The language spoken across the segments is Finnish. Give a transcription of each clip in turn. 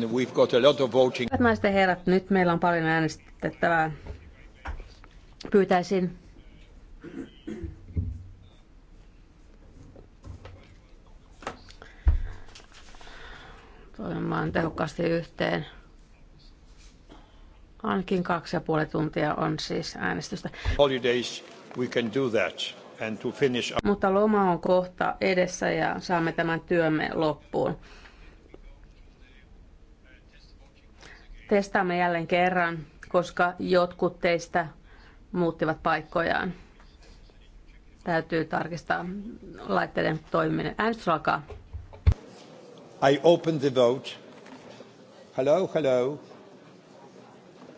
gentlemen, we've got a lot of voting. Hyvät naiset ja herrat, nyt meillä on paljon äänestettävää. Pyytäisin toimimaan tehokkaasti yhteen. Ainakin kaksi ja puoli tuntia on siis äänestystä. Holidays, we can do that. And to finish... Mutta loma on kohta edessä ja saamme tämän työmme loppuun. Testaamme jälleen kerran, koska jotkut teistä muuttivat paikkojaan. Täytyy tarkistaa laitteiden toimiminen. Äänestys alkaa. I open the vote. Hello, hello.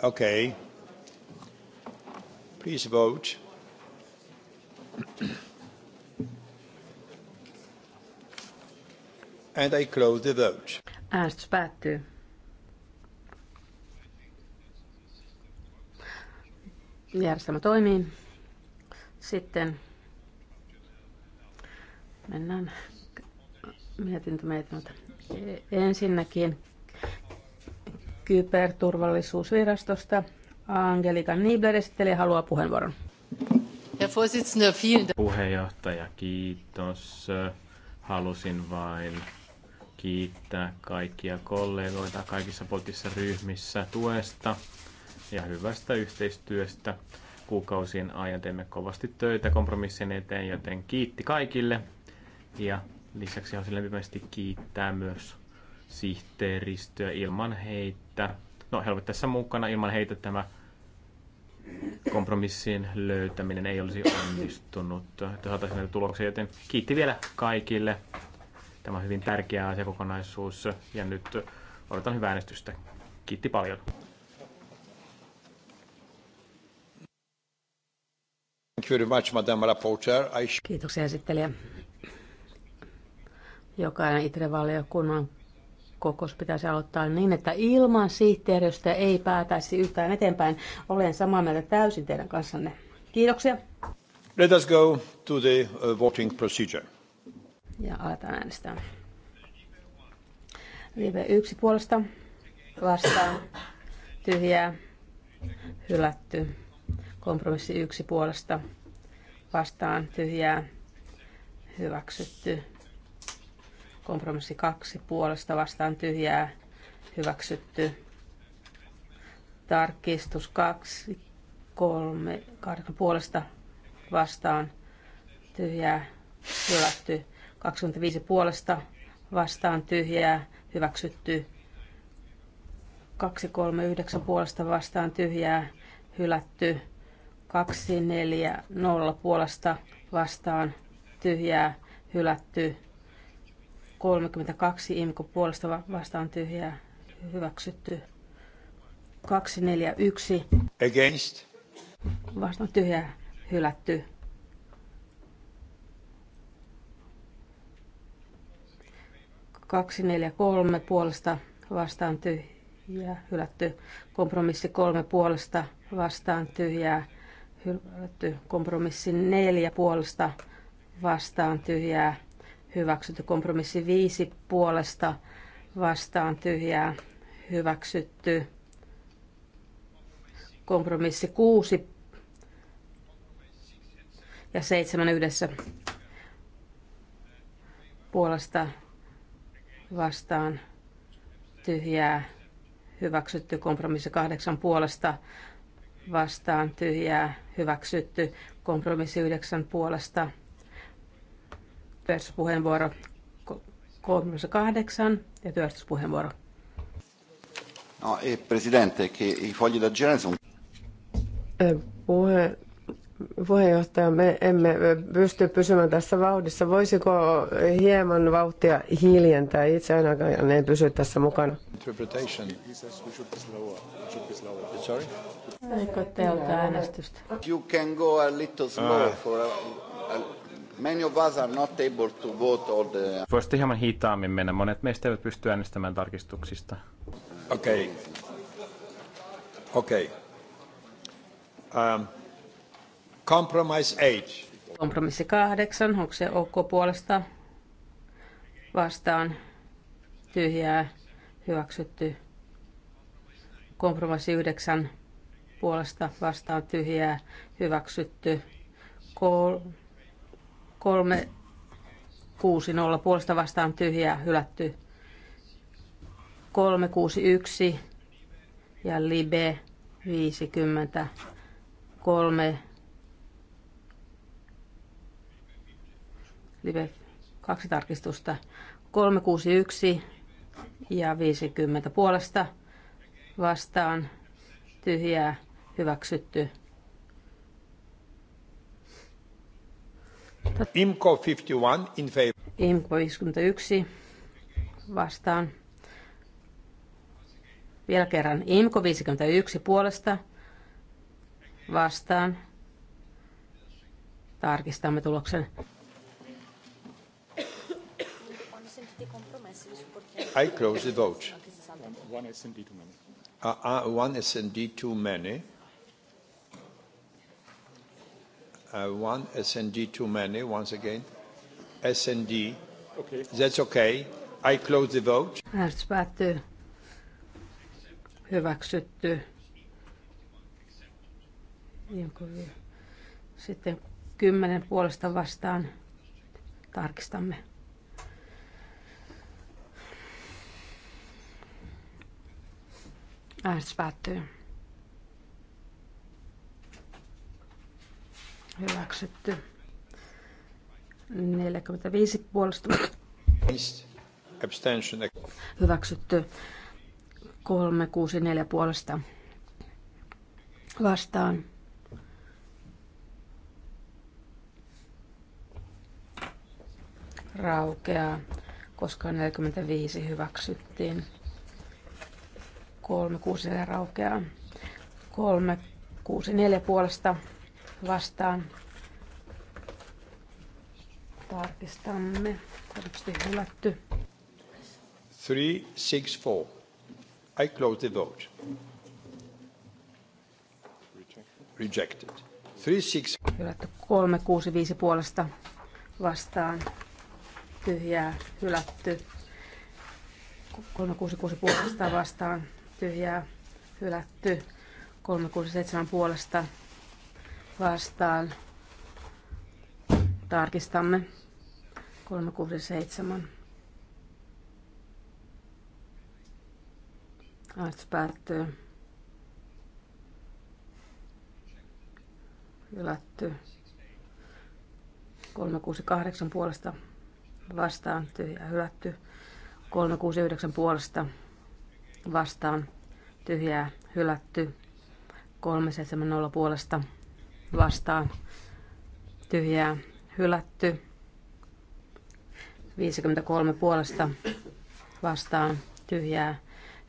Okay. Please vote. And I close the vote. Äänestys päättyy. järjestelmä toimii. Sitten mennään mietintömietinnöltä. Ensinnäkin kyberturvallisuusvirastosta. Angelika Niebler esitteli ja haluaa puheenvuoron. Puheenjohtaja, kiitos. Halusin vain kiittää kaikkia kollegoita kaikissa poliittisissa ryhmissä tuesta ja hyvästä yhteistyöstä. Kuukausien ajan teemme kovasti töitä kompromissien eteen, joten kiitti kaikille. Ja lisäksi haluaisin lämpimästi kiittää myös sihteeristöä ilman heitä. No, he ovat tässä mukana ilman heitä tämä kompromissin löytäminen ei olisi onnistunut, että saataisiin näitä tuloksia, joten kiitti vielä kaikille. Tämä on hyvin tärkeä asiakokonaisuus ja nyt odotan hyvää äänestystä. Kiitti paljon. Thank you very much, Madam Rapporteur. I... Kiitoksia esittelijä. Jokainen ITRE-valiokunnan kokous pitäisi aloittaa niin, että ilman sihteeristä ei päätäisi yhtään eteenpäin. Olen samaa mieltä täysin teidän kanssanne. Kiitoksia. Let us go to the uh, voting procedure. Ja aletaan äänestää. Live yksi puolesta vastaan. Tyhjää. Hylätty. Kompromissi yksi puolesta vastaan tyhjää hyväksytty. Kompromissi kaksi puolesta vastaan tyhjää hyväksytty. Tarkistus kaksi kolme kahdeksan puolesta vastaan tyhjää hylätty. 25 puolesta vastaan tyhjää hyväksytty. 239 puolesta vastaan tyhjää hylätty. 2-4-0 puolesta vastaan tyhjää hylätty. 32 imko puolesta vastaan tyhjää hyväksytty. 2-4-1 against vastaan tyhjää hylätty. Kaksi, neljä, kolme puolesta vastaan tyhjää hylätty. Kompromissi kolme puolesta vastaan tyhjää hylätty kompromissi neljä puolesta vastaan tyhjää, hyväksytty kompromissi viisi puolesta vastaan tyhjää, hyväksytty kompromissi kuusi ja seitsemän yhdessä puolesta vastaan tyhjää, hyväksytty kompromissi kahdeksan puolesta vastaan tyhjää hyväksytty. Kompromissi yhdeksän puolesta. Työjärjestyspuheenvuoro 38 ja työjärjestyspuheenvuoro. No, e, presidente, che i fogli da genere sono... Puhe, puheenjohtaja, me emme pysty pysymään tässä vauhdissa. Voisiko hieman vauhtia hiljentää? Itse ainakaan en pysy tässä mukana. Eikö teiltä You can go a little ah. uh, uh, many of us are not able to vote all the... Voisitte hieman hitaammin mennä. Monet meistä eivät pysty äänestämään tarkistuksista. Okei. Okay. Okei. Okay. Um. Kompromissi kahdeksan, Onko se OK puolesta? Vastaan. Tyhjää. Hyväksytty. Kompromissi yhdeksän Puolesta vastaan tyhjää. Hyväksytty. Kol- kolme kuusi nolla puolesta vastaan tyhjää hylätty. kolme kuusi yksi ja Libe 50 kolme live kaksi tarkistusta, 361 ja 50 puolesta vastaan tyhjää hyväksytty. IMCO 51 in favor. IMCO 51 vastaan. Vielä kerran IMCO 51 puolesta vastaan. Tarkistamme tuloksen. I close the vote. One SND too many. Uh, uh, one SND too many. Uh, one SND too many, once again. SND. Okay. That's okay. I close the vote. Äänestys päättyy. Hyväksytty. Sitten kymmenen puolesta vastaan tarkistamme. Äänestys päättyy. Hyväksytty. 45 puolesta. Abstention. Hyväksytty. 364 puolesta. Vastaan. Raukeaa, koska 45 hyväksyttiin. 364 raukeaa. 364 puolesta vastaan. Tarkistamme. Todennäköisesti hylätty. 364. I close the vote. Rejected. 36. Hylätty 365 puolesta vastaan. Tyhjää hylätty. 366 puolesta vastaan hylätty ja hylätty. 367 puolesta vastaan. Tarkistamme. 367. Äänestys päättyy. Hylätty. 368 puolesta vastaan tyhjä hylätty. 369 puolesta vastaan tyhjää hylätty 370 puolesta vastaan tyhjää hylätty 53 puolesta vastaan tyhjää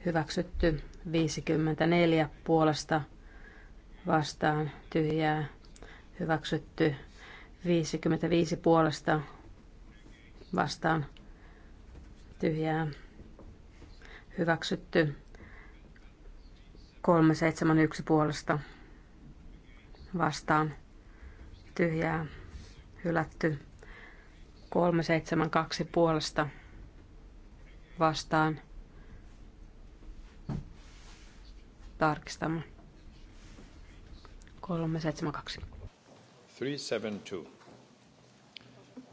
hyväksytty 54 puolesta vastaan tyhjää hyväksytty 55 puolesta vastaan tyhjää Hyväksytty. 371 puolesta vastaan tyhjää hylätty 372 puolesta vastaan tarkistamme 372 372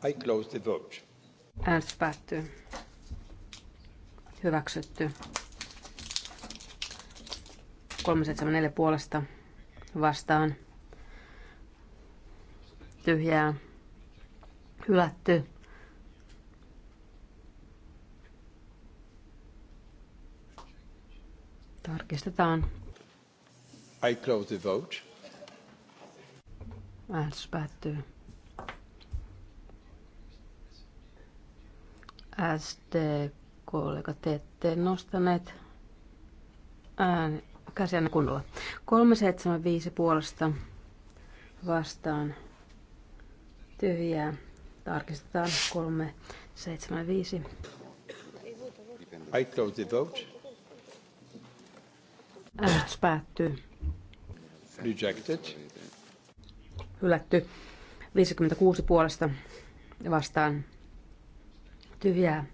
I close the vote. Äänestys päättyy. Hyväksytty. 374 puolesta vastaan. Tyhjää. Hylätty. Tarkistetaan. I close the vote. Äänestys päättyy. SD kollegat, te ette nostaneet ääni, käsiänne kunnolla. 375 puolesta vastaan tyhjää. Tarkistetaan 375. Äänestys päättyy. Rejected. Hylätty. 56 puolesta vastaan tyhjää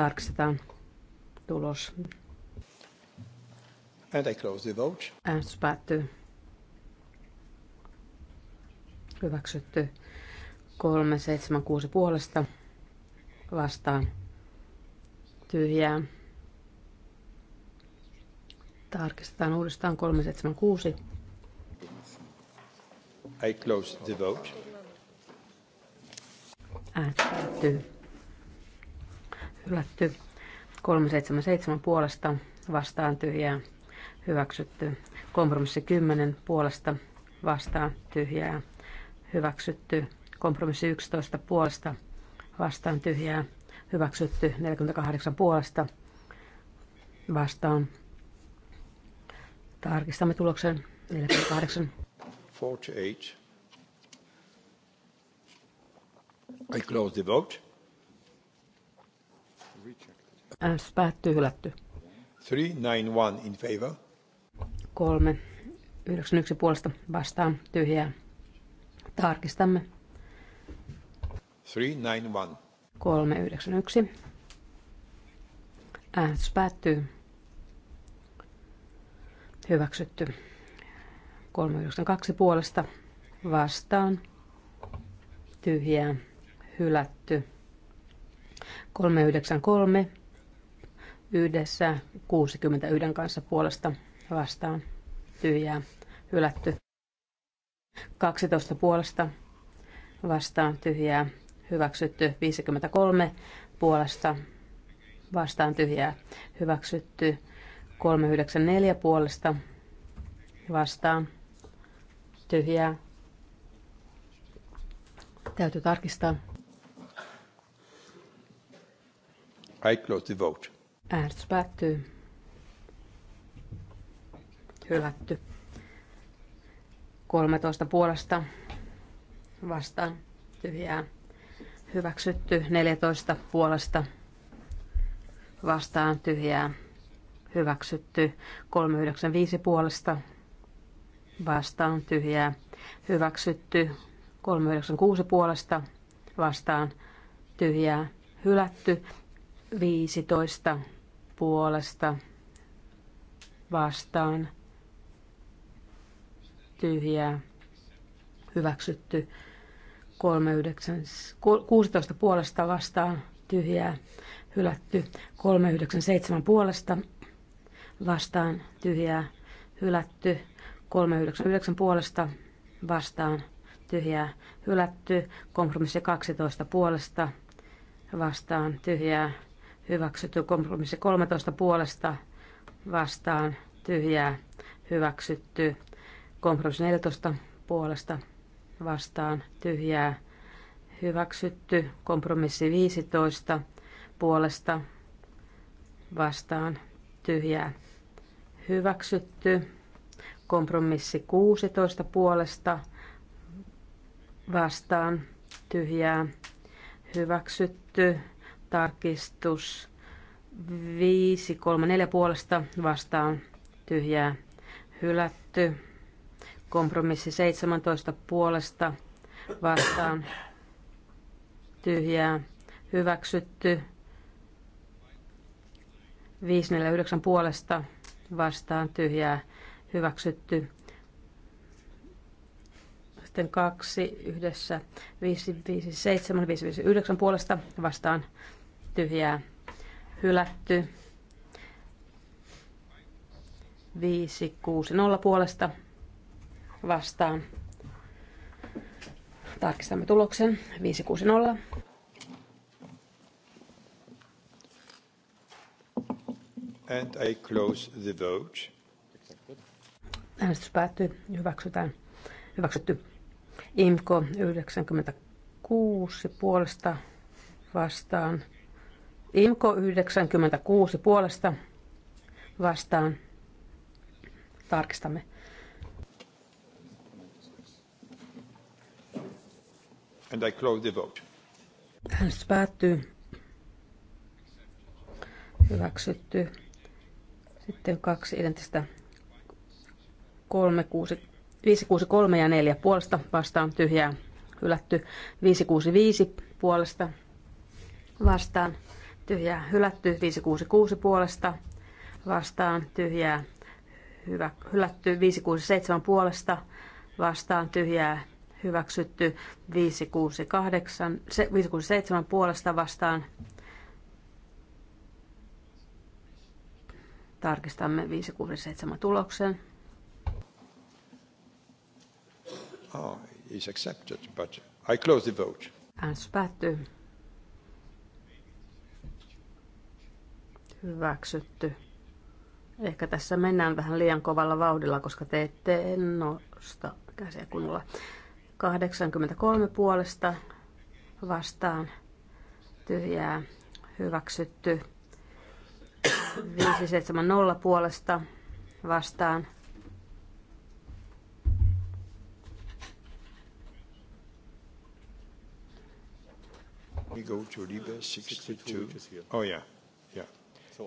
Tarkistetaan tulos. And I close the vote. Äänestys päättyy. Hyväksytty. 376 puolesta vastaan tyhjää. Tarkistetaan uudestaan 376. I close the vote. Äänestys päättyy hylätty. 377 puolesta vastaan tyhjää hyväksytty. Kompromissi 10 puolesta vastaan tyhjää hyväksytty. Kompromissi 11 puolesta vastaan tyhjää hyväksytty. 48 puolesta vastaan. Tarkistamme tuloksen 48. 48. I close the vote. Äänestys päättyy, hylätty. 391 in favor. 3. 91 puolesta vastaan tyhjää. Tarkistamme. 391. 391. Äänestys päättyy. Hyväksytty. 392 puolesta vastaan. Tyhjää. Hylätty. 393 yhdessä 61 kanssa puolesta vastaan tyhjää hylätty. 12 puolesta vastaan tyhjää hyväksytty. 53 puolesta vastaan tyhjää hyväksytty. 394 puolesta vastaan tyhjää. Täytyy tarkistaa. I close the vote. Äänestys päättyy. Hylätty. 13 puolesta vastaan tyhjää. Hyväksytty 14 puolesta vastaan tyhjää. Hyväksytty 395 puolesta vastaan tyhjää. Hyväksytty 396 puolesta vastaan tyhjää. Hylätty 15 puolesta vastaan tyhjää hyväksytty 39, 16 puolesta vastaan tyhjää hylätty 397 puolesta vastaan tyhjää hylätty 399 puolesta vastaan tyhjää hylätty kompromissi 12 puolesta vastaan tyhjää hyväksytty. Kompromissi 13 puolesta vastaan tyhjää hyväksytty. Kompromissi 14 puolesta vastaan tyhjää hyväksytty. Kompromissi 15 puolesta vastaan tyhjää hyväksytty. Kompromissi 16 puolesta vastaan tyhjää hyväksytty. Tarkistus 5, 3, 4 puolesta vastaan tyhjää hylätty. Kompromissi 17 puolesta vastaan tyhjää hyväksytty. 5, 4, 9 puolesta vastaan tyhjää hyväksytty. Sitten kaksi yhdessä 557 559 puolesta vastaan tyhjää hylätty. 5, 6, 0 puolesta vastaan. Tarkistamme tuloksen. 5, 6, 0. And I close the vote. Äänestys päättyy. Hyväksytään. Hyväksytty. IMKO 96 puolesta vastaan Imko 96 puolesta vastaan. Tarkistamme. And I close the vote. Äänestys päättyy. Hyväksytty. Sitten kaksi identistä. 563 ja 4 puolesta vastaan tyhjää hylätty. 565 puolesta vastaan tyhjää hylätty 566 puolesta vastaan tyhjää hyvä, hylätty 567 puolesta vastaan tyhjää hyväksytty 568, 567 puolesta vastaan tarkistamme 567 tuloksen. Oh, he's accepted, but I close the vote. Äänestys päättyy. hyväksytty. Ehkä tässä mennään vähän liian kovalla vauhdilla, koska te ette nosta käsiä kunnolla. 83 puolesta vastaan tyhjää hyväksytty. 570 puolesta vastaan We go to Libre 62. Oh yeah.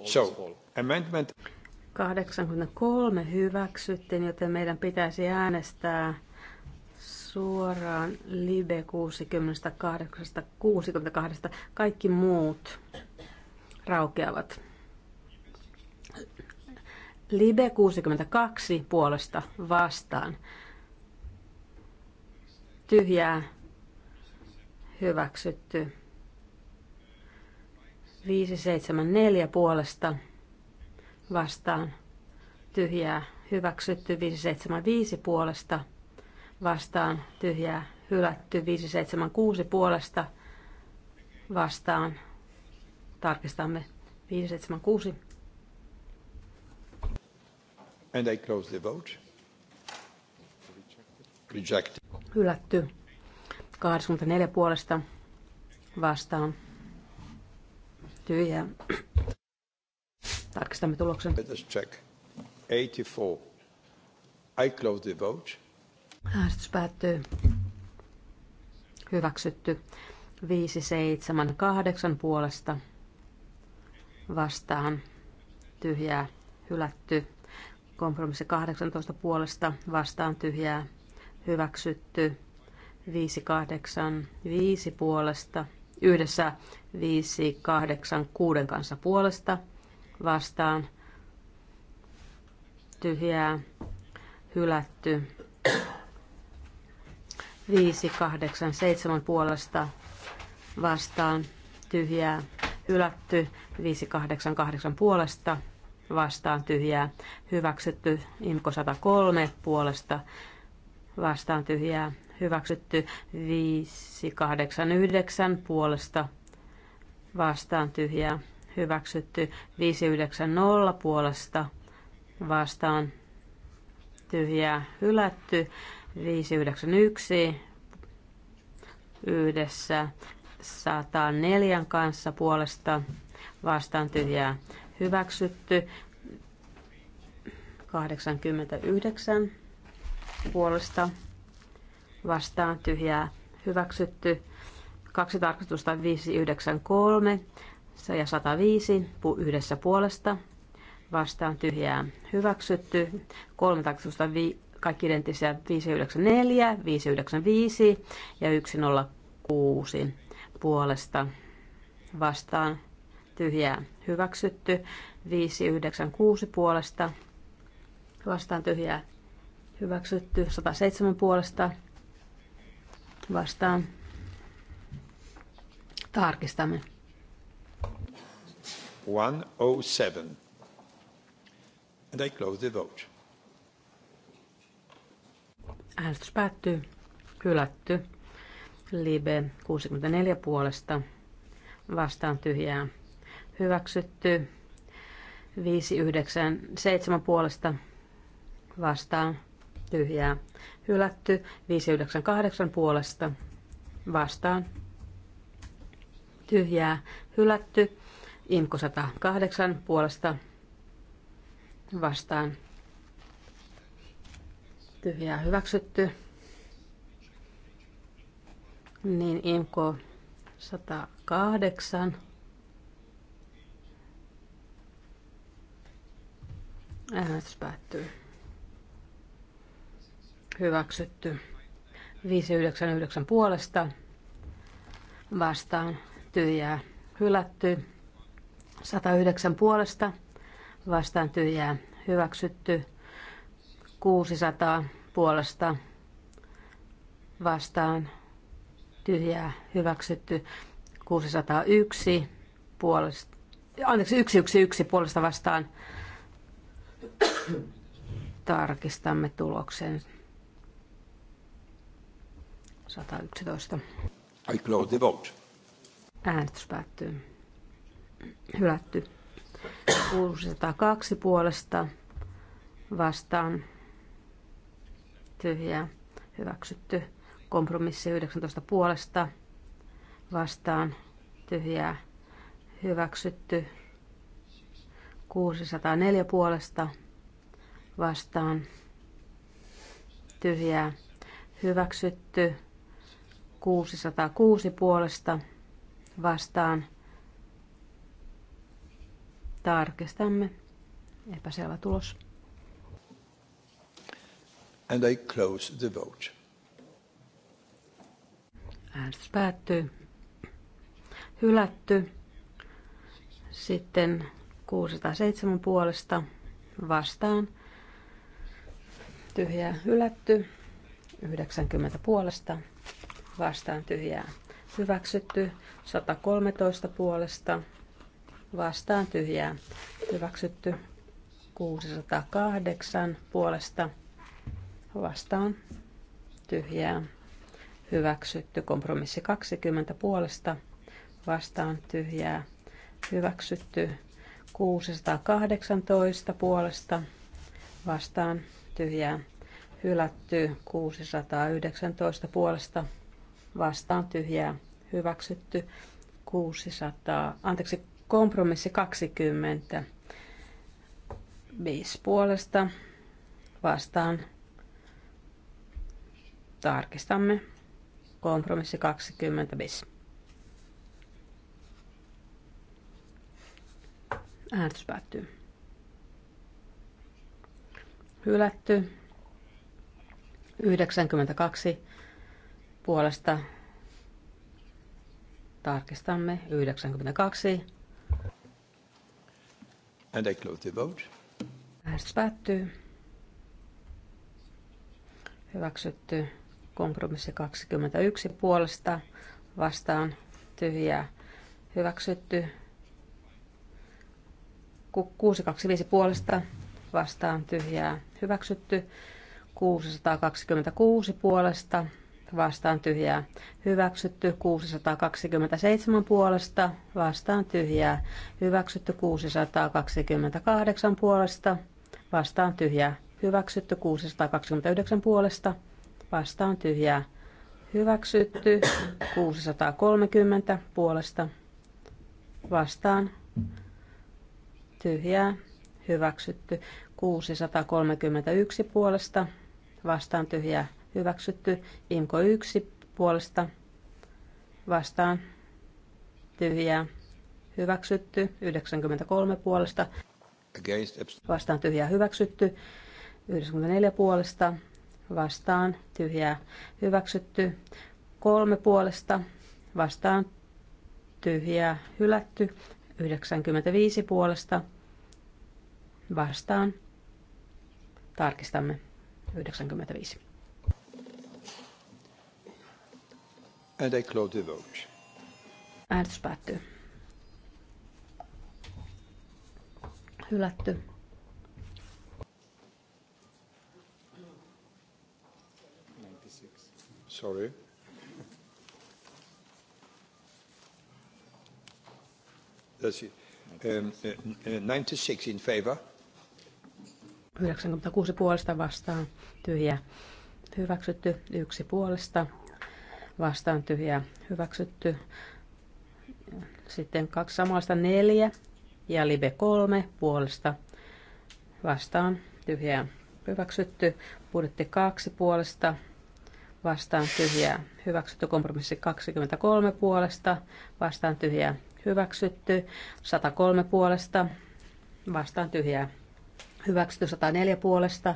So, amendment. 83 hyväksyttiin, joten meidän pitäisi äänestää suoraan Libe 68, 62. Kaikki muut raukeavat. Libe 62 puolesta vastaan. Tyhjää hyväksytty. 574 puolesta vastaan tyhjää hyväksytty 575 puolesta vastaan tyhjää hylätty 576 puolesta vastaan tarkistamme 576 And I close the vote. Rejected. Hylätty 84 puolesta vastaan tyhjää. Tarkistamme tuloksen. Let us check. 84. I close the vote. Äänestys päättyy. Hyväksytty. 5, 7, 8 puolesta vastaan tyhjää hylätty. Kompromissi 18 puolesta vastaan tyhjää hyväksytty. 5, 8, 5 puolesta yhdessä 5, 8, 6 kanssa puolesta vastaan tyhjää hylätty 5, 8, 7 puolesta vastaan tyhjää hylätty 5, 8, 8 puolesta vastaan tyhjää hyväksytty Imko 103 puolesta vastaan tyhjää hyväksytty 589 puolesta vastaan tyhjää hyväksytty 590 puolesta vastaan tyhjää hylätty 591 yhdessä 104 kanssa puolesta vastaan tyhjää hyväksytty 89 puolesta vastaan tyhjää hyväksytty. Kaksi tarkastusta 593 ja 105 yhdessä puolesta vastaan tyhjää hyväksytty. Kolme tarkastusta kaikki identtisiä 594, 595 ja 106 puolesta vastaan tyhjää hyväksytty. 596 puolesta vastaan tyhjää hyväksytty. 107 puolesta vastaan. Tarkistamme. 107. And I close the vote. Äänestys päättyy. Hylätty. Libe 64 puolesta. Vastaan tyhjää. Hyväksytty. 597 puolesta. Vastaan tyhjää hylätty, 598 puolesta vastaan tyhjää hylätty, Imko 108 puolesta vastaan tyhjää hyväksytty, niin Imko 108 äänestys päättyy. Hyväksytty. 599 puolesta. Vastaan tyhjää. Hylätty. 109 puolesta. Vastaan tyhjää. Hyväksytty. 600 puolesta. Vastaan tyhjää. Hyväksytty. 601 puolesta. Anteeksi, 111 puolesta vastaan tarkistamme tuloksen. 111. I close the Äänestys päättyy. Hylätty. 602 puolesta vastaan Tyhjä. hyväksytty. Kompromissi 19 puolesta vastaan tyhjää hyväksytty. 604 puolesta vastaan tyhjää hyväksytty. 606 puolesta vastaan. Tarkistamme. Epäselvä tulos. And I close the vote. Äänestys päättyy. Hylätty. Sitten 607 puolesta vastaan. Tyhjää hylätty. 90 puolesta vastaan tyhjää. Hyväksytty 113 puolesta vastaan tyhjää. Hyväksytty 608 puolesta vastaan tyhjää. Hyväksytty kompromissi 20 puolesta vastaan tyhjää. Hyväksytty 618 puolesta vastaan tyhjää. Hylätty 619 puolesta vastaan tyhjää hyväksytty 600, anteeksi kompromissi 20, 5 puolesta vastaan tarkistamme kompromissi 20 25. Äänestys päättyy. Hylätty. 92 puolesta tarkistamme 92. And I close the vote. Äänestys päättyy. Hyväksytty kompromissi 21 puolesta vastaan tyhjää. Hyväksytty 625 puolesta vastaan tyhjää. Hyväksytty 626 puolesta vastaan tyhjää. Hyväksytty 627 puolesta vastaan tyhjää. Hyväksytty 628 puolesta vastaan tyhjää. Hyväksytty 629 puolesta vastaan tyhjää. Hyväksytty 630 puolesta vastaan tyhjää. Hyväksytty 631 puolesta vastaan tyhjää hyväksytty. Imko 1 puolesta vastaan tyhjää hyväksytty. 93 puolesta vastaan tyhjää hyväksytty. 94 puolesta vastaan tyhjää hyväksytty. 3 puolesta vastaan tyhjää hylätty. 95 puolesta vastaan tarkistamme 95. And I close the vote. Äänestys päättyy. Hylätty. Sorry. That's it. Um, 96 uh, uh, in favor. 96 puolesta vastaan, tyhjä. Hyväksytty yksi puolesta, vastaan tyhjää hyväksytty. Sitten kaksi samasta neljä ja live kolme puolesta vastaan tyhjää hyväksytty. Budjetti kaksi puolesta vastaan tyhjää hyväksytty. Kompromissi 23 puolesta vastaan tyhjää hyväksytty. 103 puolesta vastaan tyhjää hyväksytty. 104 puolesta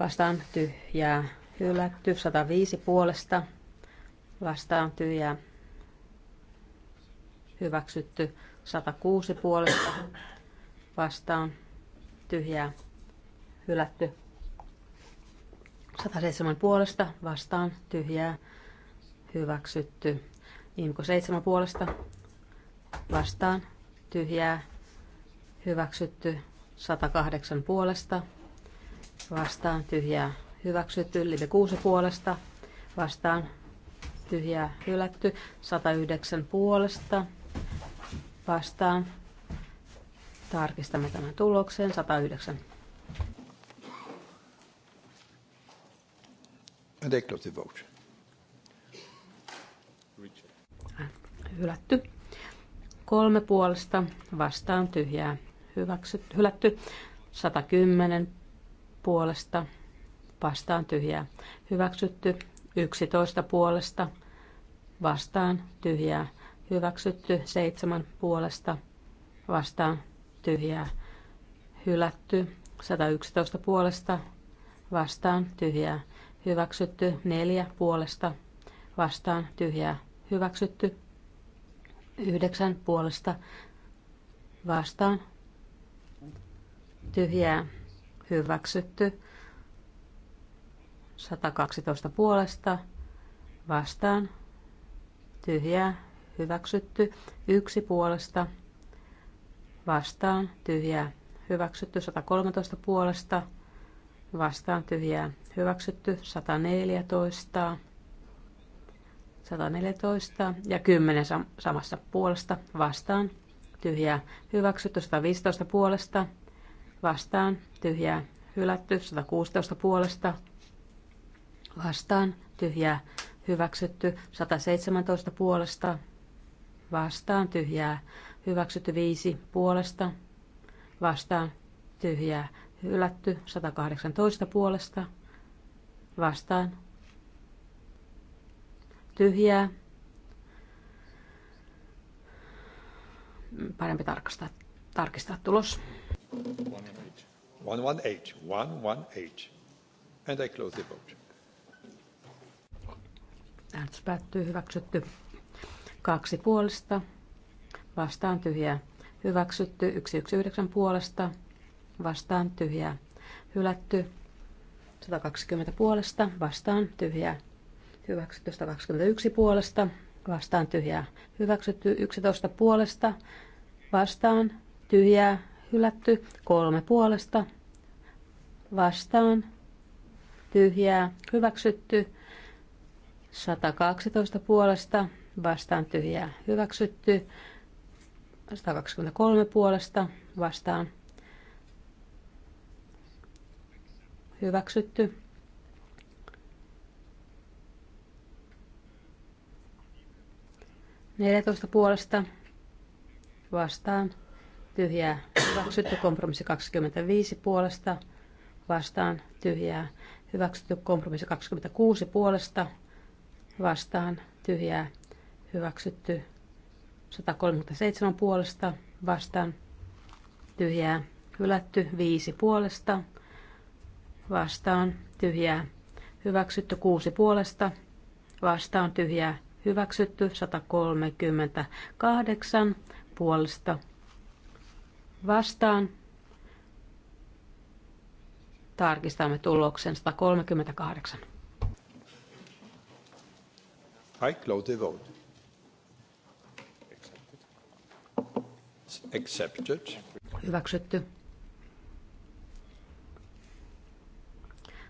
vastaan tyhjää hylätty. 105 puolesta vastaan tyhjää hyväksytty 106 puolesta vastaan tyhjää hylätty 107 puolesta vastaan tyhjää hyväksytty Imko 7 puolesta vastaan tyhjää hyväksytty 108 puolesta vastaan tyhjää hyväksytty Live 6 puolesta vastaan tyhjää hylätty. 109 puolesta vastaan. Tarkistamme tämän tulokseen 109. And they Hylätty. Kolme puolesta vastaan tyhjää hyväksyt, hylätty. 110 puolesta vastaan tyhjää hyväksytty. 11 puolesta vastaan tyhjää hyväksytty, 7 puolesta vastaan tyhjää hylätty, 111 puolesta vastaan tyhjää hyväksytty, 4 puolesta vastaan tyhjää hyväksytty, 9 puolesta vastaan tyhjää hyväksytty, 112 puolesta vastaan tyhjää hyväksytty. 1 puolesta vastaan tyhjää hyväksytty. 113 puolesta vastaan tyhjää hyväksytty. 114 114 ja 10 samassa puolesta vastaan tyhjää hyväksytty 115 puolesta vastaan tyhjää hylätty 116 puolesta vastaan tyhjää hyväksytty 117 puolesta vastaan tyhjää hyväksytty 5 puolesta vastaan tyhjää hylätty 118 puolesta vastaan tyhjää parempi tarkastaa, tarkistaa tulos. 118. 118. And I close the vote. Äänestys päättyy. Hyväksytty. Kaksi puolesta. Vastaan tyhjää. Hyväksytty. 119 puolesta. Vastaan tyhjää. Hylätty. 120 puolesta. Vastaan tyhjää. Hyväksytty 121 puolesta. Vastaan tyhjää. Hyväksytty 11 puolesta. Vastaan tyhjää. Hylätty kolme puolesta. Vastaan tyhjää. Hyväksytty 112 puolesta vastaan tyhjää hyväksytty. 123 puolesta vastaan hyväksytty. Neljätoista puolesta vastaan tyhjää hyväksytty kompromissi 25 puolesta vastaan tyhjää hyväksytty kompromissi 26 puolesta vastaan tyhjää hyväksytty 137 puolesta vastaan tyhjää hylätty 5 puolesta vastaan tyhjää hyväksytty 6 puolesta vastaan tyhjää hyväksytty 138 puolesta vastaan tarkistamme tuloksen 138. I close the vote. Accepted. Hyväksytty.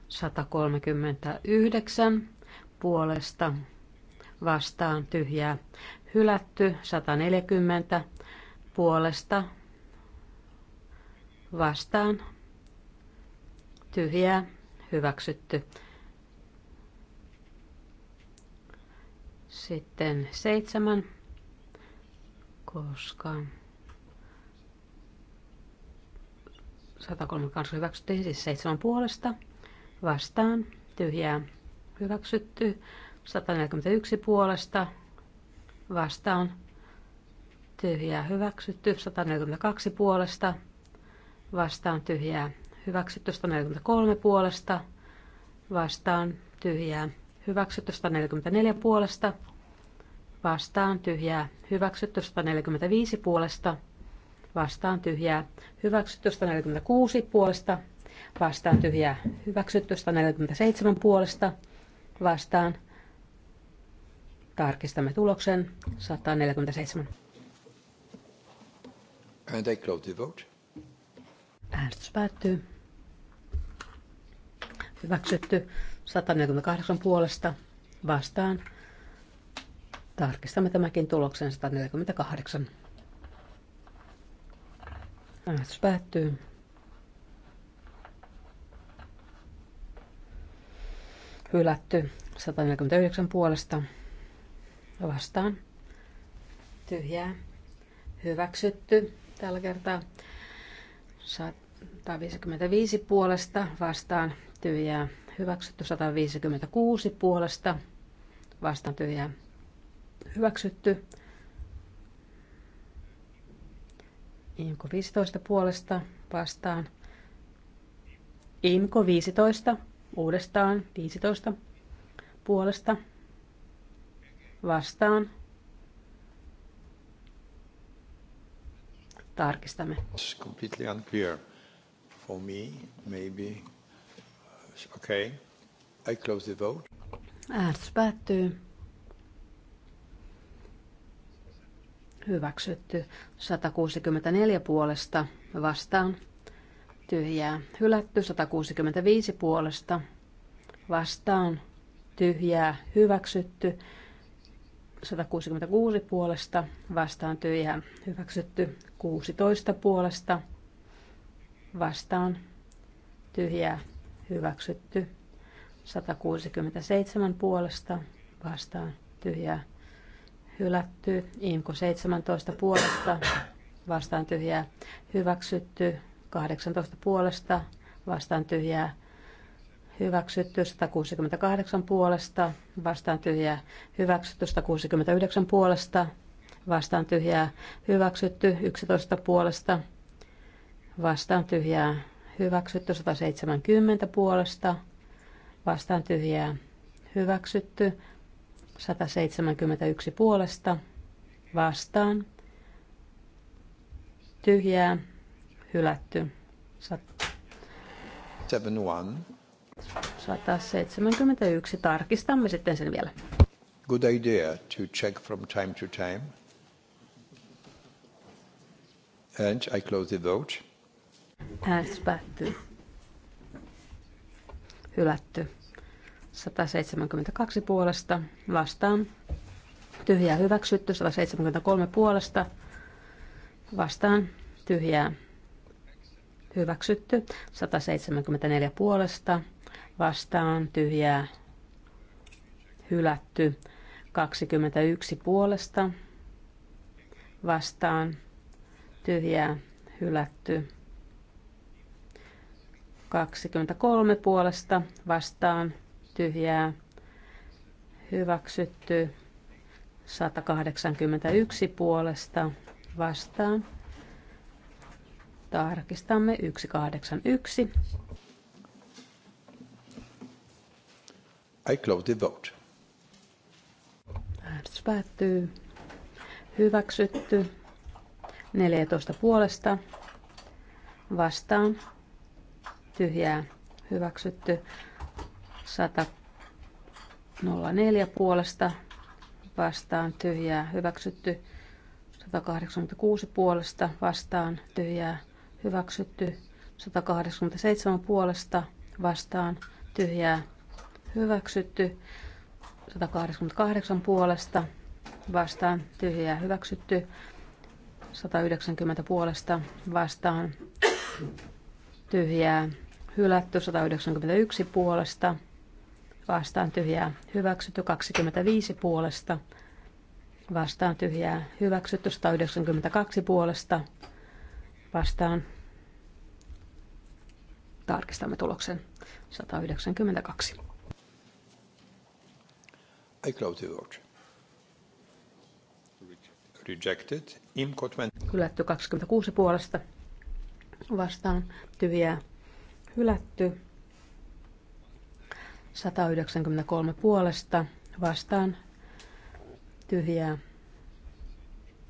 139 puolesta vastaan tyhjää hylätty 140 puolesta vastaan tyhjää hyväksytty Sitten seitsemän, koska 132 hyväksyttiin, siis seitsemän puolesta vastaan, tyhjää hyväksytty, 141 puolesta vastaan, tyhjää hyväksytty, 142 puolesta vastaan, tyhjää hyväksytty, 143 puolesta vastaan, tyhjää hyväksytty 144 puolesta, vastaan tyhjää, hyväksytty 145 puolesta, vastaan tyhjää, hyväksytty 146 puolesta, vastaan tyhjää, hyväksytty 147 puolesta, vastaan. Tarkistamme tuloksen 147. And they close the vote. Äänestys päättyy. Hyväksytty 148 puolesta vastaan. Tarkistamme tämäkin tuloksen 148. Äänestys päättyy. Hylätty 149 puolesta vastaan. Tyhjää. Hyväksytty tällä kertaa. 155 puolesta vastaan tyhjää hyväksytty 156 puolesta, vastaan tyhjää hyväksytty. Imko 15 puolesta vastaan. Imko 15 uudestaan 15 puolesta vastaan. Tarkistamme. It's completely unclear for me, maybe Okay. I close the vote. Äänestys päättyy. Hyväksytty 164 puolesta vastaan. Tyhjää. Hylätty 165 puolesta vastaan. Tyhjää. Hyväksytty 166 puolesta vastaan. Tyhjää. Hyväksytty 16 puolesta vastaan. Tyhjää hyväksytty. 167 puolesta vastaan tyhjää hylätty. Imko 17 puolesta vastaan tyhjää hyväksytty. 18 puolesta vastaan tyhjää hyväksytty 168 puolesta, vastaan tyhjää hyväksytty 169 puolesta, vastaan tyhjää hyväksytty 11 puolesta, vastaan tyhjää hyväksytty 170 puolesta, vastaan tyhjää hyväksytty 171 puolesta, vastaan tyhjää hylätty 171. Tarkistamme sitten sen vielä. Good idea to check from time to time. And I close the vote. Äänestys päättyy. Hylätty. 172 puolesta vastaan. Tyhjää hyväksytty. 173 puolesta vastaan. Tyhjää hyväksytty. 174 puolesta vastaan. Tyhjää hylätty. 21 puolesta vastaan. Tyhjää hylätty. 23 puolesta vastaan tyhjää hyväksytty 181 puolesta vastaan. Tarkistamme 181. I close the vote. Äänestys päättyy. Hyväksytty. 14 puolesta vastaan tyhjää hyväksytty 104 puolesta vastaan tyhjää hyväksytty 186 puolesta vastaan tyhjää hyväksytty 187 puolesta vastaan tyhjää hyväksytty 188 puolesta vastaan tyhjää hyväksytty 190 puolesta vastaan tyhjää hylätty 191 puolesta, vastaan tyhjää hyväksytty 25 puolesta, vastaan tyhjää hyväksytty 192 puolesta, vastaan tarkistamme tuloksen 192. I close the vote. Rejected. Imko 20. Hylätty 26 puolesta vastaan tyhjää hylätty. 193 puolesta vastaan tyhjää.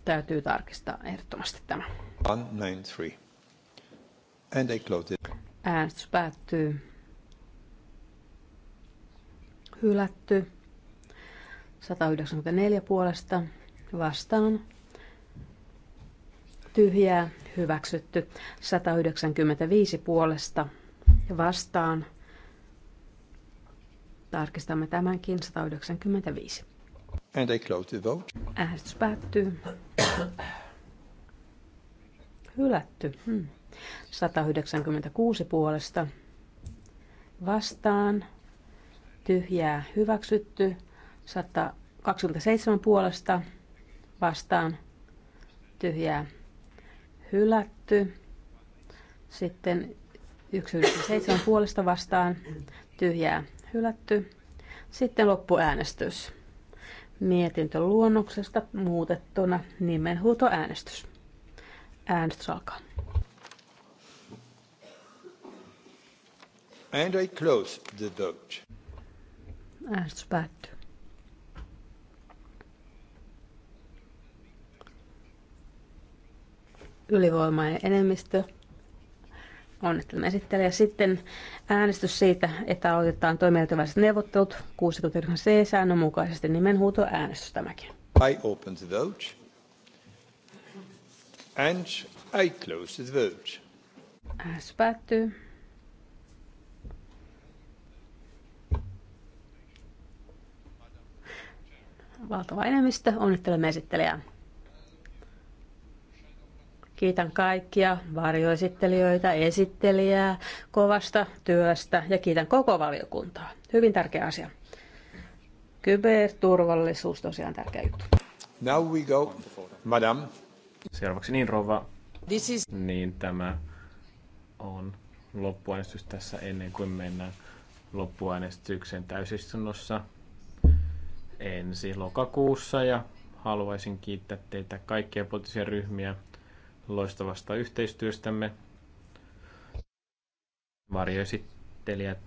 Täytyy tarkistaa ehdottomasti tämä. 193. And it. Äänestys päättyy. Hylätty. 194 puolesta vastaan tyhjää, hyväksytty 195 puolesta ja vastaan. Tarkistamme tämänkin 195. And I close the vote. Äänestys päättyy. Hylätty. Hmm. 196 puolesta. Vastaan. Tyhjää hyväksytty. 127 puolesta. Vastaan. Tyhjää hylätty. Sitten 197 puolesta vastaan, tyhjää hylätty. Sitten loppuäänestys. Mietintö luonnoksesta muutettuna nimenhuutoäänestys. Äänestys alkaa. And I close the vote. Äänestys päättyy. Ylivoimainen enemmistö Onnittelemme esittelijä. Sitten äänestys siitä, että aloitetaan toimijoitaväliset neuvottelut 69c-säännön mukaisesti nimenhuuto äänestys tämäkin. I open the vote. And I close the vote. Äänestys päättyy. Valtava enemmistö. Onnittelemme esittelijää. Kiitän kaikkia varjoesittelijöitä, esittelijää kovasta työstä ja kiitän koko valiokuntaa. Hyvin tärkeä asia. Kyberturvallisuus tosiaan tärkeä juttu. Now we go, madam. Seuraavaksi niin rouva. This is... Niin tämä on loppuäänestys tässä ennen kuin mennään loppuäänestykseen täysistunnossa ensi lokakuussa ja haluaisin kiittää teitä kaikkia poliittisia ryhmiä loistavasta yhteistyöstämme. Varjoesittelijät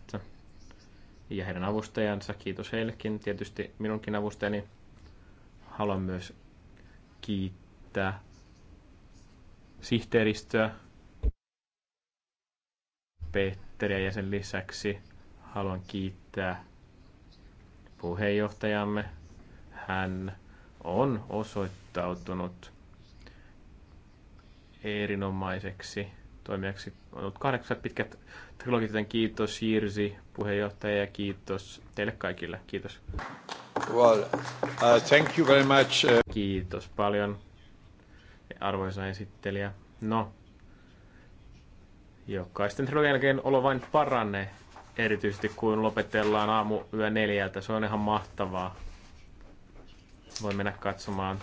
ja heidän avustajansa, kiitos heillekin, tietysti minunkin avustajani. Haluan myös kiittää sihteeristöä, Petteriä ja sen lisäksi haluan kiittää puheenjohtajamme. Hän on osoittautunut erinomaiseksi toimijaksi. On ollut kahdeksan pitkät trilogit, joten kiitos Jirsi puheenjohtaja ja kiitos teille kaikille. Kiitos. Well, uh, thank you very much. Uh, kiitos paljon, arvoisa esittelijä. No, jokaisten trilogian jälkeen olo vain paranee, erityisesti kun lopetellaan aamu yö neljältä. Se on ihan mahtavaa. Voi mennä katsomaan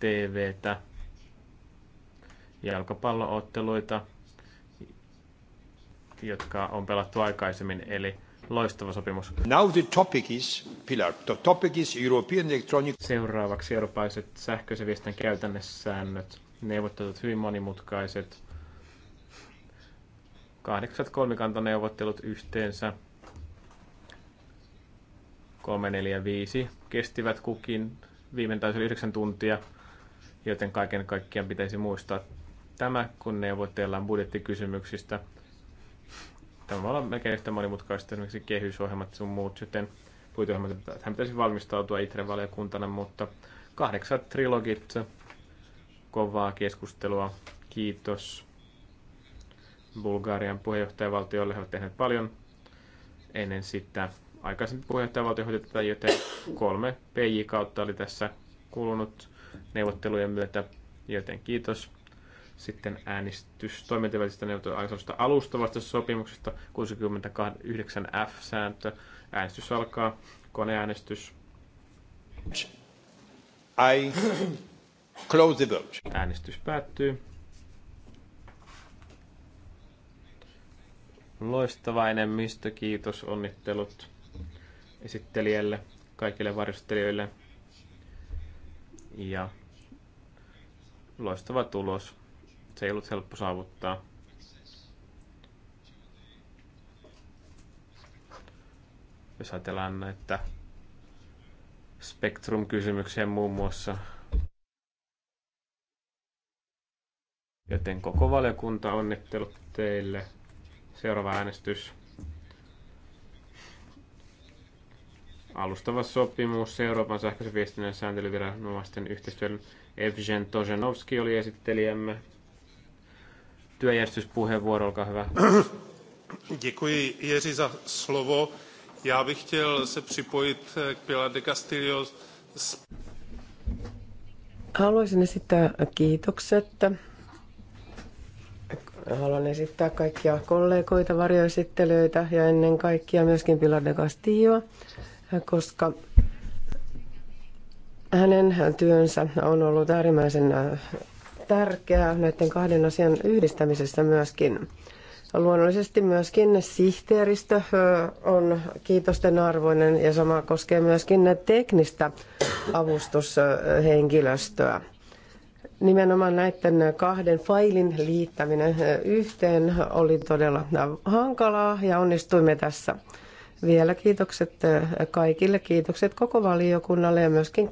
TVtä jalkapallootteluita, jotka on pelattu aikaisemmin, eli loistava sopimus. Now the topic is, Pilar, the topic is European electronic... Seuraavaksi eurooppalaiset sähköisen viestin käytännössäännöt, neuvottelut hyvin monimutkaiset, kahdeksat kolmikantaneuvottelut yhteensä, 3, 4, 5 kestivät kukin, viimein taisi oli 9 tuntia, joten kaiken kaikkiaan pitäisi muistaa Tämä kun neuvotellaan budjettikysymyksistä. Tämä on melkein yhtä monimutkaista esimerkiksi kehysohjelmat sun muut, joten Hän pitäisi valmistautua itse valiokuntana, mutta kahdeksat trilogit, kovaa keskustelua, kiitos. Bulgarian puheenjohtajavaltiolle he ovat tehneet paljon ennen sitä. Aikaisempi puheenjohtajavaltio hoiti tätä, joten kolme PJ kautta oli tässä kulunut neuvottelujen myötä, joten kiitos sitten äänestys toimintavälisestä neuvottelusta alustavasta sopimuksesta 69F-sääntö. Äänestys alkaa. Koneäänestys. I close the vote. Äänestys päättyy. Loistava enemmistö, kiitos, onnittelut esittelijälle, kaikille varjostelijoille ja loistava tulos se ei ollut helppo saavuttaa. Jos ajatellaan, näitä spectrum kysymyksiä muun muassa. Joten koko valiokunta onnittelut teille. Seuraava äänestys. Alustava sopimus Euroopan sähköisen viestinnän sääntelyviranomaisten yhteistyön Evgen Tozenovski oli esittelijämme. Työjärjestyspuheenvuoro, olkaa hyvä. Děkuji Jeři za slovo. Já bych chtěl se připojit k Pilar de Castillo. Haluaisin esittää kiitokset. Haluan esittää kaikkia kollegoita, varjoesittelijöitä ja ennen kaikkea myöskin Pilar de Castilloa, koska hänen työnsä on ollut äärimmäisen tärkeää näiden kahden asian yhdistämisessä myöskin. Luonnollisesti myöskin sihteeristö on kiitosten arvoinen ja sama koskee myöskin teknistä avustushenkilöstöä. Nimenomaan näiden kahden failin liittäminen yhteen oli todella hankalaa ja onnistuimme tässä. Vielä kiitokset kaikille, kiitokset koko valiokunnalle ja myöskin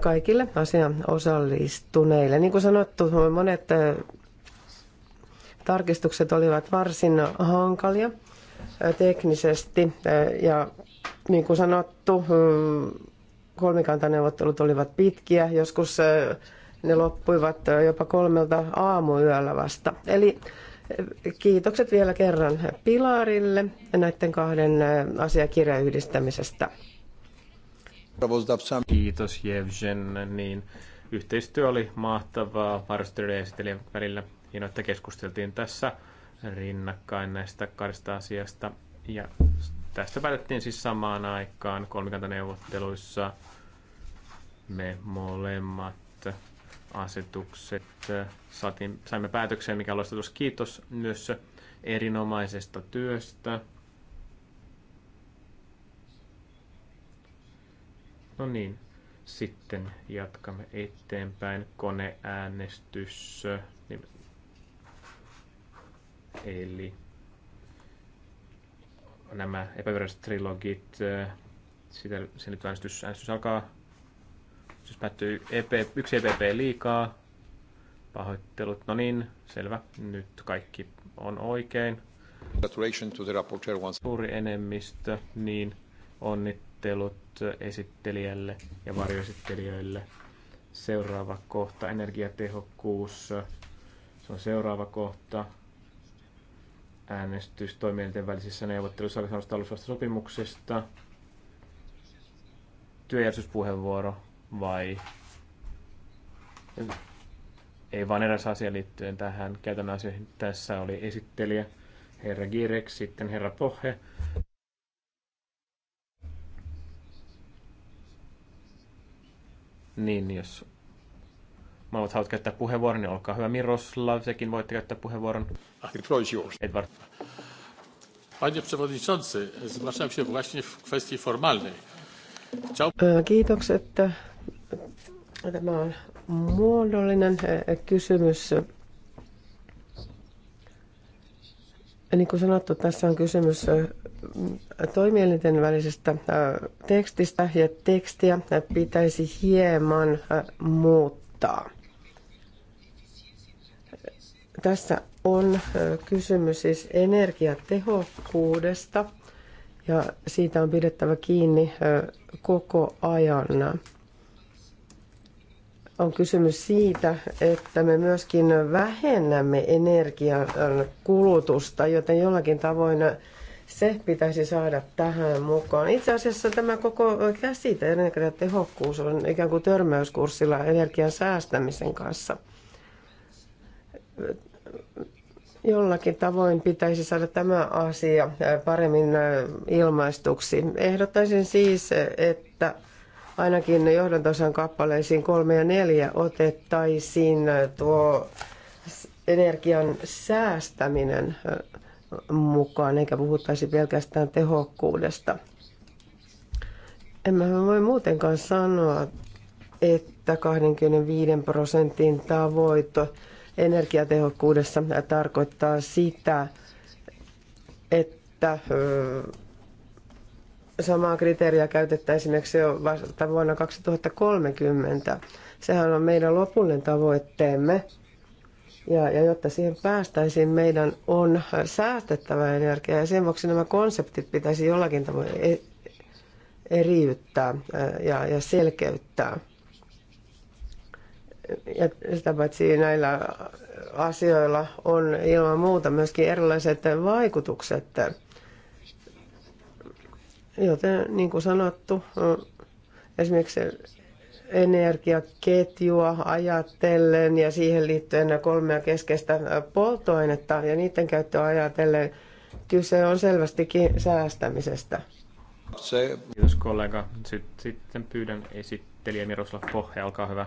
kaikille asian osallistuneille. Niin kuin sanottu, monet tarkistukset olivat varsin hankalia teknisesti ja niin kuin sanottu, mm, kolmikantaneuvottelut olivat pitkiä, joskus ne loppuivat jopa kolmelta aamuyöllä vasta. Eli kiitokset vielä kerran Pilarille näiden kahden asiakirjan yhdistämisestä. Kiitos Jevgen, niin yhteistyö oli mahtavaa varustelijoiden ja esittelijän välillä. Hienoa, että keskusteltiin tässä rinnakkain näistä kahdesta asiasta. Ja tästä päätettiin siis samaan aikaan kolmikantaneuvotteluissa me molemmat asetukset saatiin, saimme päätökseen, mikä loistatus. Kiitos myös erinomaisesta työstä. No niin, sitten jatkamme eteenpäin. Koneäänestys. Niin- Eli nämä epäviralliset trilogit. Sitä, se nyt äänestys, äänestys alkaa. Siis päättyy EP, yksi EPP liikaa. Pahoittelut. No niin, selvä. Nyt kaikki on oikein. Suuri enemmistö, niin onnittelut Onnittelut esittelijälle ja varjoesittelijöille. Seuraava kohta, energiatehokkuus. Se on seuraava kohta. Äänestys toimielinten välisissä neuvotteluissa aikaisemmasta alusvasta sopimuksesta. Työjärjestyspuheenvuoro vai ei vaan eräs asia liittyen tähän käytännön asioihin. Tässä oli esittelijä herra Girek, sitten herra Pohe Niin, jos Maailmat haluat käyttää puheenvuoron, niin olkaa hyvä. Miroslav, sekin voitte käyttää puheenvuoron. Ach, the floor is yours. Edward. Panie Przewodniczący, zgłaszam się właśnie w kwestii formalnej. Chciał... Kiitokset. Tämä on muodollinen e, kysymys. Niin kuin sanottu, tässä on kysymys toimielinten välisestä tekstistä ja tekstiä pitäisi hieman muuttaa. Tässä on kysymys siis energiatehokkuudesta ja siitä on pidettävä kiinni koko ajan on kysymys siitä, että me myöskin vähennämme energian kulutusta, joten jollakin tavoin se pitäisi saada tähän mukaan. Itse asiassa tämä koko käsite, tehokkuus, on ikään kuin törmäyskurssilla energian säästämisen kanssa. Jollakin tavoin pitäisi saada tämä asia paremmin ilmaistuksi. Ehdottaisin siis, että ainakin johdantosan kappaleisiin kolme ja neljä otettaisiin tuo energian säästäminen mukaan, eikä puhuttaisi pelkästään tehokkuudesta. Emme voi muutenkaan sanoa, että 25 prosentin tavoite energiatehokkuudessa tarkoittaa sitä, että samaa kriteeriä käytettäisiin esimerkiksi jo vasta vuonna 2030. Sehän on meidän lopullinen tavoitteemme. Ja, ja jotta siihen päästäisiin, meidän on säästettävä energiaa ja sen vuoksi nämä konseptit pitäisi jollakin tavoin e, eriyttää ja, ja selkeyttää. Ja sitä paitsi näillä asioilla on ilman muuta myöskin erilaiset vaikutukset Joten niin kuin sanottu, esimerkiksi energiaketjua ajatellen ja siihen liittyen kolmea keskeistä polttoainetta ja niiden käyttöä ajatellen, kyse on selvästikin säästämisestä. Se... Kiitos kollega. Sitten pyydän esittelijä Miroslav Pohja, olkaa hyvä.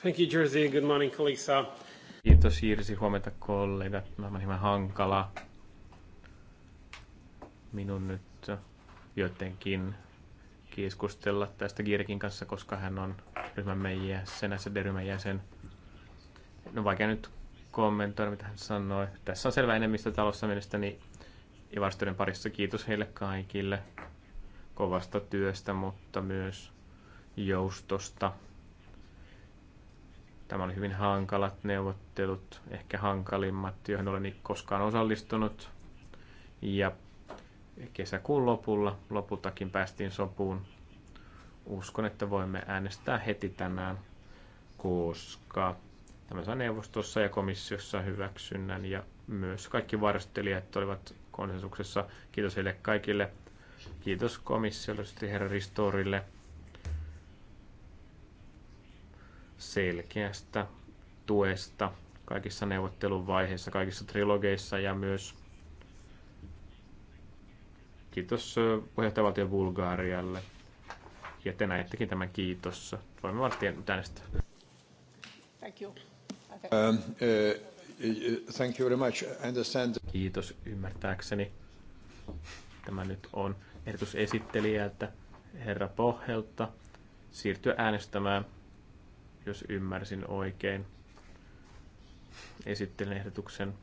Thank you, Jersey. Good morning, Kalisa. Kiitos, Jirsi. Huomenta, kollegat. Mä olen hieman hankalaa minun nyt jotenkin keskustella tästä Kirkin kanssa, koska hän on ryhmän jäsen, SD-ryhmän jäsen. No vaikea nyt kommentoida, mitä hän sanoi. Tässä on selvä enemmistö talossa mielestäni ja vastuuden parissa. Kiitos heille kaikille kovasta työstä, mutta myös joustosta. Tämä oli hyvin hankalat neuvottelut, ehkä hankalimmat, joihin olen koskaan osallistunut. Ja kesäkuun lopulla lopultakin päästiin sopuun. Uskon, että voimme äänestää heti tänään, koska tämä saa neuvostossa ja komissiossa hyväksynnän ja myös kaikki varustelijat olivat konsensuksessa. Kiitos heille kaikille. Kiitos komissiolle, herra Ristorille selkeästä tuesta kaikissa neuvottelun vaiheissa, kaikissa trilogeissa ja myös Kiitos puheenjohtajavaltio Bulgaarialle. Ja te näittekin tämän kiitos. Voimme varmasti äänestää. Thank you. Um, uh, thank you very much. I understand. Kiitos ymmärtääkseni. Tämä nyt on ehdotus esittelijältä herra Pohjelta siirtyä äänestämään, jos ymmärsin oikein. Esittelen ehdotuksen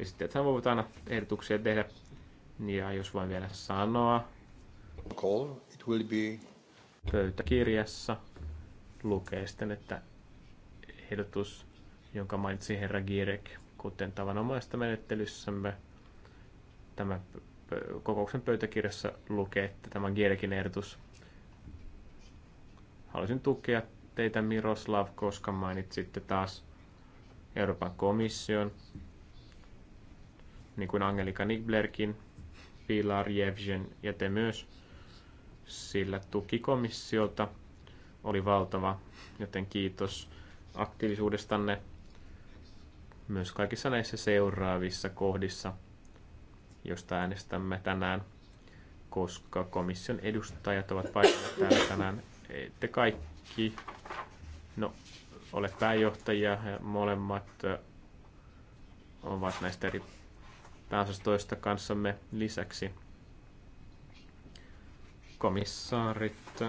Esittäjäthän voi aina ehdotuksia tehdä. Ja jos voin vielä sanoa, Call, it will be... pöytäkirjassa lukee sitten, että ehdotus, jonka mainitsi herra Girek, kuten tavanomaista menettelyssämme, tämä kokouksen pöytäkirjassa lukee, että tämä Girekin ehdotus. Haluaisin tukea teitä Miroslav, koska mainitsitte taas Euroopan komission niin kuin Angelika Nikblerkin, Pilar Jevgen ja te myös, sillä tuki oli valtava, joten kiitos aktiivisuudestanne myös kaikissa näissä seuraavissa kohdissa, josta äänestämme tänään, koska komission edustajat ovat paikalla täällä tänään. Te kaikki, no, ole pääjohtajia, molemmat ovat näistä eri pääosastoista kanssamme lisäksi. Komissaarit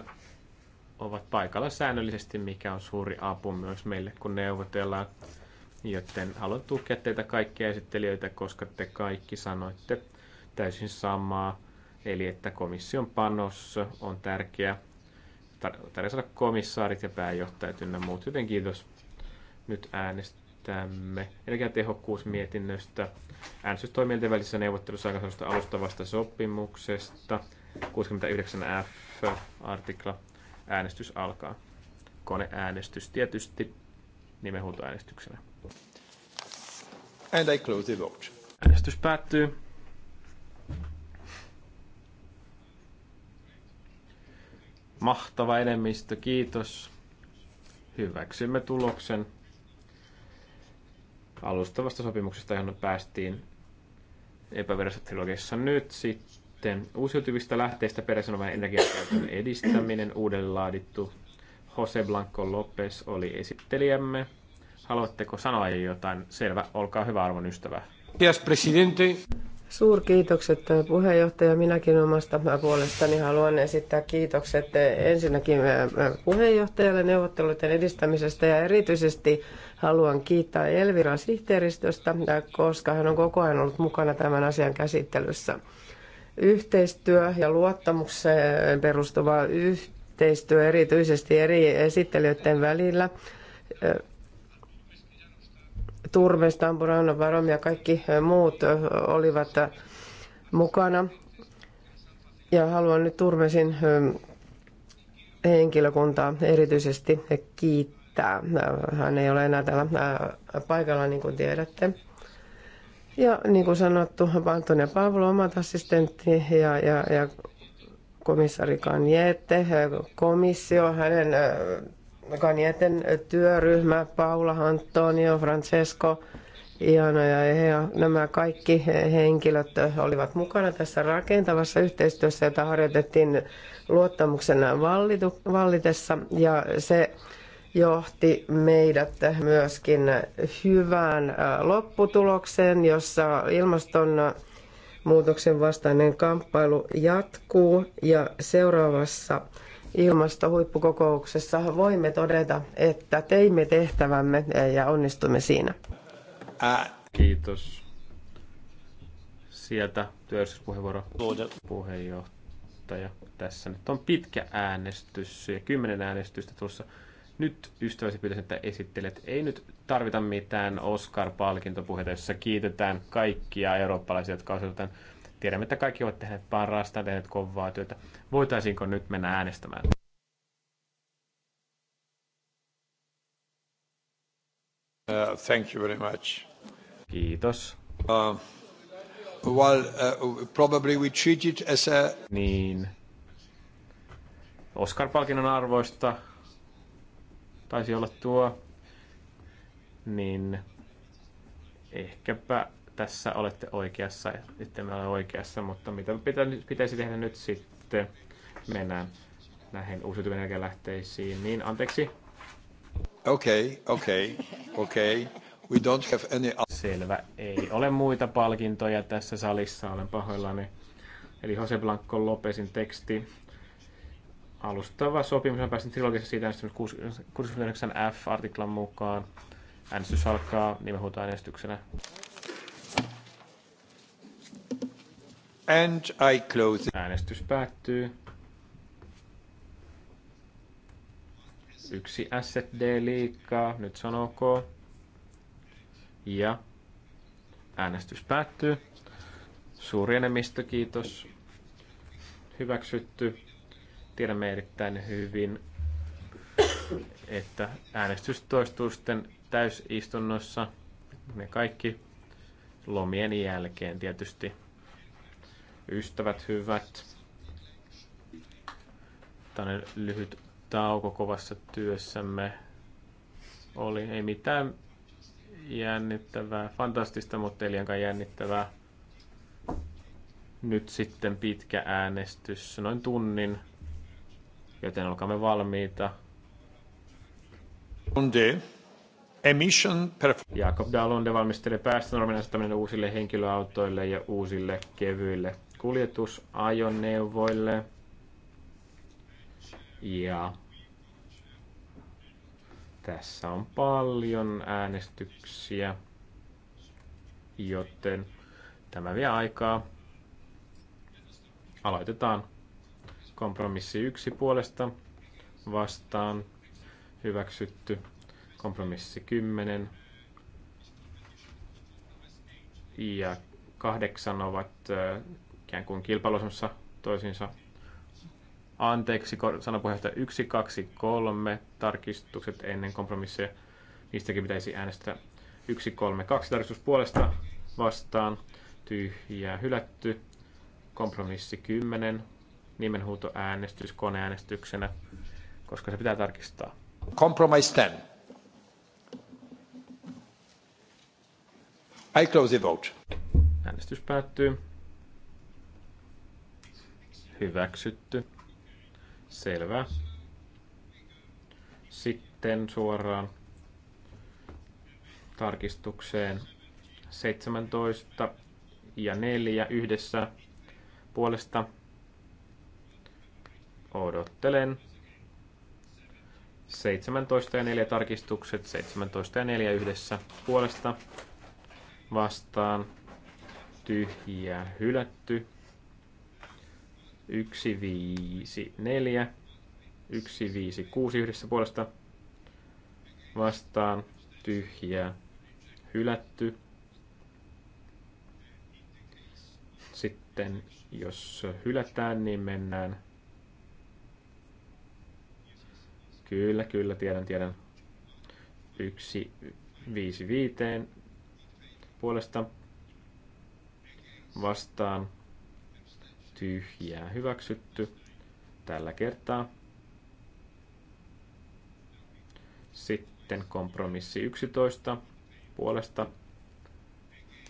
ovat paikalla säännöllisesti, mikä on suuri apu myös meille, kun neuvotellaan. Joten haluan tukea teitä kaikkia esittelijöitä, koska te kaikki sanoitte täysin samaa. Eli että komission panos on tärkeä. Tarvitsee saada komissaarit ja pääjohtajat ynnä muut. Joten kiitos. Nyt äänestä äänestämme energiatehokkuusmietinnöstä, äänestystoimielten välisessä neuvottelussa aikaisemmasta alustavasta sopimuksesta, 69F artikla, äänestys alkaa. Koneäänestys tietysti nimenhuutoäänestyksenä. And I close the vote. Äänestys päättyy. Mahtava enemmistö, kiitos. Hyväksymme tuloksen alustavasta sopimuksesta, johon päästiin epävirallisessa trilogiassa nyt sitten. Uusiutuvista lähteistä peräisin energiakäytön edistäminen, uudelleen laadittu. Jose Blanco Lopez oli esittelijämme. Haluatteko sanoa jotain? Selvä, olkaa hyvä arvon ystävä. Kiitos, presidentti. Suurkiitokset äh, puheenjohtaja. Minäkin omasta puolestani haluan esittää kiitokset äh, ensinnäkin äh, puheenjohtajalle neuvotteluiden edistämisestä ja erityisesti haluan kiittää Elvira sihteeristöstä, koska hän on koko ajan ollut mukana tämän asian käsittelyssä. Yhteistyö ja luottamukseen perustuva yhteistyö erityisesti eri esittelijöiden välillä Turmes, Tamburano, Varom ja kaikki muut olivat mukana. Ja haluan nyt Turmesin henkilökuntaa erityisesti kiittää. Hän ei ole enää täällä paikalla, niin kuin tiedätte. Ja niin kuin sanottu, ja Pavlo, omat assistentti ja, ja, ja komissaari Kanjete, komissio, hänen Kanieten työryhmä, Paula, Antonio, Francesco, Iana ja he nämä kaikki henkilöt olivat mukana tässä rakentavassa yhteistyössä, jota harjoitettiin luottamuksena vallitessa ja se johti meidät myöskin hyvään lopputulokseen, jossa ilmaston muutoksen vastainen kamppailu jatkuu ja seuraavassa ilmastohuippukokouksessa voimme todeta, että teimme tehtävämme ja onnistumme siinä. Kiitos. Sieltä työllisyyspuheenvuoro puheenjohtaja. Tässä nyt on pitkä äänestys ja kymmenen äänestystä tuossa. Nyt ystäväsi pyytäisin, että esittelet. Ei nyt tarvita mitään Oscar-palkintopuheita, jossa kiitetään kaikkia eurooppalaisia, jotka osoitetaan Tiedämme, että kaikki ovat tehneet parasta, tehneet kovaa työtä. Voitaisiinko nyt mennä äänestämään? Uh, thank you very much. Kiitos. Uh, well, uh, probably we treat it as a... Niin. Oscar-palkinnon arvoista taisi olla tuo. Niin ehkäpä tässä olette oikeassa, että me ole oikeassa, mutta mitä pitä, pitäisi tehdä nyt sitten? Mennään näihin uusiutuvien energialähteisiin, niin anteeksi. Okei, okay, okei, okay, okei. Okay. We don't have any... Selvä, ei ole muita palkintoja tässä salissa, olen pahoillani. Eli Jose Blanco Lopesin teksti. Alustava sopimus on pääsin trilogiassa siitä äänestämisen 69F-artiklan mukaan. Äänestys alkaa niin huutaan äänestyksenä. And I close. Äänestys päättyy. Yksi SD liikaa, nyt se on ok. Ja äänestys päättyy. Suuri enemmistö, kiitos. Hyväksytty. Tiedämme erittäin hyvin, että äänestystoistusten täysistunnossa ne kaikki lomien jälkeen tietysti Ystävät hyvät, tällainen lyhyt tauko kovassa työssämme oli. Ei mitään jännittävää, fantastista, mutta ei liiankaan jännittävää. Nyt sitten pitkä äänestys, noin tunnin, joten olkaamme valmiita. Onde. Emission Jakob Dalunde valmistelee päästönormin asettaminen uusille henkilöautoille ja uusille kevyille kuljetusajoneuvoille. Ja tässä on paljon äänestyksiä, joten tämä vie aikaa. Aloitetaan kompromissi yksi puolesta vastaan hyväksytty kompromissi 10 ja kahdeksan ovat ikään kuin kilpailuasemassa toisiinsa. Anteeksi, sanapuheenjohtaja 1, 2, 3, tarkistukset ennen kompromisseja. Niistäkin pitäisi äänestää 1, 3, 2 tarkistus puolesta vastaan. Tyhjää hylätty. Kompromissi 10. Nimenhuuto äänestys koneäänestyksenä, koska se pitää tarkistaa. Compromise 10. I close the vote. Äänestys päättyy. Hyväksytty. Selvä. Sitten suoraan tarkistukseen 17 ja 4 yhdessä puolesta. Odottelen. 17 ja 4 tarkistukset, 17 ja 4 yhdessä puolesta vastaan, tyhjää hylätty, 154, 156 yhdessä puolesta vastaan tyhjää hylätty. Sitten jos hylätään, niin mennään. Kyllä, kyllä, tiedän, tiedän. 155 puolesta vastaan tyhjää hyväksytty tällä kertaa. Sitten kompromissi 11 puolesta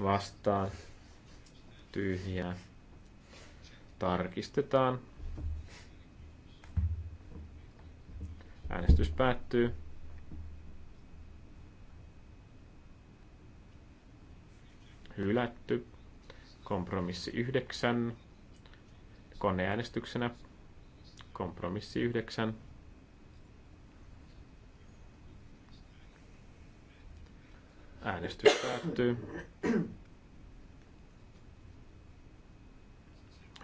vastaan tyhjää. Tarkistetaan. Äänestys päättyy. Hylätty. Kompromissi 9 koneäänestyksenä. Kompromissi 9. Äänestys päättyy.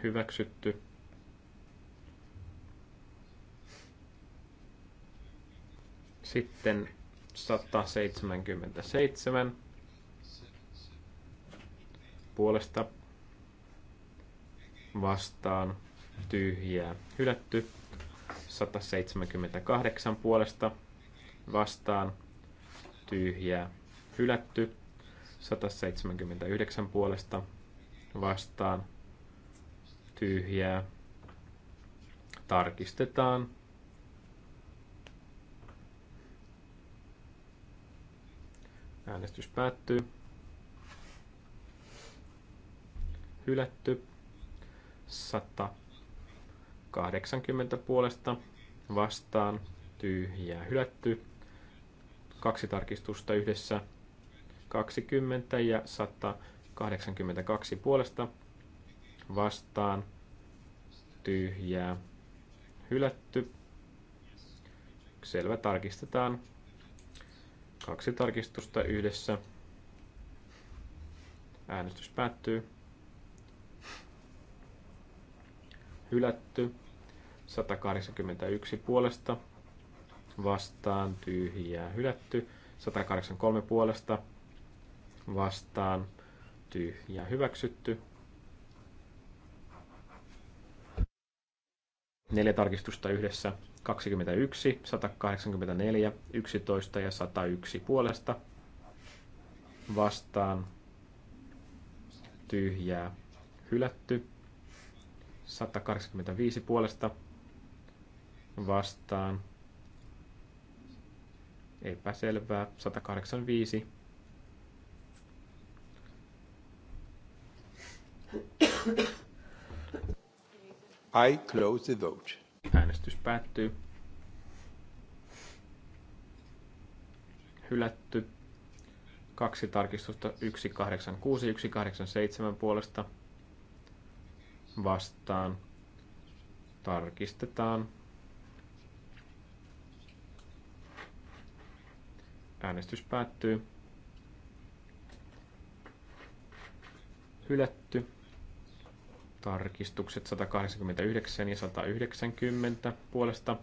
Hyväksytty. Sitten 177 puolesta vastaan tyhjää hylätty. 178 puolesta vastaan tyhjää hylätty. 179 puolesta vastaan tyhjää. Tarkistetaan. Äänestys päättyy. Hylätty. 180 puolesta vastaan tyhjää hylätty. Kaksi tarkistusta yhdessä 20 ja 182 puolesta vastaan tyhjää hylätty. Selvä, tarkistetaan. Kaksi tarkistusta yhdessä. Äänestys päättyy. hylätty. 181 puolesta vastaan tyhjää hylätty. 183 puolesta vastaan tyhjää hyväksytty. Neljä tarkistusta yhdessä 21, 184, 11 ja 101 puolesta vastaan tyhjää hylätty. 185 puolesta vastaan. Epäselvää. 185. I close the vote. Äänestys päättyy. Hylätty. Kaksi tarkistusta 186 187 puolesta vastaan tarkistetaan. Äänestys päättyy. Hylätty. Tarkistukset 189 ja 190 puolesta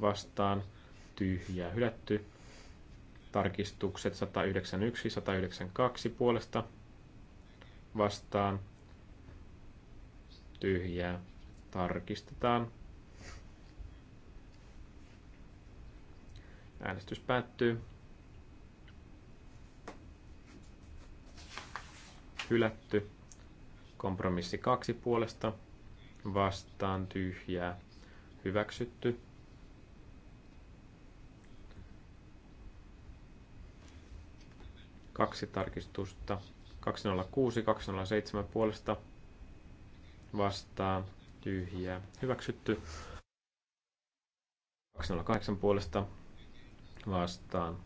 vastaan tyhjää hylätty. Tarkistukset 191 192 puolesta vastaan tyhjää. Tarkistetaan. Äänestys päättyy. Hylätty. Kompromissi kaksi puolesta. Vastaan tyhjää. Hyväksytty. Kaksi tarkistusta. 206, 207 puolesta vastaan tyhjää. Hyväksytty. 208 puolesta vastaan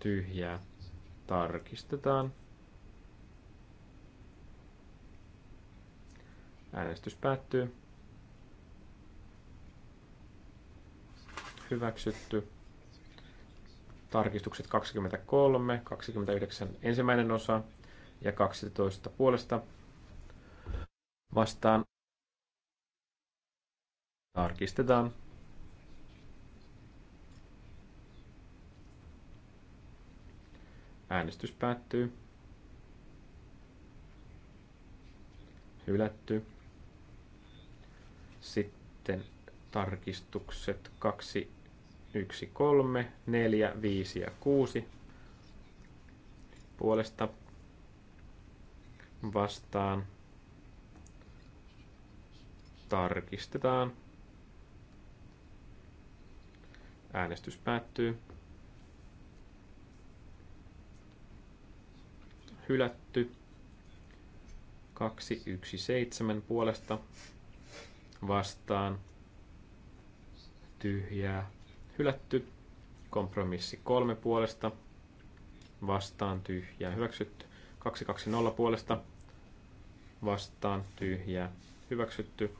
tyhjää. Tarkistetaan. Äänestys päättyy. Hyväksytty. Tarkistukset 23, 29 ensimmäinen osa ja 12 puolesta vastaan. Tarkistetaan. Äänestys päättyy. Hylätty. Sitten tarkistukset 2, 1, 3, 4, 5 ja 6 puolesta vastaan Tarkistetaan. Äänestys päättyy. Hylätty. 217 puolesta vastaan. Tyhjää. Hylätty. Kompromissi 3 puolesta vastaan tyhjää. Hyväksytty. 220 puolesta vastaan tyhjää. Hyväksytty.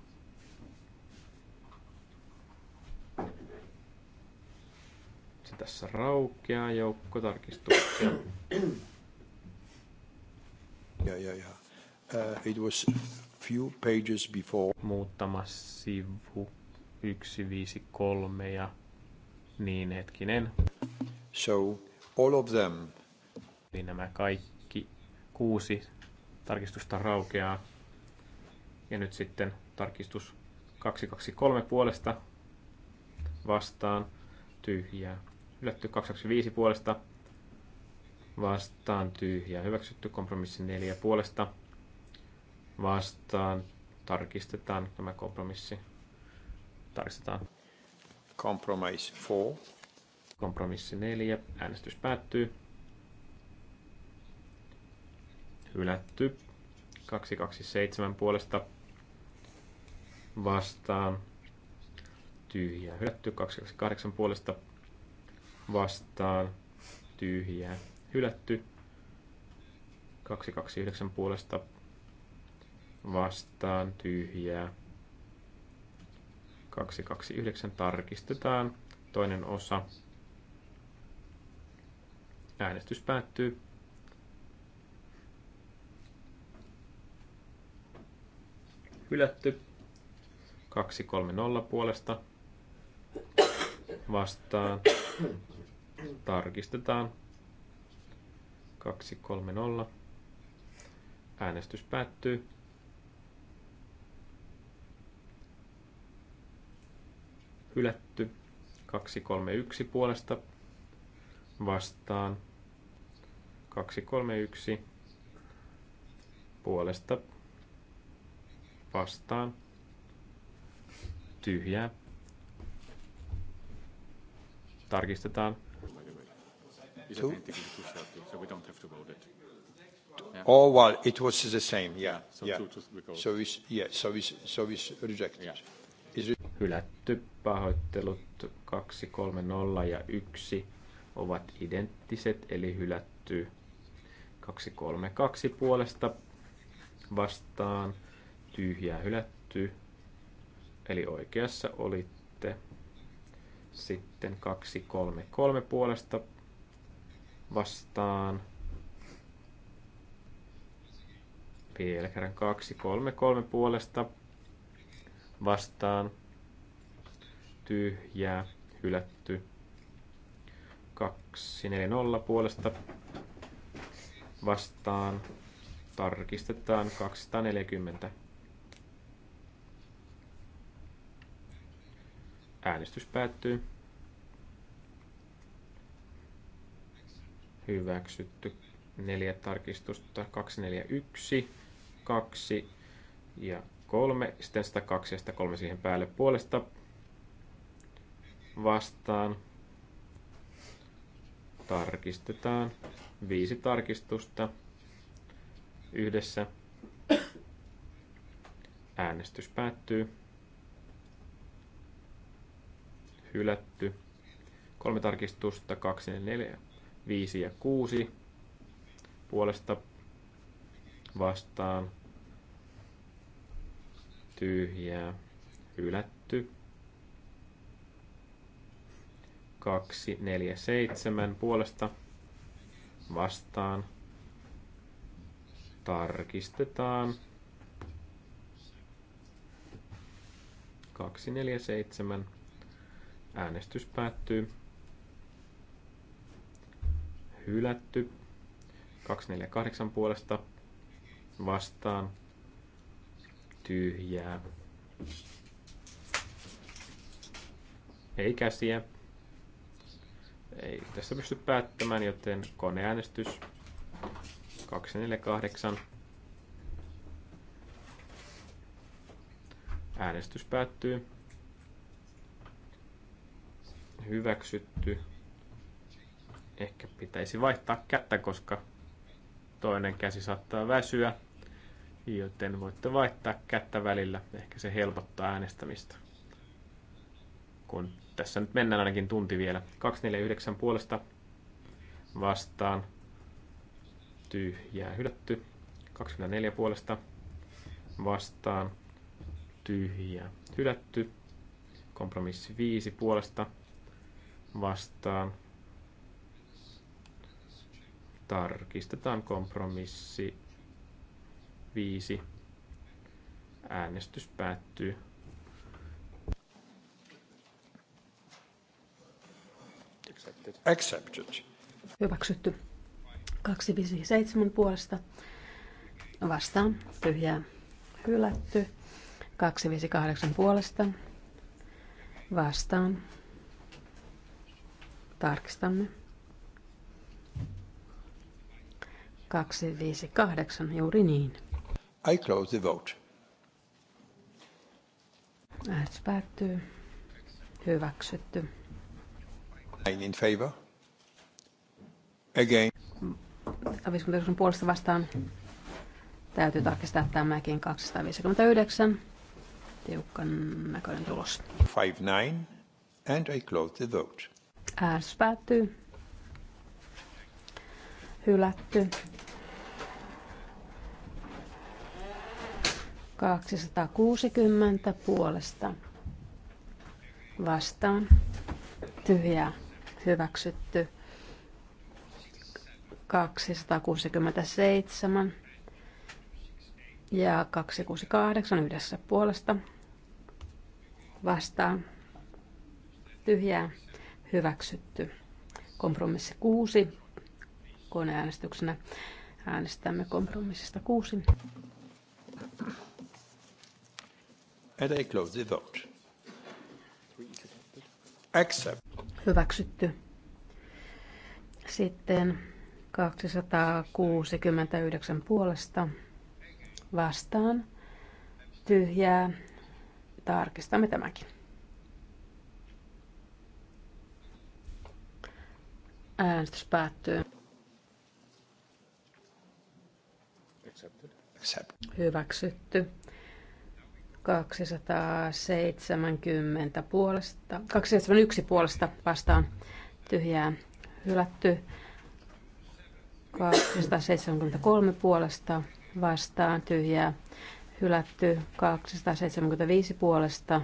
Mistä tässä raukeaa joukko tarkistuksia? Ja ja ja. Uh, it was few pages before. Muutama sivu 153 ja niin hetkinen. So all of them. Eli nämä kaikki kuusi tarkistusta raukeaa. Ja nyt sitten tarkistus 223 puolesta vastaan tyhjää hylätty 225 puolesta, vastaan tyhjä. hyväksytty, kompromissi 4 puolesta, vastaan tarkistetaan tämä kompromissi. Tarkistetaan. Compromise 4. Kompromissi 4. Äänestys päättyy. Hylätty. 227 puolesta vastaan. Tyhjä hylätty. 228 puolesta vastaan tyhjää hylätty. 229 puolesta vastaan tyhjää. 229 tarkistetaan. Toinen osa. Äänestys päättyy. Hylätty. 230 puolesta vastaan Tarkistetaan. 230. Äänestys päättyy. Hylätty. 231 puolesta vastaan. 231 puolesta vastaan. Tyhjää. Tarkistetaan. Is two? identical to 30, so we don't have to vote it. Oh, well, it was the same, yeah. So yeah. Two, two, so is, yeah, so is, so is rejected. Yeah. Is it... Hylätty pahoittelut 2, 3, 0 ja 1 ovat identtiset, eli hylätty 2, 3, 2 puolesta vastaan, tyhjää hylätty, eli oikeassa olitte. Sitten 2, 3, 3 puolesta vastaan. Vielä kerran kaksi, kolme, kolme puolesta vastaan. Tyhjää, hylätty. Kaksi, neljä, nolla puolesta vastaan. Tarkistetaan 240. Äänestys päättyy. hyväksytty. Neljä tarkistusta, 241, 2 ja 3, sitten 102 ja 103 siihen päälle puolesta vastaan. Tarkistetaan. Viisi tarkistusta yhdessä. Äänestys päättyy. Hylätty. Kolme tarkistusta, 24 5 ja 6 puolesta vastaan tyhjää hylätty. 2, 4, 7 puolesta vastaan. Tarkistetaan. 2, 4, 7. Äänestys päättyy hylätty. 248 puolesta vastaan tyhjää. Ei käsiä. Ei tässä pysty päättämään, joten koneäänestys 248. Äänestys päättyy. Hyväksytty ehkä pitäisi vaihtaa kättä, koska toinen käsi saattaa väsyä, joten voitte vaihtaa kättä välillä. Ehkä se helpottaa äänestämistä. Kun tässä nyt mennään ainakin tunti vielä. 249 puolesta vastaan. Tyhjää hylätty. 24 puolesta vastaan. Tyhjää hylätty. Kompromissi 5 puolesta vastaan Tarkistetaan kompromissi 5. Äänestys päättyy. Accepted. Hyväksytty. 257 puolesta vastaan tyhjää hylätty. 258 puolesta vastaan. Tarkistamme. 258, juuri niin. I close the vote. Äänestys päättyy. Hyväksytty. I'm in favor. Again. 259 puolesta vastaan. Täytyy tarkistaa tämäkin 259. Tiukan näköinen tulos. 5-9 and I close the vote. Äänestys päättyy hylätty. 260 puolesta vastaan tyhjää hyväksytty. 267 ja 268 yhdessä puolesta vastaan tyhjää hyväksytty. Kompromissi 6 koneäänestyksenä. Äänestämme kompromissista kuusi. And I close the vote. Accept. Hyväksytty. Sitten 269 puolesta vastaan tyhjää. Tarkistamme tämäkin. Äänestys päättyy. accept. Hyväksytty. 270 puolesta, 271 puolesta vastaan tyhjää hylätty. 273 puolesta vastaan tyhjää hylätty. 275 puolesta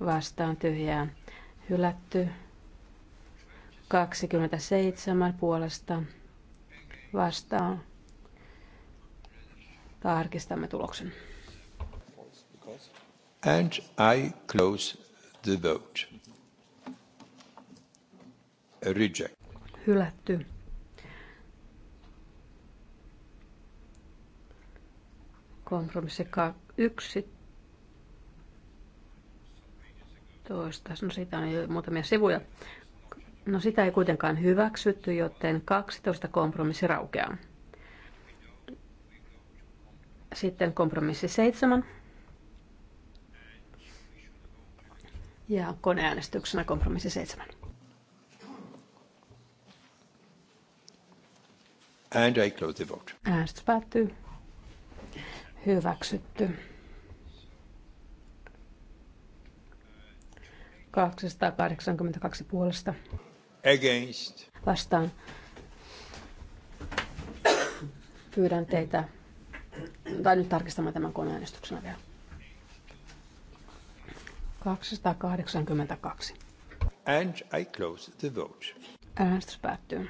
vastaan tyhjää hylätty. 27 puolesta vastaan Tarkistamme tuloksen. And I close the vote. Reject. Hylätty. Kompromissi 1. toista. No siitä on jo muutamia sivuja. No sitä ei kuitenkaan hyväksytty, joten 12 kompromissi raukeaa. Sitten kompromissi seitsemän. Ja koneäänestyksenä kompromissi seitsemän. And I close the vote. Äänestys päättyy. Hyväksytty. 282 puolesta. Against. Vastaan. Pyydän teitä tai nyt tarkistamaan tämän koneäänestyksenä vielä. 282. And I close the vote. Äänestys päättyy.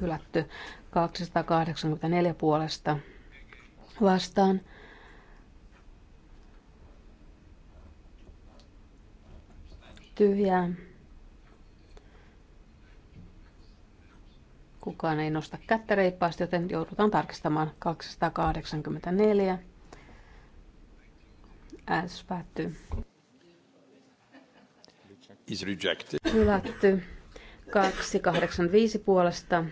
Hylätty 284 puolesta vastaan. Tyhjää. Kukaan ei nosta kättä reippaasti, joten joudutaan tarkistamaan 284. Äänestys päättyy. Is rejected. Hylätty. 285 puolesta.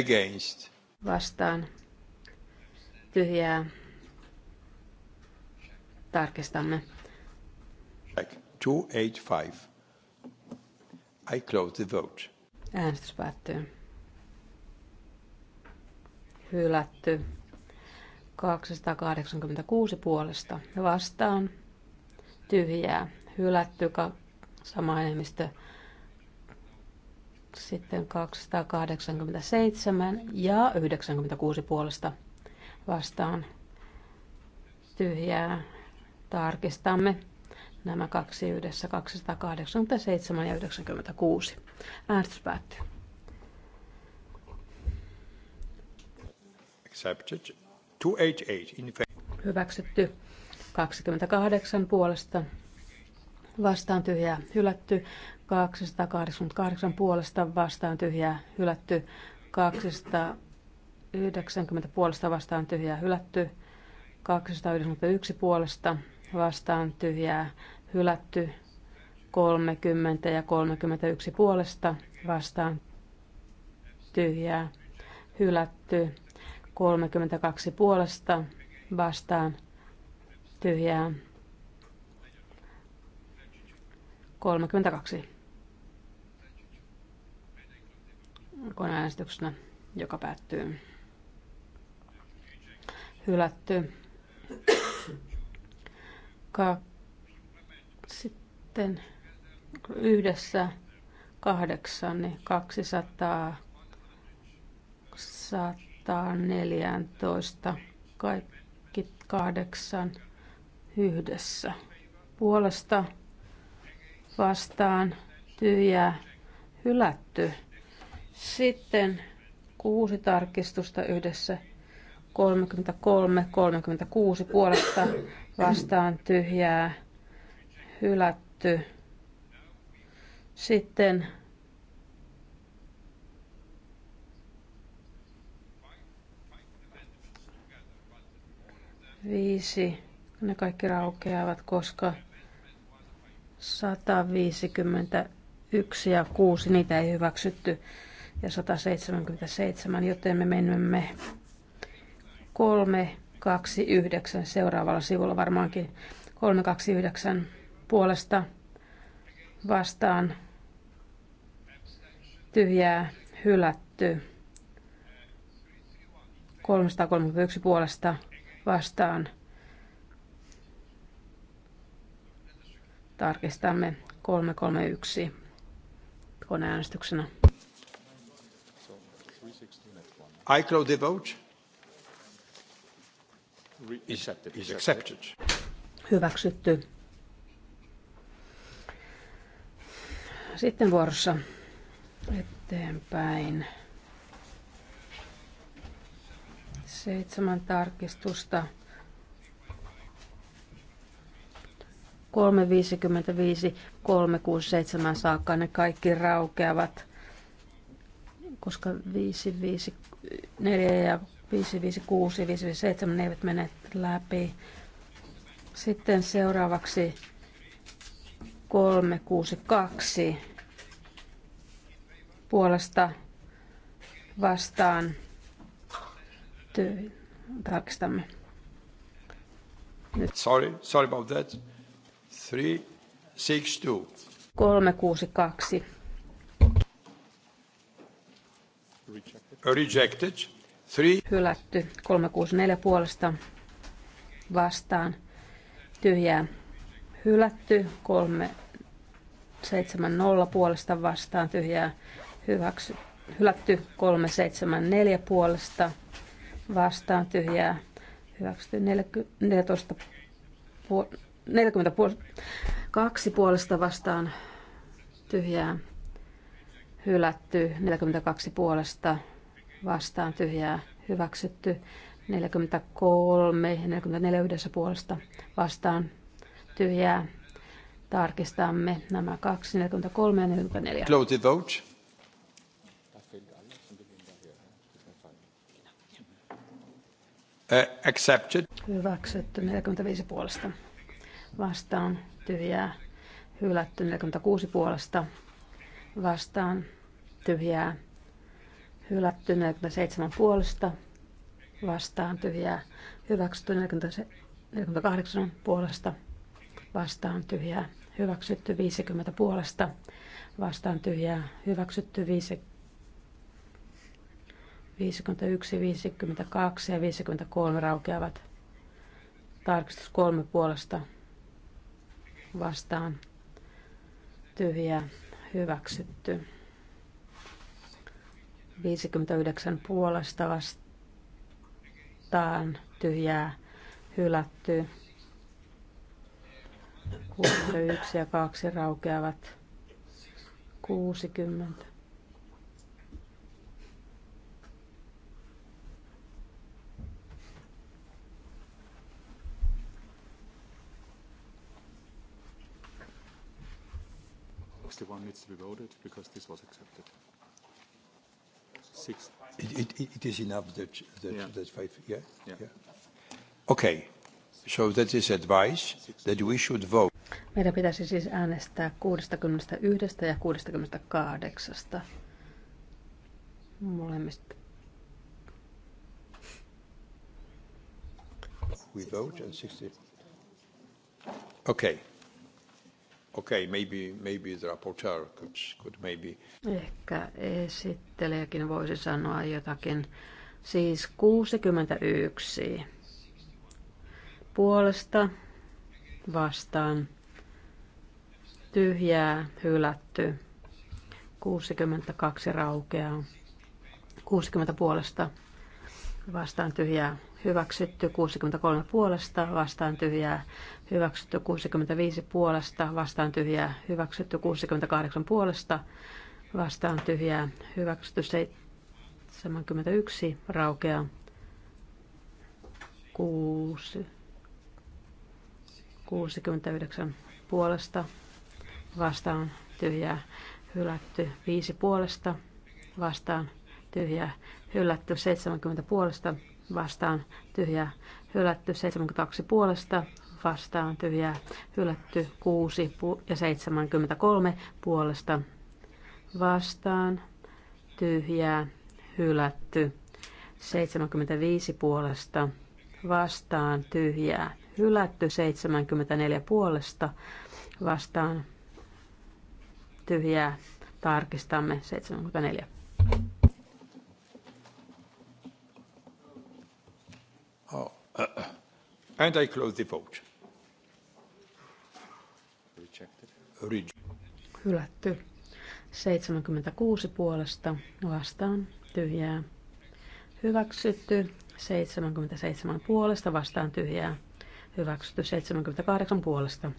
Against. Vastaan. Tyhjää. Tarkistamme. Check. 285. I close the vote. Äänestys päättyy hylätty. 286 puolesta vastaan tyhjää hylätty sama enemmistö. Sitten 287 ja 96 puolesta vastaan tyhjää. Tarkistamme nämä kaksi yhdessä 287 ja 96. Äänestys päättyy. Accepted. 288 in Hyväksytty. 28 puolesta. Vastaan tyhjää hylätty. 288 puolesta vastaan tyhjää hylätty. 290 puolesta vastaan tyhjää hylätty. 291 puolesta vastaan tyhjää hylätty. 30 ja 31 puolesta vastaan tyhjää hylätty. 32 puolesta vastaan tyhjää 32 koneäänestyksenä, joka päättyy hylätty. Ka- Sitten yhdessä kahdeksan, niin 200, 114, kaikki kahdeksan yhdessä. Puolesta vastaan tyhjää hylätty. Sitten kuusi tarkistusta yhdessä 33, 36 puolesta vastaan tyhjää hylätty. Sitten 5, ne kaikki raukeavat, koska 151 ja 6, niitä ei hyväksytty, ja 177, joten me menemme 329 seuraavalla sivulla varmaankin 329 puolesta vastaan tyhjää hylätty. 331 puolesta vastaan. Tarkistamme 331 koneäänestyksenä. I close the vote. Is accepted. Hyväksytty. Sitten vuorossa eteenpäin. Seitsemän tarkistusta. 355, 367 saakka ne kaikki raukeavat, koska 554 ja 556, 557 ne eivät mene läpi. Sitten seuraavaksi 362 puolesta vastaan päättyy. Tarkistamme. Nyt. Sorry, sorry about that. 362. 362. Rejected. Three. Hylätty. 364 puolesta vastaan. Tyhjää. Hylätty. 370 puolesta vastaan. Tyhjää. Hyväksy. Hylätty. 374 puolesta vastaan tyhjää hyväksytty 14 puol- 40 puol- kaksi puolesta vastaan tyhjää hylätty 42 puolesta vastaan tyhjää hyväksytty 43 ja 44 yhdessä puolesta vastaan tyhjää tarkistamme nämä kaksi 43 ja 44. Close the vote. accepted. Hyväksytty 45 puolesta. Vastaan tyhjää. Hylätty 46 puolesta. Vastaan tyhjää. Hylätty 47 puolesta. Vastaan tyhjää. Hyväksytty 48 puolesta. Vastaan tyhjää. Hyväksytty 50 puolesta. Vastaan tyhjää. Hyväksytty 50 51, 52 ja 53 raukeavat. Tarkistus kolme puolesta vastaan tyhjää hyväksytty. 59 puolesta vastaan tyhjää hylätty. 61 ja 2 raukeavat. 60 61 needs to be voted because this was accepted. Six. It, is enough that, yeah. that five, yeah? yeah? Yeah. Okay. So that is advice that we should vote. Meidän pitäisi siis äänestää 61 ja 68 molemmista. We vote on 60. Okay. Okei, okay, maybe, maybe the rapporteur could, could maybe... Ehkä esittelijäkin voisi sanoa jotakin. Siis 61 puolesta vastaan tyhjää, hylätty, 62 raukeaa, 60 puolesta vastaan tyhjää, hyväksytty 63 puolesta, vastaan tyhjää, hyväksytty 65 puolesta, vastaan tyhjää, hyväksytty 68 puolesta, vastaan tyhjää, hyväksytty 71 raukea, 6, 69 puolesta, vastaan tyhjää, hylätty 5 puolesta, vastaan tyhjää, hylätty 70 puolesta, vastaan tyhjä hylätty 72 puolesta vastaan tyhjä hylätty 6 ja 73 puolesta vastaan tyhjää hylätty 75 puolesta vastaan tyhjää hylätty 74 puolesta vastaan tyhjää tarkistamme 74. Uh, and I close the vote. Rejected. Hylätty. 76 puolesta vastaan tyhjää. Hyväksytty. 77 puolesta vastaan tyhjää. Hyväksytty 78 puolesta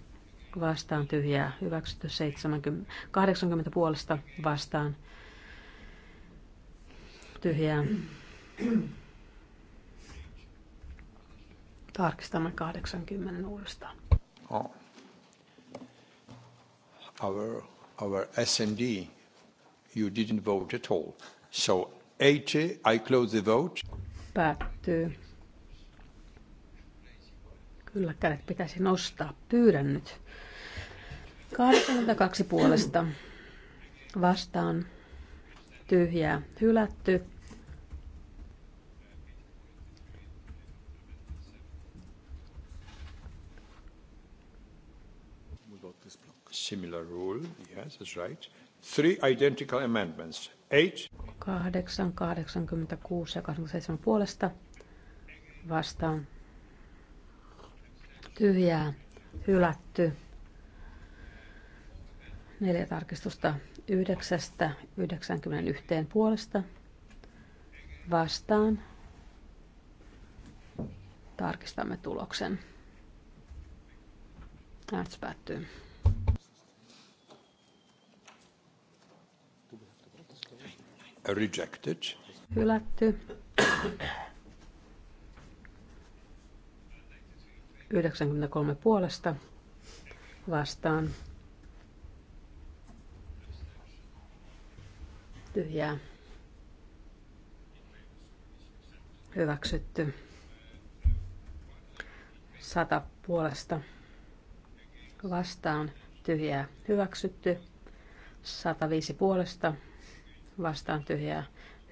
vastaan tyhjää. Hyväksytty 70, 80 puolesta vastaan tyhjää. Tarkistamme 80 uudestaan. Oh. Our, our SND, you didn't vote at all. So 80, I close the vote. Päättyy. Kyllä kädet pitäisi nostaa. Pyydän nyt. 82 puolesta vastaan tyhjää hylätty. Similar rule. Yes, that's right. Three identical amendments. Eight. 8, 86 ja 87 puolesta vastaan. Tyhjää, hylätty. Neljä tarkistusta yhdeksästä 91 puolesta vastaan. Tarkistamme tuloksen. Äänestys päättyy. Rejected. Hylätty. 93 puolesta vastaan. Tyhjää. Hyväksytty. 100 puolesta vastaan. Tyhjää. Hyväksytty. 105 puolesta vastaan tyhjää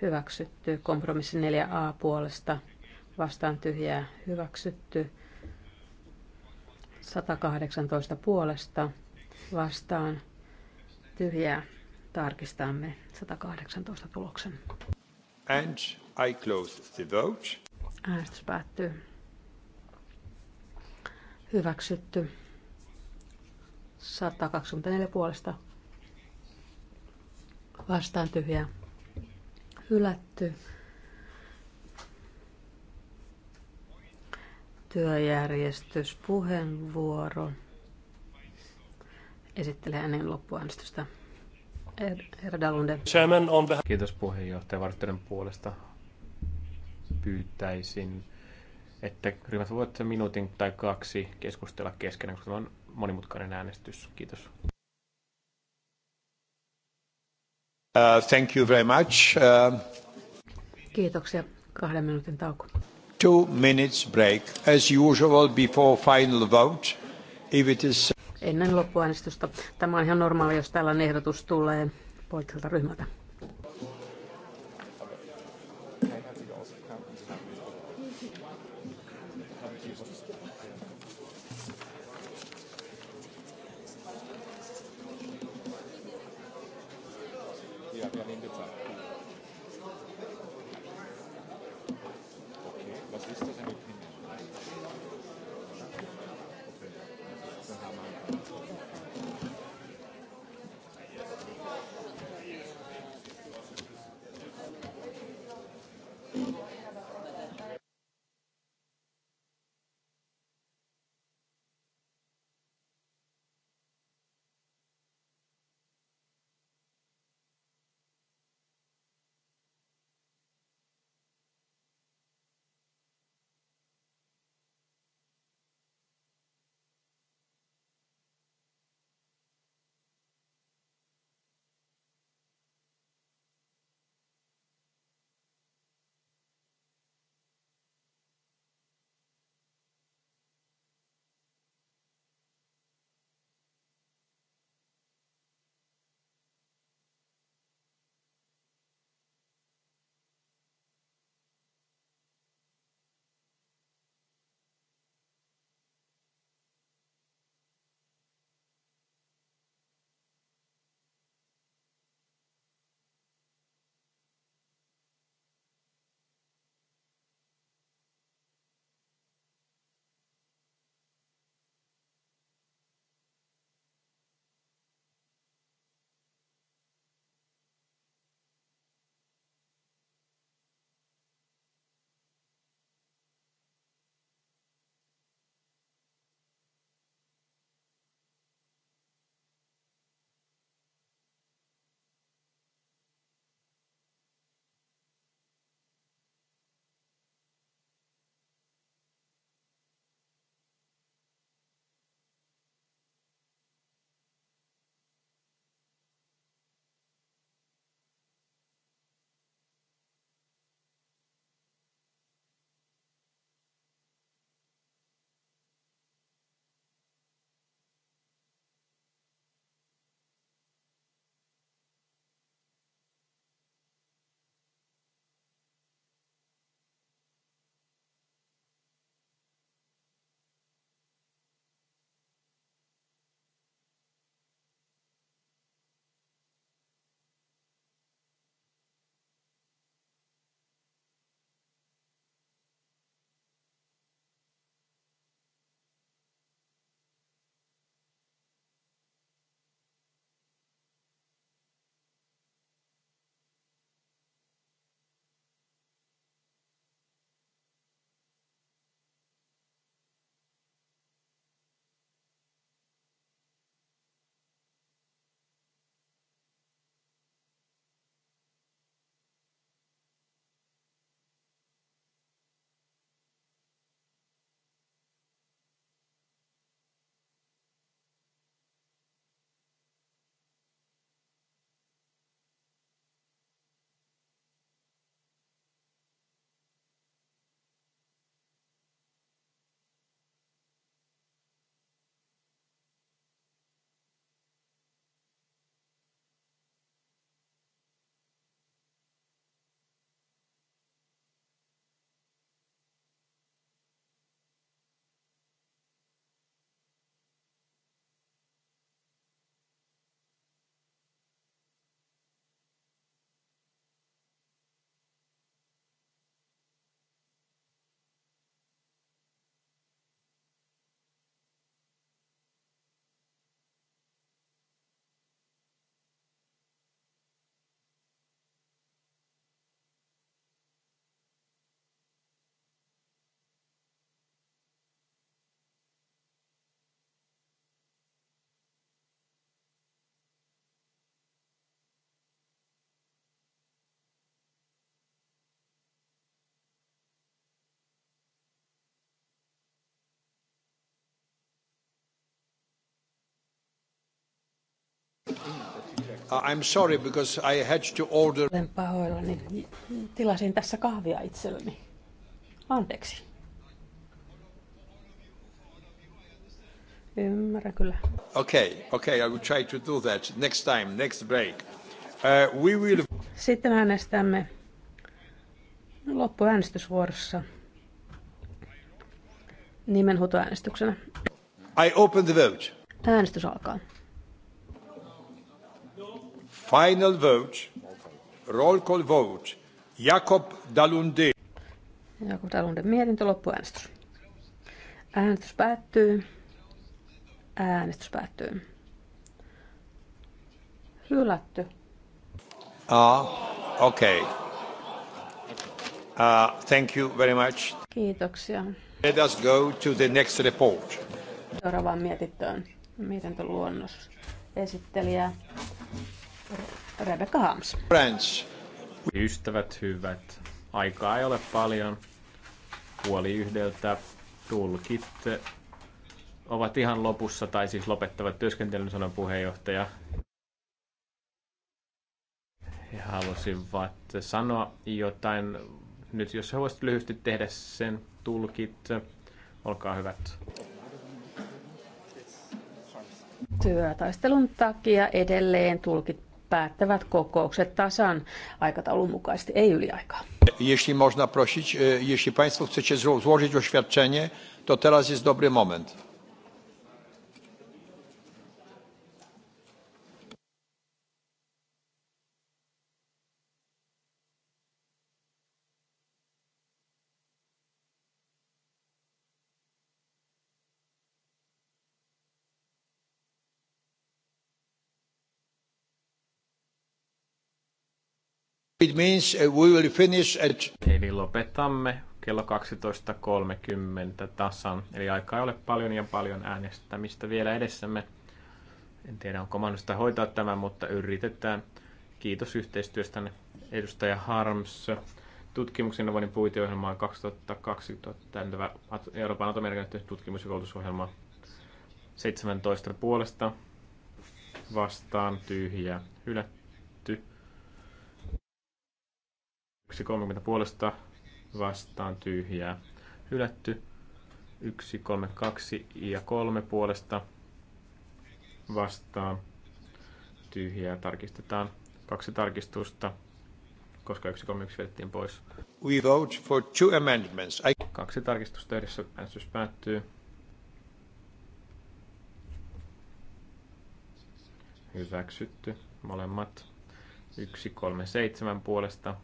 hyväksytty. Kompromissi 4a puolesta vastaan tyhjää hyväksytty. 118 puolesta vastaan tyhjää tarkistamme 118 tuloksen. And I close the vote. Äänestys päättyy. Hyväksytty. 124 puolesta vastaan tyhjä, hylätty. Työjärjestyspuheenvuoro. Esittelee hänen loppuäänestystä. Herra Dalunde. Kiitos puheenjohtaja Varttinen puolesta. Pyytäisin, että ryhmät voivat minuutin tai kaksi keskustella keskenään, koska on monimutkainen äänestys. Kiitos. Uh, thank you very much. Uh, Kiitoksia. Kahden minuutin tauko. Two minutes break, as usual before final vote. If it is... Ennen loppuäänestystä. Tämä on ihan normaali, jos tällainen ehdotus tulee poliittiselta ryhmältä. Uh, I'm sorry because I had to order. Olen pahoillani. Tilasin tässä kahvia itselleni. Anteeksi. Ymmärrän kyllä. Okay, okay, I will try to do that next time, next break. Uh, we will... Sitten äänestämme loppuäänestysvuorossa nimenhuutoäänestyksenä. I open the vote. Äänestys alkaa. Final vote. Roll call vote. Jakob Dalunde. Jakob Dalunde mietintö loppuäänestys. Äänestys päättyy. Äänestys päättyy. Hylätty. Ah, okei. Okay. Uh, thank you very much. Kiitoksia. Let us go to the next report. Seuraavaan mietintöön. luonnos. Esittelijä Rebecca Harms. French. Ystävät hyvät, aikaa ei ole paljon. Puoli yhdeltä tulkit ovat ihan lopussa, tai siis lopettavat työskentelyn, sanoi puheenjohtaja. He halusivat sanoa jotain. Nyt jos he voisivat lyhyesti tehdä sen tulkit, olkaa hyvät. Työtaistelun takia edelleen tulkit päättävät kokoukset tasan aikataulun mukaisesti, ei yliaikaa. Jeśli można prosić, e, jeśli Państwo chcecie złożyć oświadczenie, to teraz jest dobry moment. It means uh, we will finish at... Eli lopetamme kello 12.30 tasan, eli aikaa ei ole paljon ja paljon äänestämistä vielä edessämme. En tiedä, onko mahdollista hoitaa tämä, mutta yritetään. Kiitos yhteistyöstänne, edustaja Harms. Tutkimuksen avoinnin puiteohjelmaa 2020 Euroopan atomerkitys tutkimus- ja koulutusohjelma 17 puolesta vastaan tyhjä hylätty. 30 puolesta vastaan tyhjää hylätty. 1, 3, 2 ja 3 puolesta vastaan tyhjää tarkistetaan. Kaksi tarkistusta, koska 1, 3, 1 vedettiin pois. We vote for two amendments. I... Kaksi tarkistusta edessä äänestys päättyy. Hyväksytty molemmat. 137 puolesta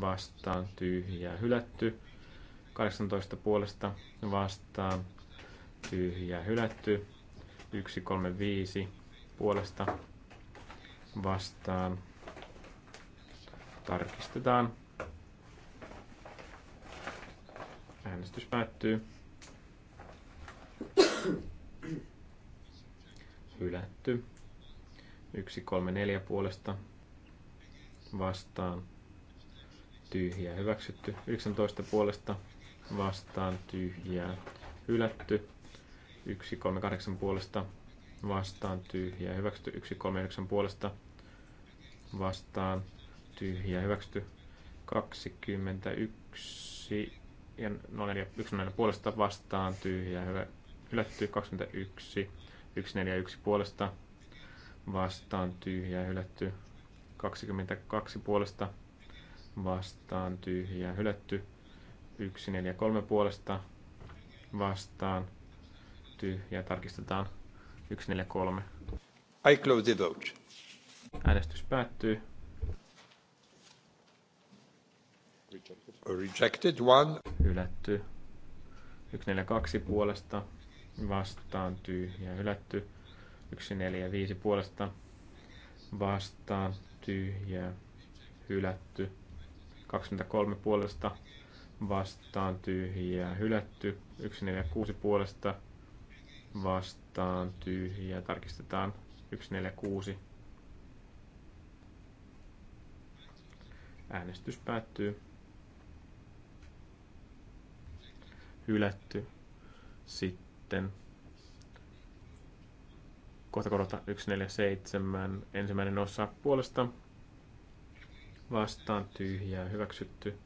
vastaan tyhjää hylätty. 18 puolesta vastaan tyhjää hylätty. 135 puolesta vastaan tarkistetaan. Äänestys päättyy. Hylätty. 134 puolesta vastaan tyhjää hyväksytty. 19 puolesta vastaan tyhjää hylätty. 138 puolesta vastaan tyhjää hyväksytty. 139 puolesta vastaan tyhjää hyväksytty. 21 ja 04, 14 puolesta vastaan tyhjää hylätty. 21 141 puolesta vastaan tyhjää hylätty. 22 puolesta vastaan, vastaan tyhjä hylätty. 1, 4, 3 puolesta vastaan tyhjä. tarkistetaan. 1, 4, 3. I close the vote. Äänestys päättyy. Rejected one. Hylätty. 1, 4, 2 puolesta vastaan tyhjä hylätty. 1, 4, 5 puolesta vastaan tyhjä hylätty. 23 puolesta vastaan tyhjiä hylätty. 146 puolesta vastaan tyhjiä. Tarkistetaan 146. Äänestys päättyy. Hylätty. Sitten kohta korota 147. Ensimmäinen osa puolesta vastaan tyhjää hyväksytty.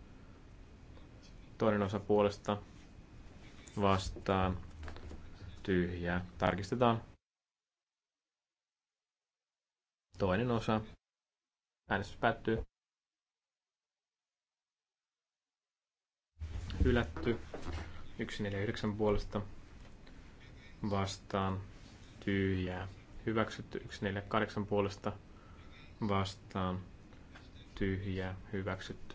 Toinen osa puolesta vastaan tyhjää. Tarkistetaan. Toinen osa. Äänestys päättyy. Hylätty. 149 puolesta vastaan tyhjää. Hyväksytty 148 puolesta vastaan tyhjä hyväksytty.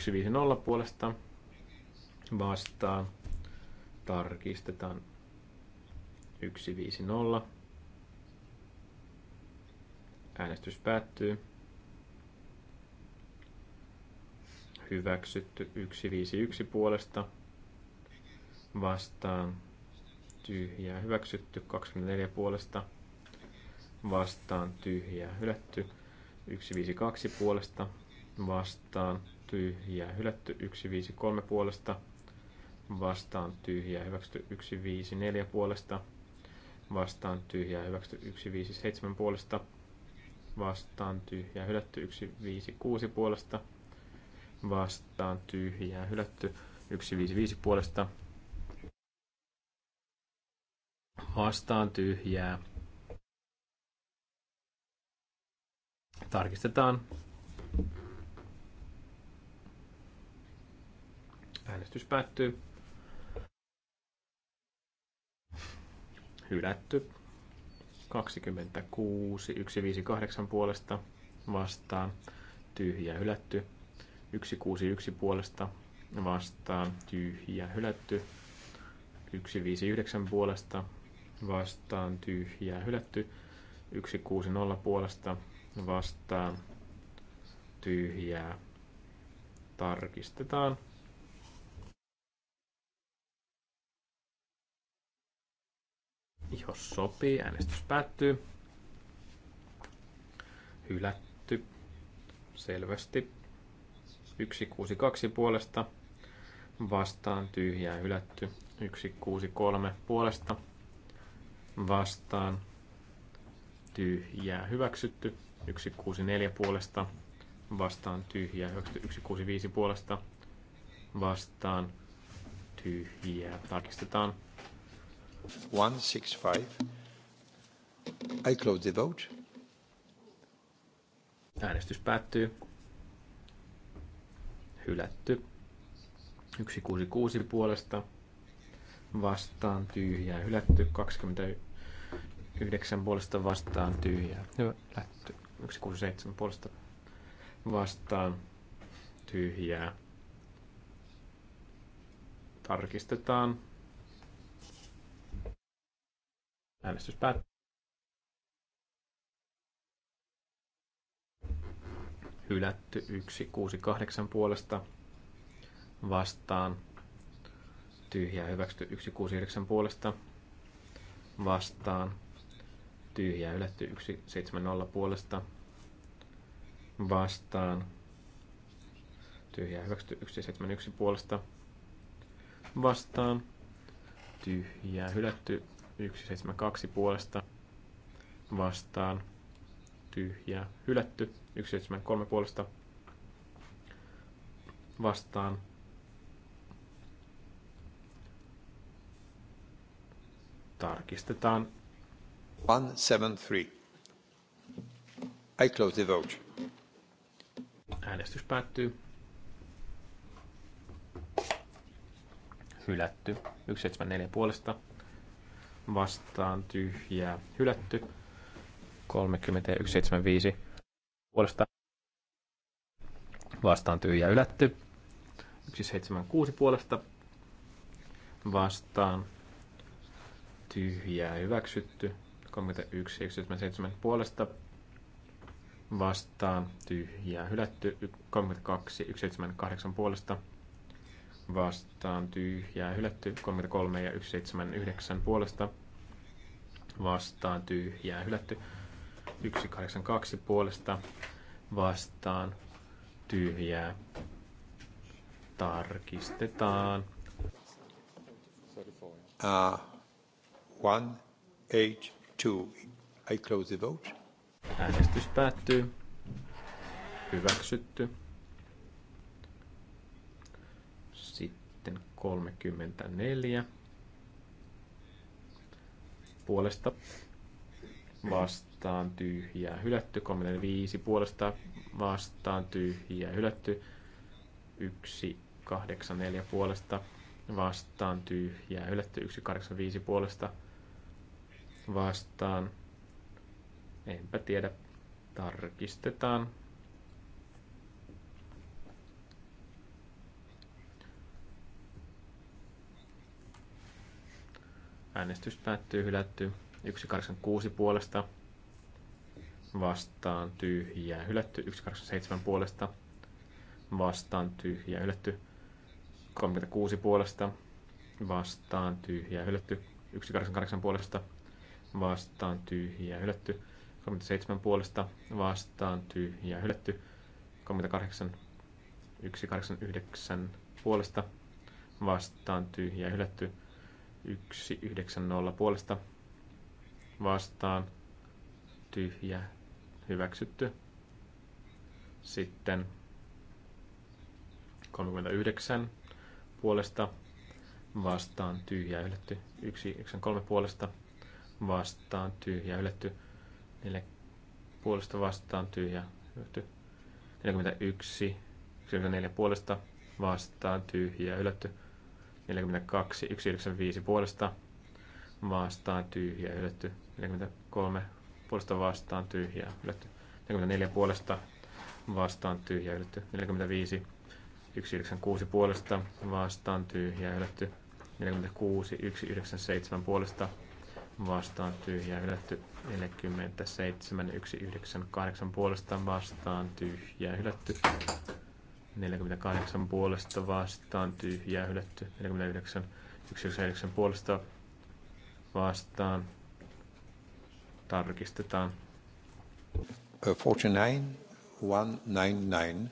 150 puolesta vastaan tarkistetaan 150. Äänestys päättyy. Hyväksytty 151 puolesta vastaan tyhjää hyväksytty 24 puolesta vastaan tyhjää hylätty 152 puolesta vastaan tyhjää hylätty 153 puolesta vastaan tyhjää hyväksytty 154 puolesta vastaan tyhjää hyväksytty 157 puolesta vastaan tyhjää hylätty 156 puolesta vastaan tyhjää hylätty 155 puolesta vastaan tyhjää Tarkistetaan. Äänestys päättyy. Hylätty. 26, 158 puolesta vastaan. Tyhjä hylätty. 161 puolesta vastaan. Tyhjä hylätty. 159 puolesta vastaan. Tyhjä hylätty. 160 puolesta vastaan tyhjää. Tarkistetaan. Jos sopii, äänestys päättyy. Hylätty. Selvästi. 162 puolesta vastaan tyhjää hylätty. 163 puolesta vastaan tyhjää hyväksytty. 164 puolesta vastaan tyhjää, 165 puolesta vastaan tyhjää. Tarkistetaan. 165. I close the vote. Äänestys päättyy. Hylätty. 166 puolesta vastaan tyhjää. Hylätty. 29 puolesta vastaan tyhjää. Hylätty. 167 puolesta vastaan tyhjää. Tarkistetaan. Äänestys päättyy. Hylätty 168 puolesta vastaan. Tyhjää hyväksytty 169 puolesta vastaan. Tyhjää hylätty 170 puolesta vastaan. Tyhjää hyväksytty 171 puolesta vastaan. Tyhjää hylätty 172 puolesta vastaan. Tyhjää hylätty 173 puolesta vastaan. Tarkistetaan. 173. I close the vote. Äänestys päättyy. Hylätty. 174 puolesta. Vastaan tyhjää. Hylätty. 30 puolesta. Vastaan tyhjä Hylätty. 176 puolesta. Vastaan tyhjää. Hyväksytty. 31 puolesta vastaan tyhjää hylätty. 32, 178 puolesta vastaan tyhjää hylätty. 33 ja 179 puolesta vastaan tyhjää hylätty. 182 puolesta vastaan tyhjää tarkistetaan. Uh, one, eight, two. I close the vote. Äänestys päättyy. Hyväksytty. Sitten 34. Puolesta vastaan tyhjää hylätty. 35 puolesta vastaan tyhjää hylätty. 1 8 4 puolesta vastaan tyhjää hylätty. 1 8 5 puolesta vastaan Enpä tiedä. Tarkistetaan. Äänestys päättyy hylätty 186 puolesta vastaan tyhjää hylätty 187 puolesta vastaan tyhjää hylätty 36 puolesta vastaan tyhjää hylätty 188 puolesta vastaan tyhjää hylätty 37 puolesta vastaan tyhjä hylätty. 38 189 puolesta vastaan tyhjä hylätty. 190 puolesta vastaan tyhjä hyväksytty. Sitten 39 puolesta vastaan tyhjä yletty. 193 puolesta vastaan tyhjä yletty. 4 puolesta vastaan tyhjä hylätty. 41, 94 puolesta vastaan tyhjä hylätty. 42, 195 puolesta vastaan tyhjä hylätty. 43 puolesta vastaan tyhjä hylätty. 44 puolesta vastaan tyhjä hylätty. 45 196 puolesta vastaan tyhjä hylätty. 46 197 puolesta vastaan, tyhjä, vastaan tyhjää hylätty 47, 1, 9, 8 puolesta vastaan tyhjää hylätty 48 puolesta vastaan tyhjää hylätty 49, 199 puolesta vastaan tarkistetaan. 49, 199.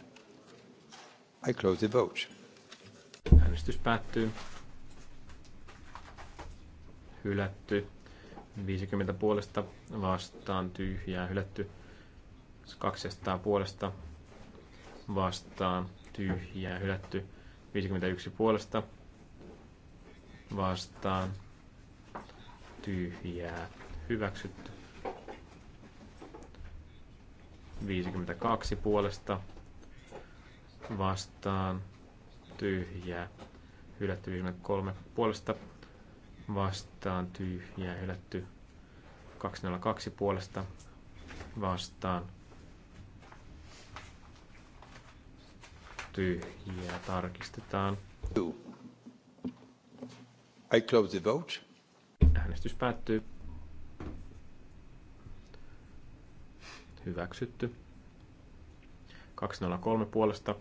I close the vote. Äänestys päättyy. Hylätty 50 puolesta vastaan tyhjää hylätty. 200 puolesta vastaan tyhjää hylätty. 51 puolesta vastaan tyhjää hyväksytty. 52 puolesta vastaan tyhjää hylätty 53 puolesta vastaan tyhjää hylätty 202 puolesta vastaan tyhjää tarkistetaan. I close the vote. Äänestys päättyy. Hyväksytty. 203 puolesta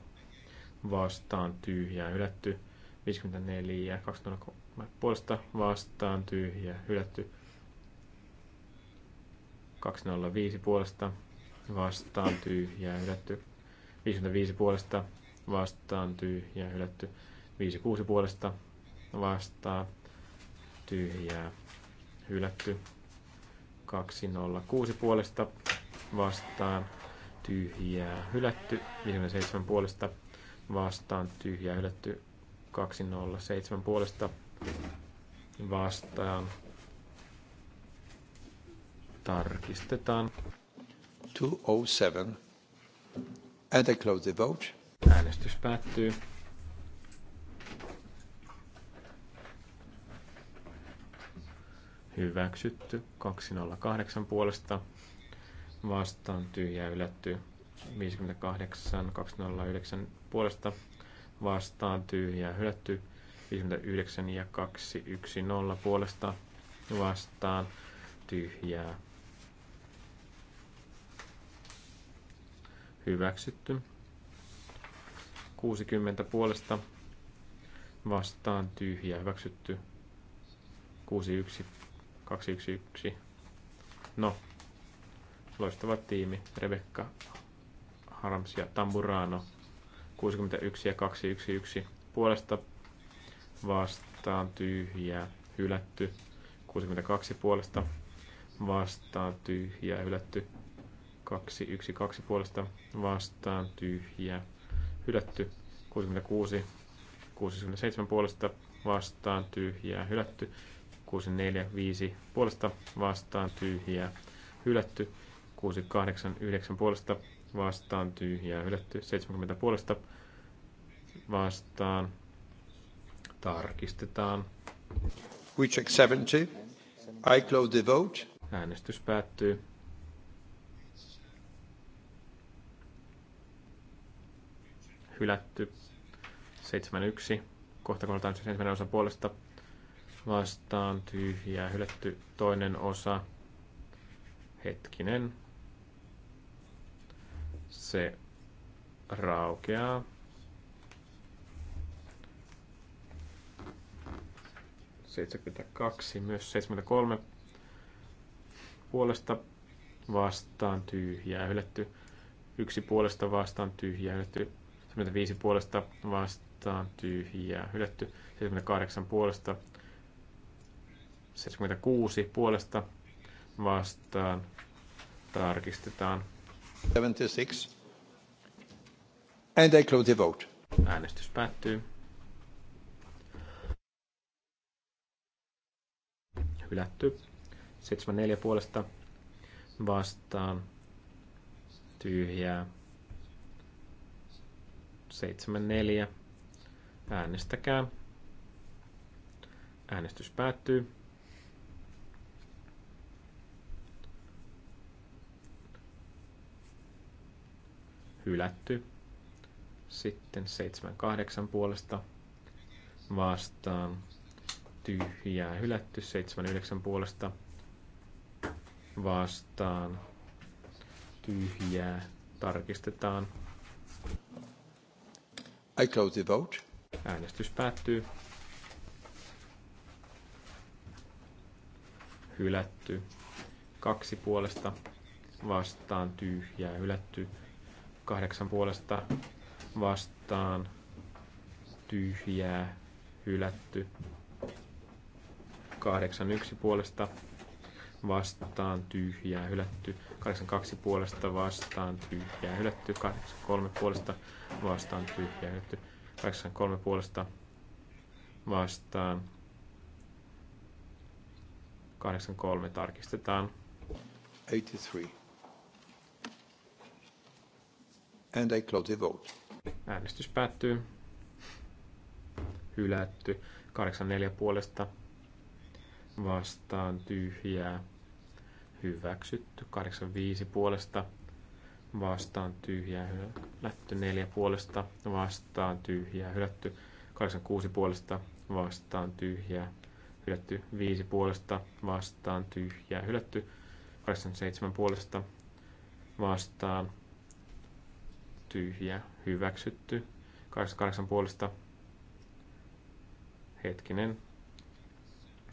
vastaan tyhjää hylätty. 54 203 puolesta vastaan tyhjä hylätty. 205 puolesta vastaan tyhjä hylätty. 55 puolesta vastaan tyhjä hylätty. 56 puolesta vastaan tyhjää hylätty. 206 puolesta vastaan tyhjää hylätty. 57 puolesta vastaan tyhjää hylätty. 207 puolesta vastaan. Tarkistetaan. 207. And I close the vote. Äänestys päättyy. Hyväksytty 208 puolesta. Vastaan tyhjä ylätty 58 209 puolesta. Vastaan tyhjä hylätty 59 ja 210 puolesta vastaan tyhjää. Hyväksytty. 60 puolesta vastaan tyhjää. Hyväksytty. 61 211. No, loistava tiimi. Rebekka Harms ja Tamburano. 61 ja 211 puolesta vastaan tyhjää hylätty. 62 puolesta vastaan tyhjää hylätty. 212 puolesta vastaan tyhjää hylätty. 66 67 puolesta vastaan tyhjää hylätty. 64, 5 puolesta vastaan tyhjää hylätty. 68, 9 puolesta vastaan tyhjää hylätty. 70 puolesta vastaan Tarkistetaan. We check 70. I close the vote. Äänestys päättyy. Hylätty. 71. Kohta kohdataan siis ensimmäinen osa puolesta vastaan tyhjää. Hylätty toinen osa. Hetkinen. Se raukeaa. 72, myös 73 puolesta vastaan tyhjää hylätty. Yksi puolesta vastaan tyhjää hylätty. 75 puolesta vastaan tyhjää hylätty. 78 puolesta 76 puolesta vastaan tarkistetaan. 76. And I close the vote. Äänestys päättyy. hylätty. 74 puolesta vastaan tyhjää. 74. Äänestäkää. Äänestys päättyy. Hylätty. Sitten 78 puolesta vastaan tyhjää hylätty, 79 puolesta vastaan tyhjää tarkistetaan. I close the vote. Äänestys päättyy. Hylätty. Kaksi puolesta vastaan tyhjää hylätty. Kahdeksan puolesta vastaan tyhjää hylätty. 81 puolesta vastaan tyhjää hylätty, 82 puolesta vastaan tyhjää hylätty, 83 puolesta vastaan tyhjää hylätty, 83 puolesta vastaan 83 tarkistetaan. 83. And I close the vote. Äänestys päättyy. Hylätty. 84 puolesta vastaan tyhjää hyväksytty. 85 puolesta vastaan tyhjää hylätty. 4 puolesta vastaan tyhjää hylätty. 86 puolesta vastaan tyhjää hylätty. 5 puolesta vastaan tyhjää hylätty. 87 puolesta vastaan tyhjä hyväksytty. 88 puolesta hetkinen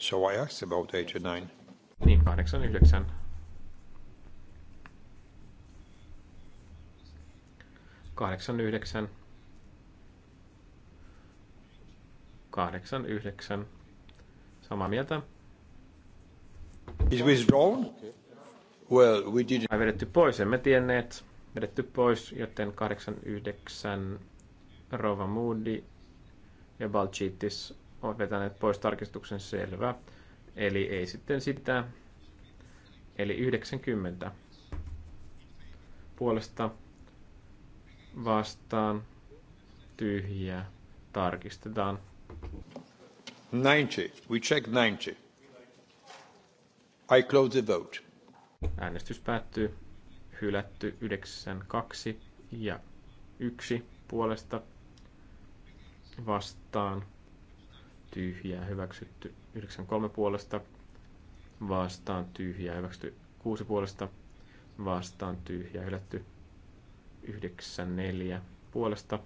So I asked about 89. Niin, yhdeksän. Kahdeksan yhdeksän. Kahdeksan yhdeksän. Samaa mieltä. Is withdrawn? Well, we did. Ai vedetty pois, emme tienneet. Vedetty pois, joten yhdeksän. Rova Moody ja Balchitis ovat vetäneet pois tarkistuksen selvä. Eli ei sitten sitä. Eli 90 puolesta vastaan tyhjä tarkistetaan. 90. We check 90. I close the vote. Äänestys päättyy. Hylätty 92 ja 1 puolesta vastaan tyhjää hyväksytty 93 puolesta, vastaan tyhjää hyväksytty 6 puolesta, vastaan tyhjää hylätty 94 puolesta,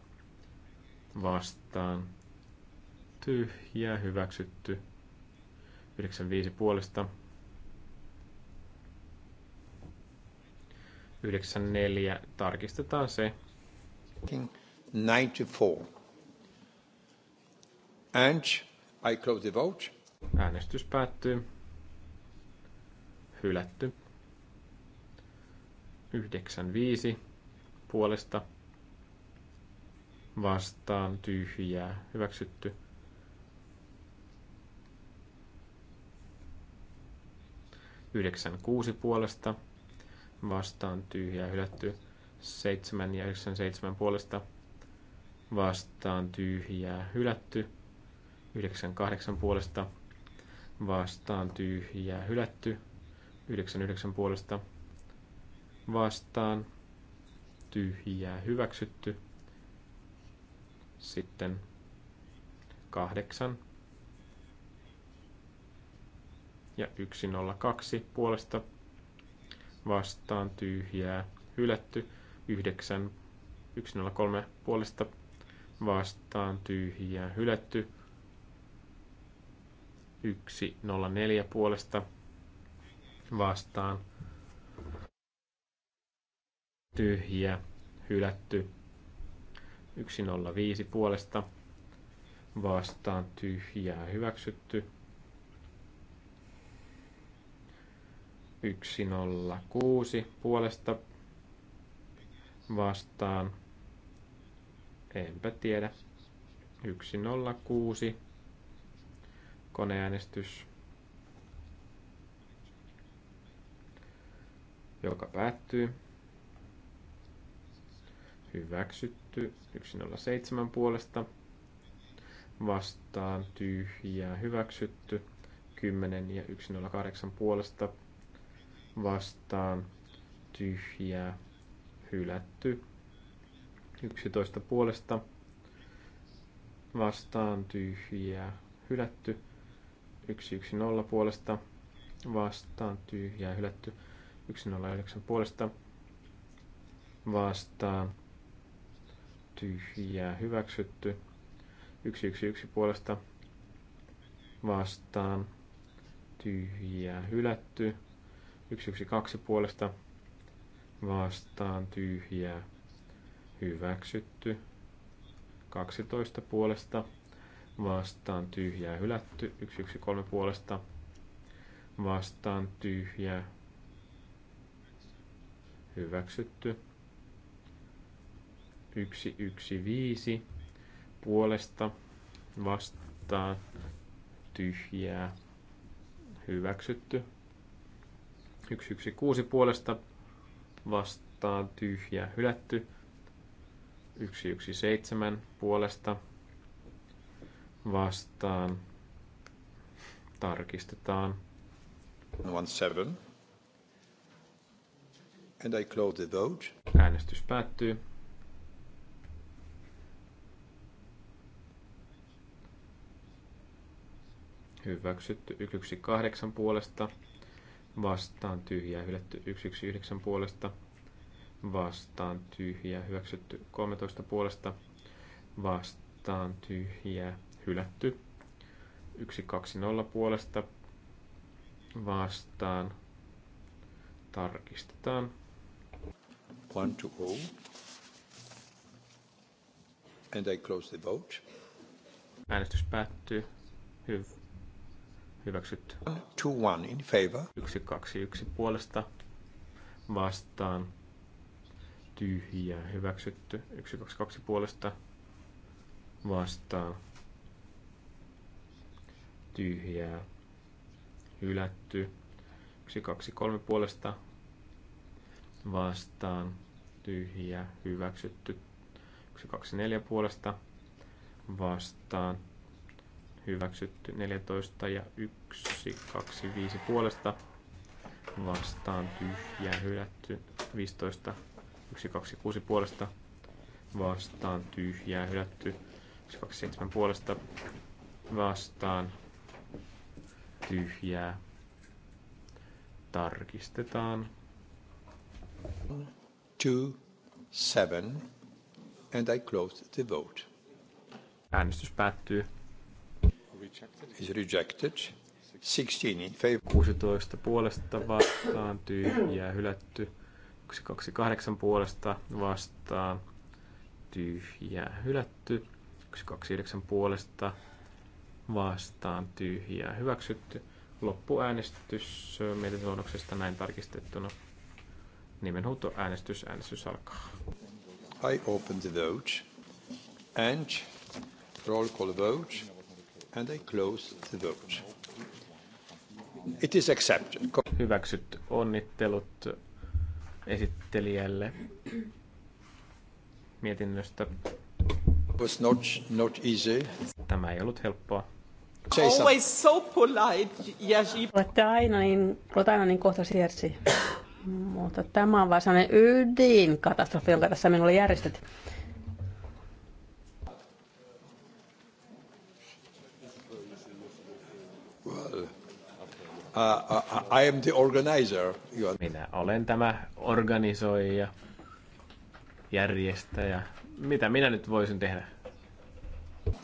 vastaan tyhjää hyväksytty 95 puolesta, 94 tarkistetaan se. 94. And I close the vote. Äänestys päättyy. Hylätty. 95 puolesta vastaan tyhjää. Hyväksytty. Yhdeksän kuusi puolesta vastaan tyhjää hylätty. Seitsemän ja yhdeksän seitsemän puolesta vastaan tyhjää hylätty. 98 puolesta vastaan tyhjää hylätty. 99 puolesta vastaan tyhjää hyväksytty. Sitten 8 ja 102 puolesta vastaan tyhjää hylätty. 9 103 puolesta vastaan tyhjää hylätty. 104 puolesta vastaan. Tyhjä, hylätty. 105 puolesta vastaan tyhjää hyväksytty. 106 puolesta vastaan. Enpä tiedä. 106 koneäänestys, joka päättyy. Hyväksytty 107 puolesta. Vastaan tyhjää hyväksytty 10 ja 108 puolesta. Vastaan tyhjää hylätty 11 puolesta vastaan tyhjää hylätty 110 puolesta vastaan tyhjää hylätty 109 puolesta vastaan tyhjää hyväksytty 111 puolesta vastaan tyhjää hylätty 112 puolesta vastaan tyhjää hyväksytty 12 puolesta vastaan tyhjää hylätty, 113 puolesta vastaan tyhjää hyväksytty, 115 puolesta vastaan tyhjää hyväksytty, 116 puolesta vastaan tyhjää hylätty, 117 puolesta vastaan. Tarkistetaan. One seven. And I close the vote. Äänestys päättyy. Hyväksytty 118 puolesta. Vastaan tyhjää hylätty 119 puolesta. Vastaan tyhjää hyväksytty 13 puolesta. Vastaan tyhjää hylätty. 1-2-0 puolesta vastaan. Tarkistetaan. One to go. Oh. And I close the vote. Äänestys päättyy. Hyv- hyväksytty. 2-1 in favor. 1-2-1 puolesta vastaan. Tyhjää hyväksytty. 1-2-2 puolesta vastaan tyhjää, hylätty. 1, 2, 3 puolesta vastaan, tyhjä, hyväksytty. 1, 2, 4 puolesta vastaan, hyväksytty. 14 ja 1, 2, 5 puolesta vastaan, tyhjä, hylätty. 15, 1, 2, 6 puolesta vastaan, tyhjä, hylätty. 1, 2, 7 puolesta vastaan, tyhjää. Tarkistetaan. Two, seven, and I close the vote. Äänestys päättyy. Is rejected. 16 in favor. 16 puolesta vastaan, tyhjää, hylätty. kahdeksan puolesta vastaan, tyhjää, hylätty. 129 puolesta vastaan tyhjää hyväksytty. Loppuäänestys mietintöluonnoksesta näin tarkistettuna. Nimenhuuto äänestys, äänestys alkaa. I open the vote and roll call vote and I close the vote. It is accepted. hyväksyt Onnittelut esittelijälle mietinnöstä. Was not, not easy. Tämä ei ollut helppoa. Jason. Always so polite, Jerzy. Olette aina niin, aina niin kohta Jerzy. Mutta tämä on vain sellainen ydinkatastrofi, jonka tässä minulle järjestet. Well, uh, I am the organizer. are... Minä olen tämä organisoija, järjestäjä. Mitä minä nyt voisin tehdä?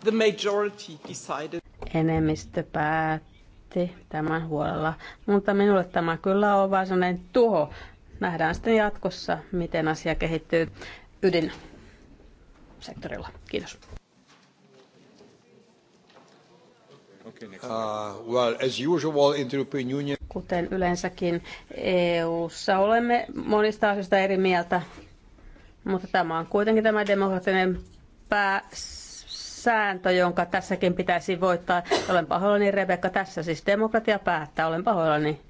The majority decided. Enemmistö päätti tämän huolella, mutta minulle tämä kyllä on vain sellainen tuho. Nähdään sitten jatkossa, miten asia kehittyy ydinsektorilla. Kiitos. Uh, Kuten yleensäkin EU-ssa olemme monista asioista eri mieltä, mutta tämä on kuitenkin tämä demokraattinen pääs sääntö, jonka tässäkin pitäisi voittaa. Olen pahoillani, Rebekka, tässä siis demokratia päättää. Olen pahoillani.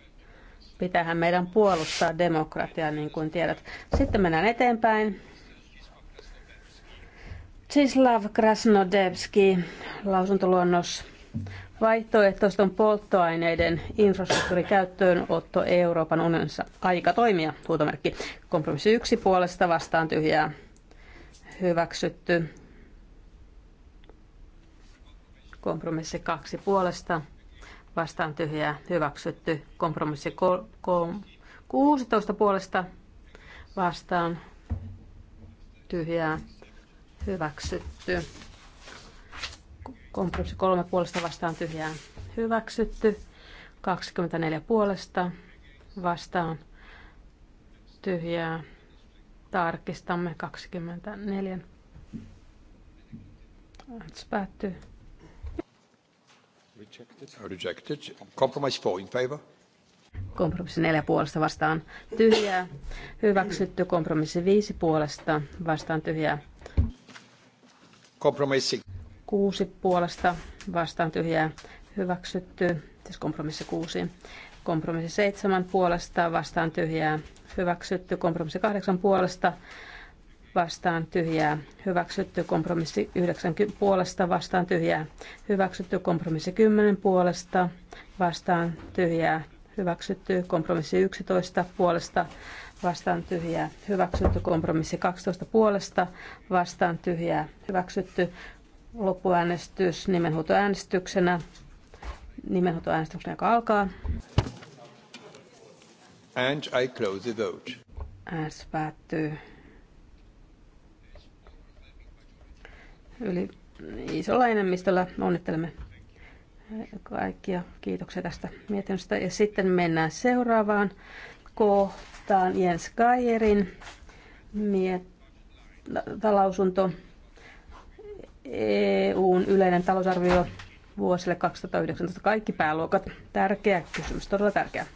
Pitäähän meidän puolustaa demokratiaa, niin kuin tiedät. Sitten mennään eteenpäin. Czislav Krasnodebski, lausuntoluonnos vaihtoehtoisten polttoaineiden otto Euroopan unionissa. Aika toimia, huutomerkki. Kompromissi yksi puolesta vastaan tyhjää. Hyväksytty. Kompromissi kaksi puolesta vastaan tyhjää hyväksytty. Kompromissi kol- kol- 16 puolesta vastaan tyhjää hyväksytty. Kompromissi kolme puolesta vastaan tyhjää hyväksytty. 24 puolesta vastaan tyhjää. Tarkistamme 24. päättyy. Rejected. Compromise four in favor. Kompromissi neljä puolesta vastaan tyhjää. Hyväksytty. Kompromissi viisi puolesta vastaan tyhjää. Kompromissi. Kuusi puolesta vastaan tyhjää. Hyväksytty. Siis kompromissi kuusi. Kompromissi seitsemän puolesta vastaan tyhjää. Hyväksytty. Kompromissi kahdeksan puolesta vastaan tyhjää, hyväksytty kompromissi 9 puolesta vastaan tyhjää, hyväksytty kompromissi 10 puolesta vastaan tyhjää, hyväksytty kompromissi 11 puolesta vastaan tyhjää, hyväksytty kompromissi 12 puolesta vastaan tyhjää, hyväksytty loppuäänestys nimenhuutoäänestyksenä, nimenhuutoäänestyksenä joka alkaa. And I close the vote. Äänestys päättyy. yli isolla enemmistöllä. Onnittelemme kaikkia. Kiitoksia tästä mietinnöstä. Ja sitten mennään seuraavaan kohtaan. Jens Kajerin lausunto EUn yleinen talousarvio vuosille 2019. Kaikki pääluokat. Tärkeä kysymys, todella tärkeä.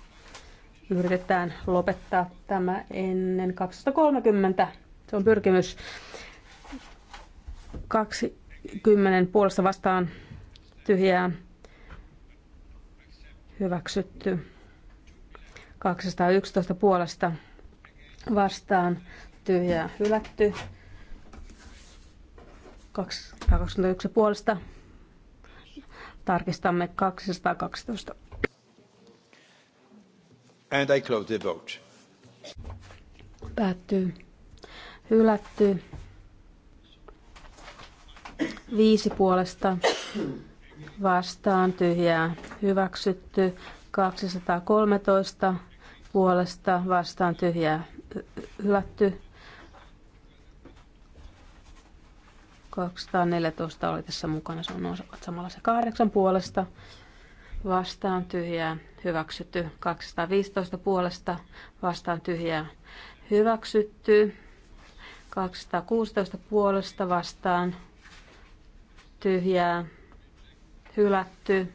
Yritetään lopettaa tämä ennen 2030. Se on pyrkimys. 20 puolesta vastaan tyhjää hyväksytty. 211 puolesta vastaan tyhjää hylätty. 221 puolesta tarkistamme 212. And I close the vote. Päättyy. Hylätty. Viisi puolesta vastaan tyhjää hyväksytty. 213 puolesta vastaan tyhjää hylätty. 214 oli tässä mukana, se on samalla se kahdeksan puolesta vastaan tyhjää hyväksytty. 215 puolesta vastaan tyhjää hyväksytty. 216 puolesta vastaan tyhjää, hylätty,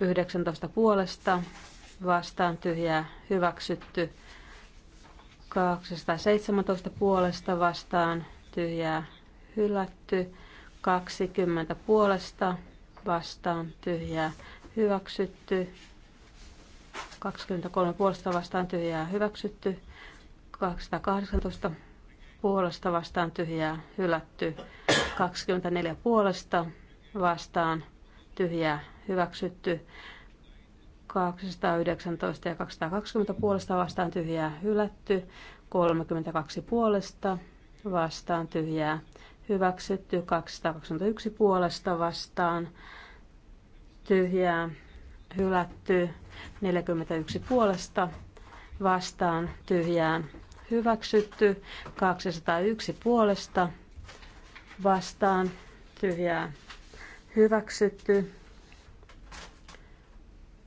19 puolesta, vastaan tyhjää, hyväksytty, 217 puolesta vastaan, tyhjää, hylätty, 20 puolesta vastaan, tyhjää, hyväksytty, 23 puolesta vastaan, tyhjää, hyväksytty, 218 puolesta vastaan, tyhjää, hylätty, 24 puolesta vastaan tyhjää hyväksytty. 219 ja 220 puolesta vastaan tyhjää hylätty. 32 puolesta vastaan tyhjää hyväksytty. 221 puolesta vastaan tyhjää hylätty. 41 puolesta vastaan tyhjään hyväksytty. 201 puolesta vastaan tyhjää hyväksytty.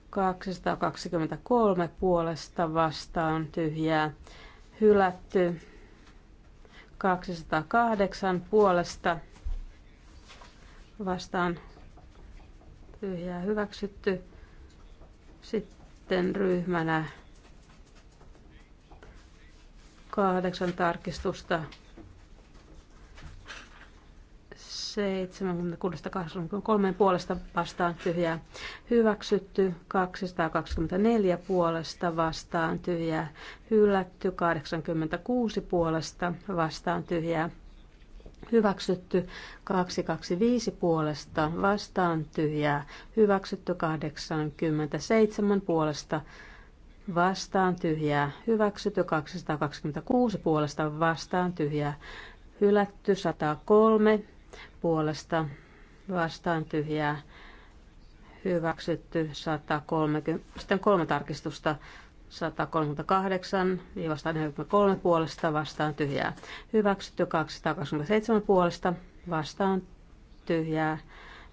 223 puolesta vastaan tyhjää hylätty. 208 puolesta vastaan tyhjää hyväksytty. Sitten ryhmänä kahdeksan tarkistusta 76 puolesta vastaan tyhjää hyväksytty, 224 puolesta vastaan tyhjää hylätty, 86 puolesta vastaan tyhjää hyväksytty, 225 puolesta vastaan tyhjää hyväksytty, 87 puolesta vastaan tyhjää hyväksytty, 226 puolesta vastaan tyhjää hylätty 103 puolesta vastaan tyhjää hyväksytty 130, sitten kolme tarkistusta 138-143 puolesta vastaan tyhjää hyväksytty 227 puolesta vastaan tyhjää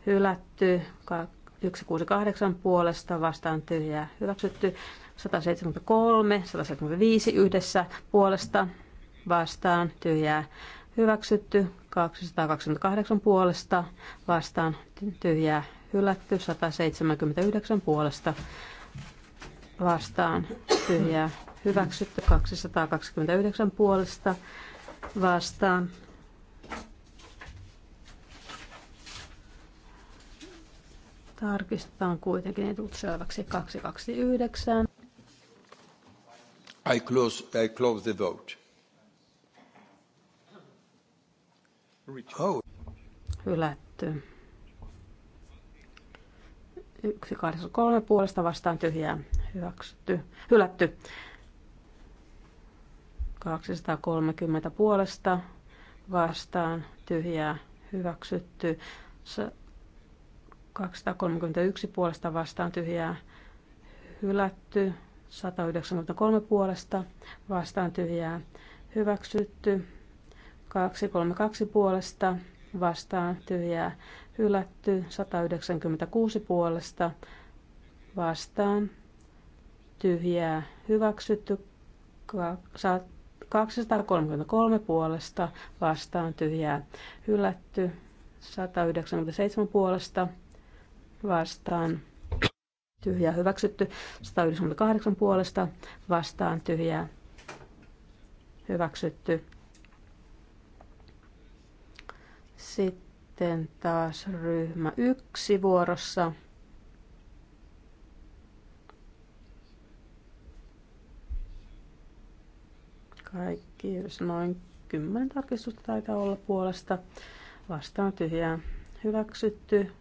hylätty 168 puolesta vastaan tyhjää hyväksytty 173, 175 yhdessä puolesta vastaan tyhjää hyväksytty 228 puolesta vastaan tyhjää hylätty, 179 puolesta vastaan tyhjää hyväksytty, 229 puolesta vastaan Tarkistetaan kuitenkin, etut selväksi. 229. I close, I close the vote. Hylätty. kolme puolesta vastaan tyhjää. Hyväksytty. Hylätty. 230 puolesta vastaan tyhjää. Hyväksytty. 231 puolesta vastaan tyhjää. Hylätty. 193 puolesta vastaan tyhjää. Hyväksytty. 232 puolesta vastaan tyhjää hylätty, 196 puolesta vastaan tyhjää hyväksytty, 233 puolesta vastaan tyhjää hylätty, 197 puolesta vastaan tyhjää hyväksytty, 198 puolesta vastaan tyhjää hyväksytty, Sitten taas ryhmä yksi vuorossa. Kaikki, jos noin kymmenen tarkistusta taitaa olla puolesta. Vastaan tyhjää. Hyväksytty.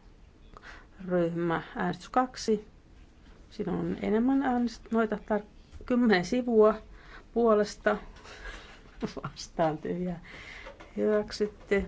Ryhmä äänestys kaksi. Siinä on enemmän äänest- noita tar- kymmenen sivua puolesta. Vastaan tyhjää. Hyväksytty.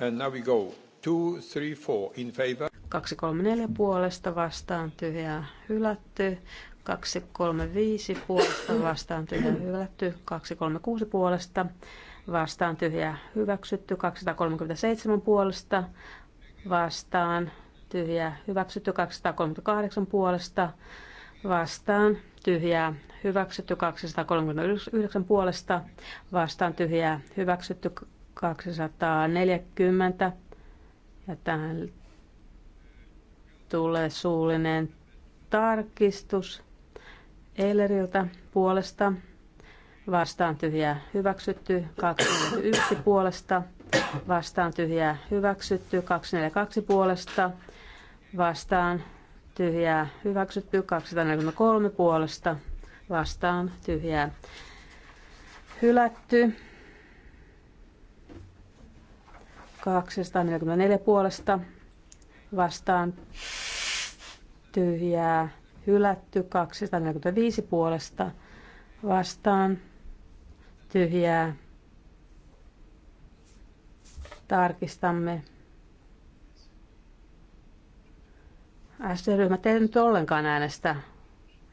And now we go. Two, three, four in favor. 234 puolesta vastaan tyhjää hylätty. 235 puolesta vastaan tyhjää hylätty. 236 puolesta vastaan tyhjää hyväksytty. 237 puolesta vastaan tyhjää hyväksytty. 238 puolesta vastaan tyhjää hyväksytty 239 puolesta, vastaan tyhjää hyväksytty 240 ja tähän tulee suullinen tarkistus Eileriltä puolesta. Vastaan tyhjää hyväksytty 241 puolesta. Vastaan tyhjää hyväksytty 242 puolesta. Vastaan tyhjää hyväksytty 243 puolesta. Vastaan tyhjää hylätty 244 puolesta vastaan tyhjää hylätty 245 puolesta vastaan tyhjää tarkistamme. SD-ryhmä ei nyt ollenkaan äänestä.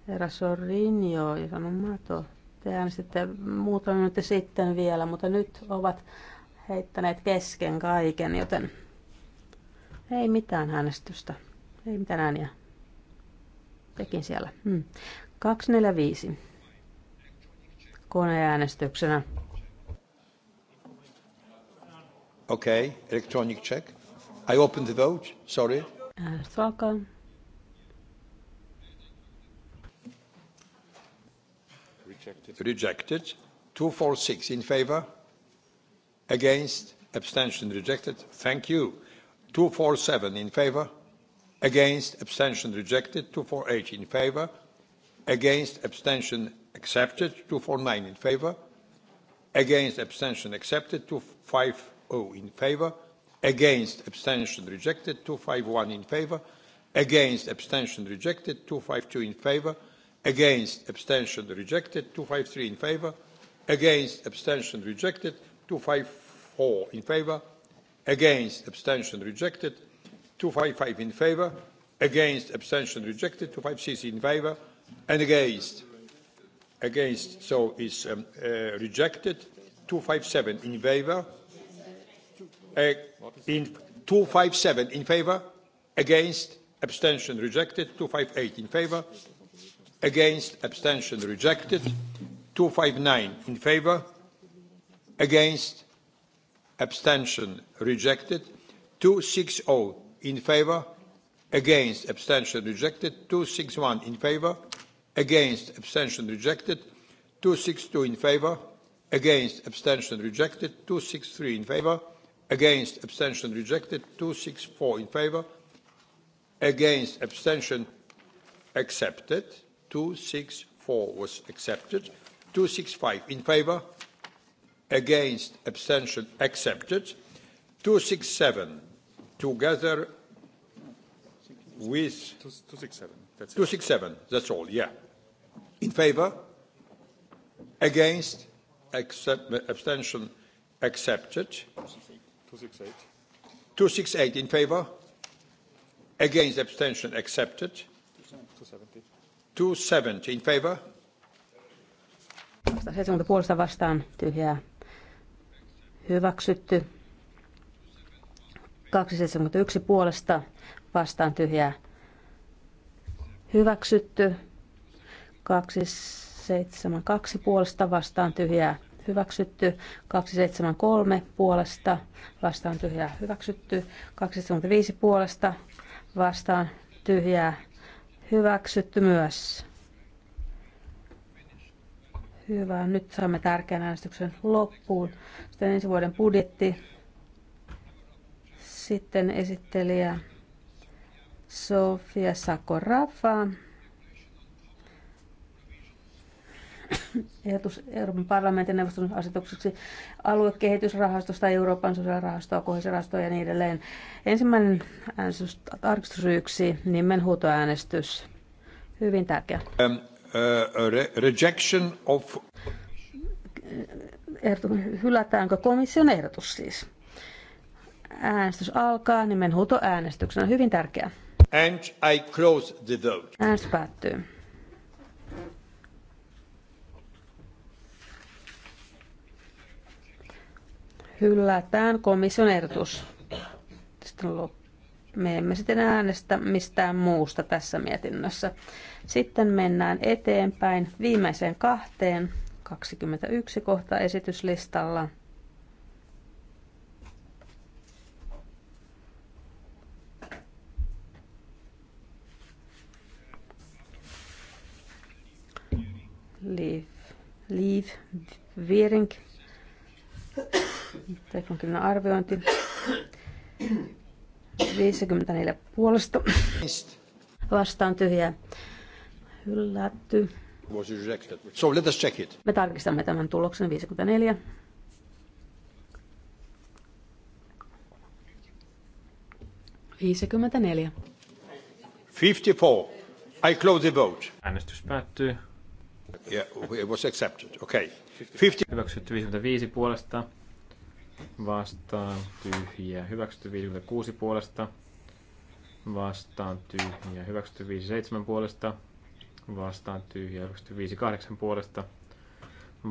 Herra Sorinio ja Sanomato. Te äänestitte muutama minuutti sitten vielä, mutta nyt ovat heittäneet kesken kaiken, joten ei mitään äänestystä. Ei mitään ääniä. Tekin siellä. Hmm. 245. Koneäänestyksenä. Okei, okay. electronic check. I opened the vote, sorry. Äänestys alkaa. Rejected. Rejected. 246 in favor against abstention rejected thank you 247 in favor against abstention rejected 248 in favor against abstention accepted 249 in favor against abstention accepted 250 in favor against abstention rejected 251 in favor against abstention rejected 252 in favor against abstention rejected 253 in favor against abstention rejected 25 four in favour against abstention rejected 255 in favour against abstention rejected 256 in favour and against against so is um, uh, rejected 257 in favour uh, in 257 in favour against abstention rejected 258 in favour against abstention rejected 259 in favour against abstention rejected 260 in favor against abstention rejected 261 in favor against abstention rejected 262 in favor against abstention rejected 263 in favor against abstention rejected 264 in favor against abstention accepted 264 was accepted 265 in favor against abstention accepted 267 together with 267 that's, 267, that's all yeah in favor against accept, abstention accepted 268 268 in favor against abstention accepted 270 270 in favor 170 puolesta vastaan tyhjää hyväksytty. 271 puolesta vastaan tyhjää hyväksytty. 272 puolesta vastaan tyhjää hyväksytty. 273 puolesta vastaan tyhjää hyväksytty. 275 puolesta vastaan tyhjää hyväksytty myös. Hyvä. Nyt saamme tärkeän äänestyksen loppuun. Sitten ensi vuoden budjetti. Sitten esittelijä Sofia Sakorafa. Ehdotus Euroopan parlamentin neuvoston asetukseksi aluekehitysrahastosta, Euroopan sosiaalirahastoa, kohdisrahastoa ja niin edelleen. Ensimmäinen äänestys, tarkistus yksi, nimenhuutoäänestys. Hyvin tärkeä. Ähm, Uh, rejection of... Hylätäänkö komission ehdotus siis? Äänestys alkaa nimenhuutoäänestyksenä. Hyvin tärkeä. And I close the vote. Äänestys päättyy. Hylätään komission ehdotus. Sitten me emme sitten äänestä mistään muusta tässä mietinnössä. Sitten mennään eteenpäin viimeiseen kahteen, 21 kohta esityslistalla. Liiv, Liiv Viering, teknologinen arviointi, 54 puolesta, vastaan tyhjää hylätty. So let us check it. Me tarkistamme tämän tuloksen 54. Viisikymmentäneljä. 54. I close the vote. Äänestys päättyy. Yeah, it was accepted. Okay. 50. Hyväksytty 55 puolesta. Vastaan tyhjä. Hyväksytty 56 puolesta. Vastaan tyhjä. Hyväksytty 57 puolesta vastaan tyhjä hyväksytty 58 puolesta,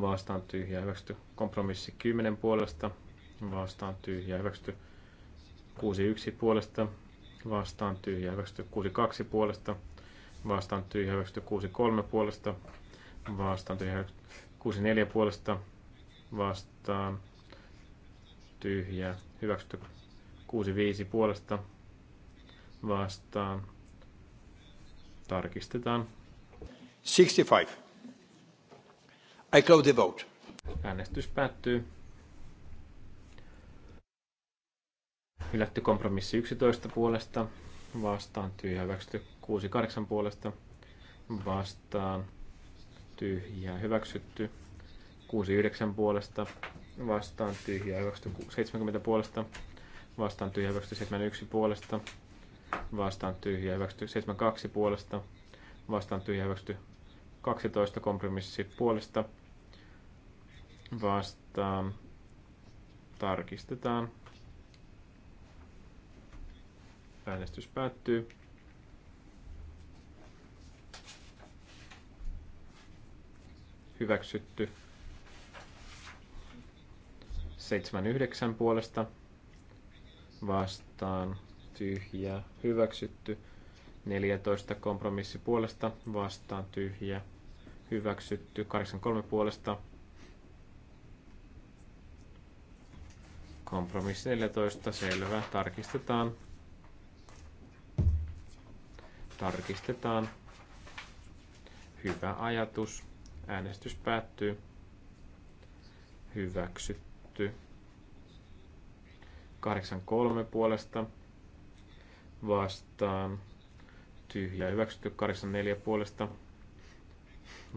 vastaan tyhjä 90 kompromissi 10 puolesta, vastaan tyhjä hyväksytty 61 puolesta, vastaan tyhjä hyväksytty 62 puolesta, vastaan tyhjä hyväksytty 63 puolesta, vastaan tyhjä 64 puolesta, vastaan tyhjä hyväksytty 65 puolesta, vastaan tarkistetaan 65. I close the vote. Äänestys päättyy. Hylätty kompromissi 11 puolesta, vastaan tyhjä hyväksytty 68 puolesta, vastaan tyhjä hyväksytty 69 puolesta, vastaan tyhjä hyväksytty 70 puolesta, vastaan tyhjä hyväksytty 71 puolesta, vastaan tyhjä hyväksytty 72 puolesta, vastaan tyhjä hyväksytty 12 kompromissi puolesta vastaan. Tarkistetaan. Äänestys päättyy. Hyväksytty. 79 puolesta vastaan tyhjä hyväksytty 14 kompromissi puolesta vastaan tyhjä. Hyväksytty 83 puolesta. Kompromissi 14 selvä. Tarkistetaan. Tarkistetaan. Hyvä ajatus. Äänestys päättyy. Hyväksytty. 83 puolesta vastaan tyhjä hyväksytty. 84 puolesta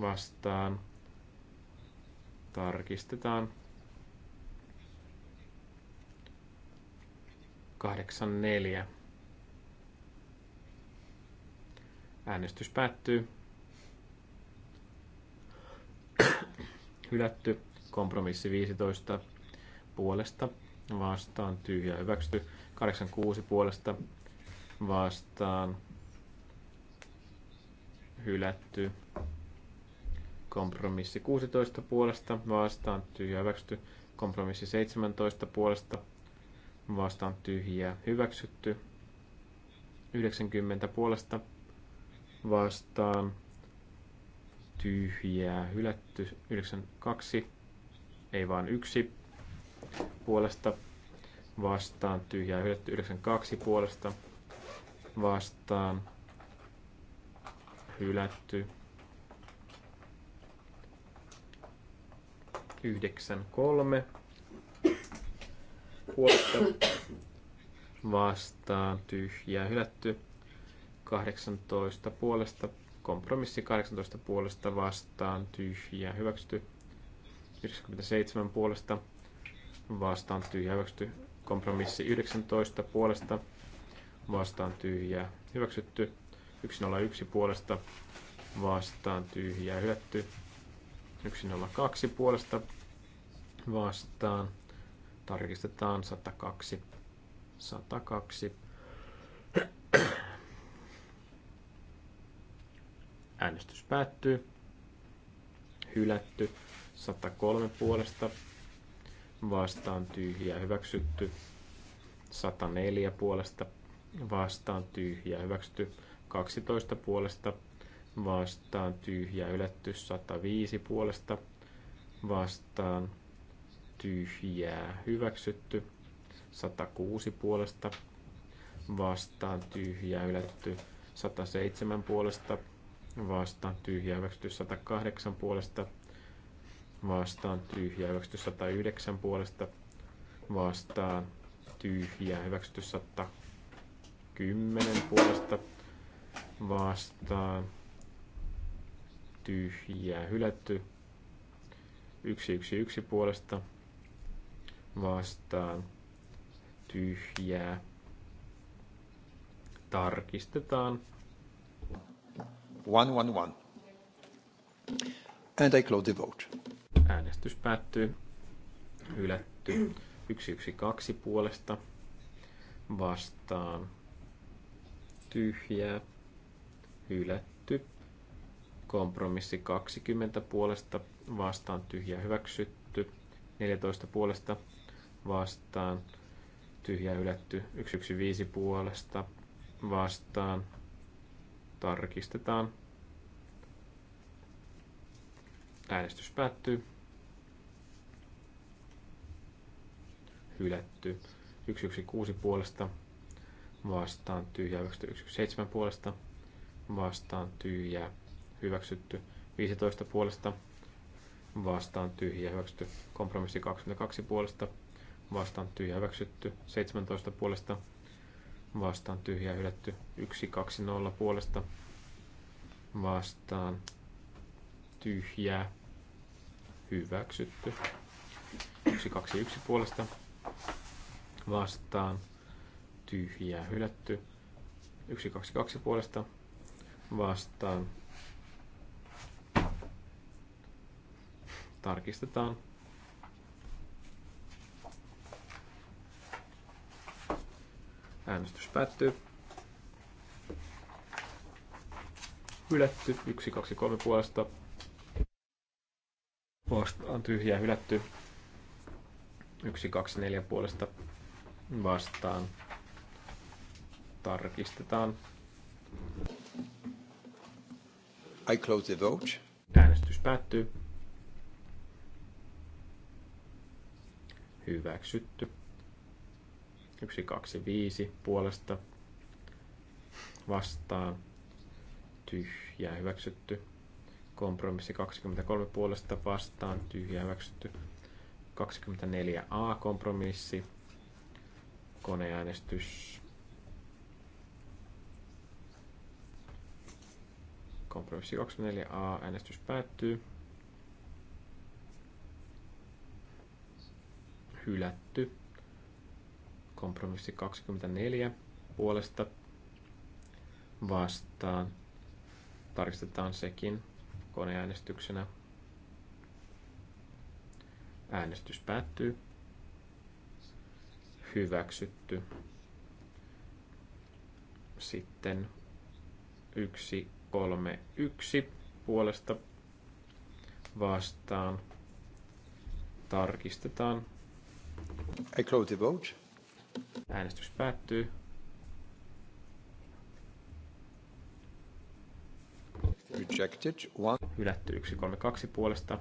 vastaan. Tarkistetaan. 84. Äänestys päättyy. Hylätty. Kompromissi 15 puolesta vastaan tyhjä hyväksytty. 86 puolesta vastaan hylätty. Kompromissi 16 puolesta vastaan tyhjä hyväksytty. Kompromissi 17 puolesta vastaan tyhjä hyväksytty. 90 puolesta vastaan tyhjää hylätty. 92 ei vaan yksi puolesta vastaan tyhjää hylätty. 92 puolesta vastaan hylätty. 9-3 puolesta vastaan tyhjää hylätty. 18 puolesta kompromissi 18 puolesta vastaan tyhjää hyväksytty. 97 puolesta vastaan tyhjää hyväksytty. Kompromissi 19 puolesta vastaan tyhjää hyväksytty. 101 puolesta vastaan tyhjä hyötty. 102 puolesta vastaan. Tarkistetaan 102. 102. Äänestys päättyy. Hylätty. 103 puolesta vastaan tyhjä hyväksytty. 104 puolesta vastaan tyhjä hyväksytty. 12 puolesta vastaan tyhjä ylätty 105 puolesta vastaan tyhjää hyväksytty 106 puolesta vastaan tyhjää ylätty 107 puolesta vastaan tyhjää hyväksytty 108 puolesta vastaan tyhjää hyväksytty 109 puolesta vastaan tyhjää hyväksytty 110 puolesta vastaan tyhjää hylätty. 111 puolesta vastaan tyhjää. Tarkistetaan. 111. And I close the vote. Äänestys päättyy. Hylätty. 112 puolesta vastaan tyhjää hylätty. Kompromissi 20 puolesta vastaan tyhjä hyväksytty. 14 puolesta vastaan tyhjä hylätty. 115 puolesta vastaan tarkistetaan. Äänestys päättyy. Hylätty. 116 puolesta vastaan tyhjä 117 puolesta vastaan tyhjää hyväksytty. 15 puolesta vastaan tyhjää hyväksytty. Kompromissi 22 puolesta vastaan tyhjää hyväksytty. 17 puolesta vastaan tyhjää hylätty. 1, 2, 0 puolesta vastaan tyhjää hyväksytty. 1, 2, 1 puolesta vastaan tyhjää hylätty. 1, 2, 2 puolesta vastaan. Tarkistetaan. Äänestys päättyy. Hylätty. 1, 2, 3 puolesta. Vastaan tyhjää hylätty. 1, 2, 4 puolesta vastaan. Tarkistetaan. I close the vote. Äänestys päättyy. Hyväksytty. 1, 2, 5 puolesta vastaan. Tyhjää hyväksytty. Kompromissi 23 puolesta vastaan. Tyhjää hyväksytty. 24a kompromissi. Koneäänestys Kompromissi 24a. Äänestys päättyy. Hylätty. Kompromissi 24 puolesta vastaan. Tarkistetaan sekin koneäänestyksenä. Äänestys päättyy. Hyväksytty. Sitten yksi 3, 1 puolesta vastaan. Tarkistetaan. I close the vote. Äänestys päättyy. Rejected. One. Hylätty 1-3-2 puolesta.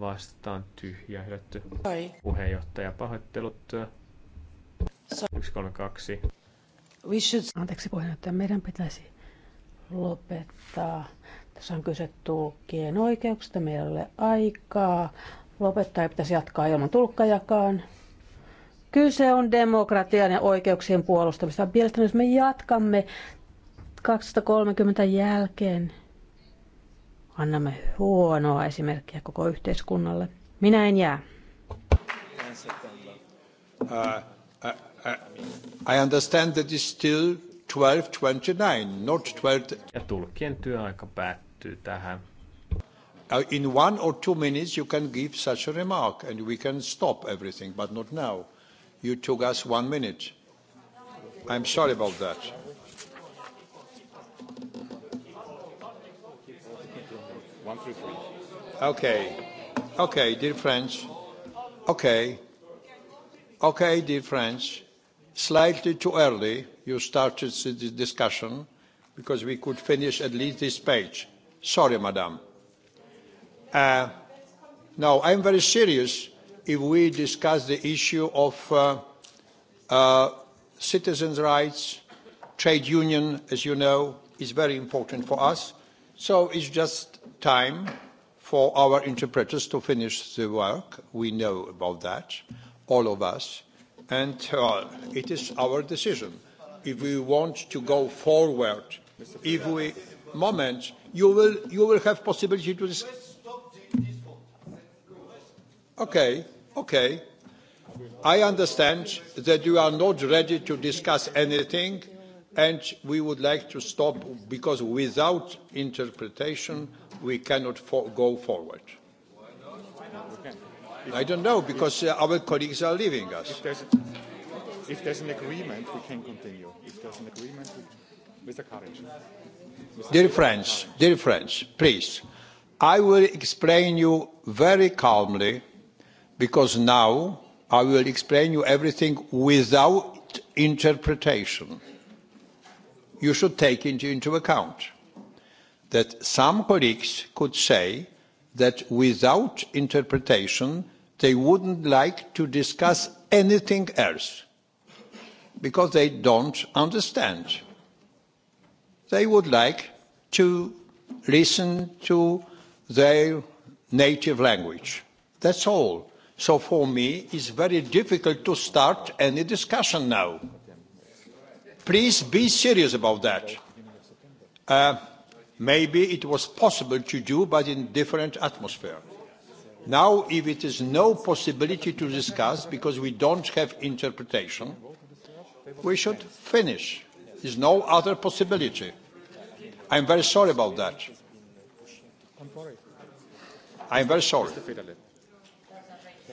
Vastaan tyhjä hylätty. Sorry. Puheenjohtaja pahoittelut. 1-3-2. We should... Anteeksi puheenjohtaja, meidän pitäisi lopettaa. Tässä on kyse tulkkien oikeuksista. Meillä ei ole aikaa lopettaa, ei pitäisi jatkaa ilman tulkkajakaan. Kyse on demokratian ja oikeuksien puolustamista. Mielestäni jos me jatkamme 230 jälkeen, annamme huonoa esimerkkiä koko yhteiskunnalle. Minä en jää. Uh, I, uh, uh, I understand that you still 12.29, not 12... Ja tulkien työaika päättyy tähän. in one or two minutes you can give such a remark and we can stop everything, but not now. You took us one minute. I'm sorry about that. Okay. Okay, dear friends. Okay. Okay, dear friends slightly too early you started the discussion because we could finish at least this page. Sorry, madam. Uh, no, I'm very serious if we discuss the issue of uh, uh, citizens' rights, trade union, as you know, is very important for us. So it's just time for our interpreters to finish the work. We know about that, all of us and uh, it is our decision if we want to go forward. If we moment, you will you will have possibility to. this. okay, okay. I understand that you are not ready to discuss anything, and we would like to stop because without interpretation we cannot for- go forward. Why not? Why not? I don't know because uh, our colleagues are leaving us. If there's, if there's an agreement, we can continue. If there's an agreement, Mr. Courage. Dear friends, dear friends, please, I will explain you very calmly, because now I will explain you everything without interpretation. You should take into account that some colleagues could say that without interpretation they wouldn't like to discuss anything else because they don't understand. They would like to listen to their native language. That's all. So for me, it's very difficult to start any discussion now. Please be serious about that. Uh, Maybe it was possible to do, but in different atmosphere. Now, if it is no possibility to discuss because we don't have interpretation, we should finish. There's no other possibility. I'm very sorry about that. I'm very sorry.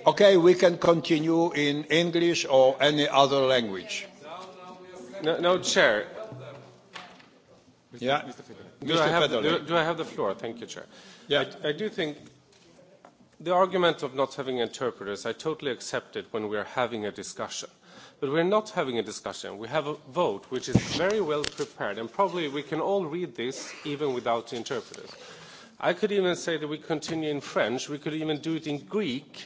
Okay, we can continue in English or any other language. No, no, Chair. Yeah do, I have, do, I have the floor? Thank you, Chair. Yeah. I, I do think the argument of not having interpreters, I totally accept it when we are having a discussion. But we're not having a discussion. We have a vote which is very well prepared, and probably we can all read this even without interpreters. I could even say that we continue in French. We could even do it in Greek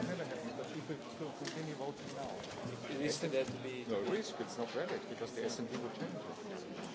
it's not valid because the S&P would change it.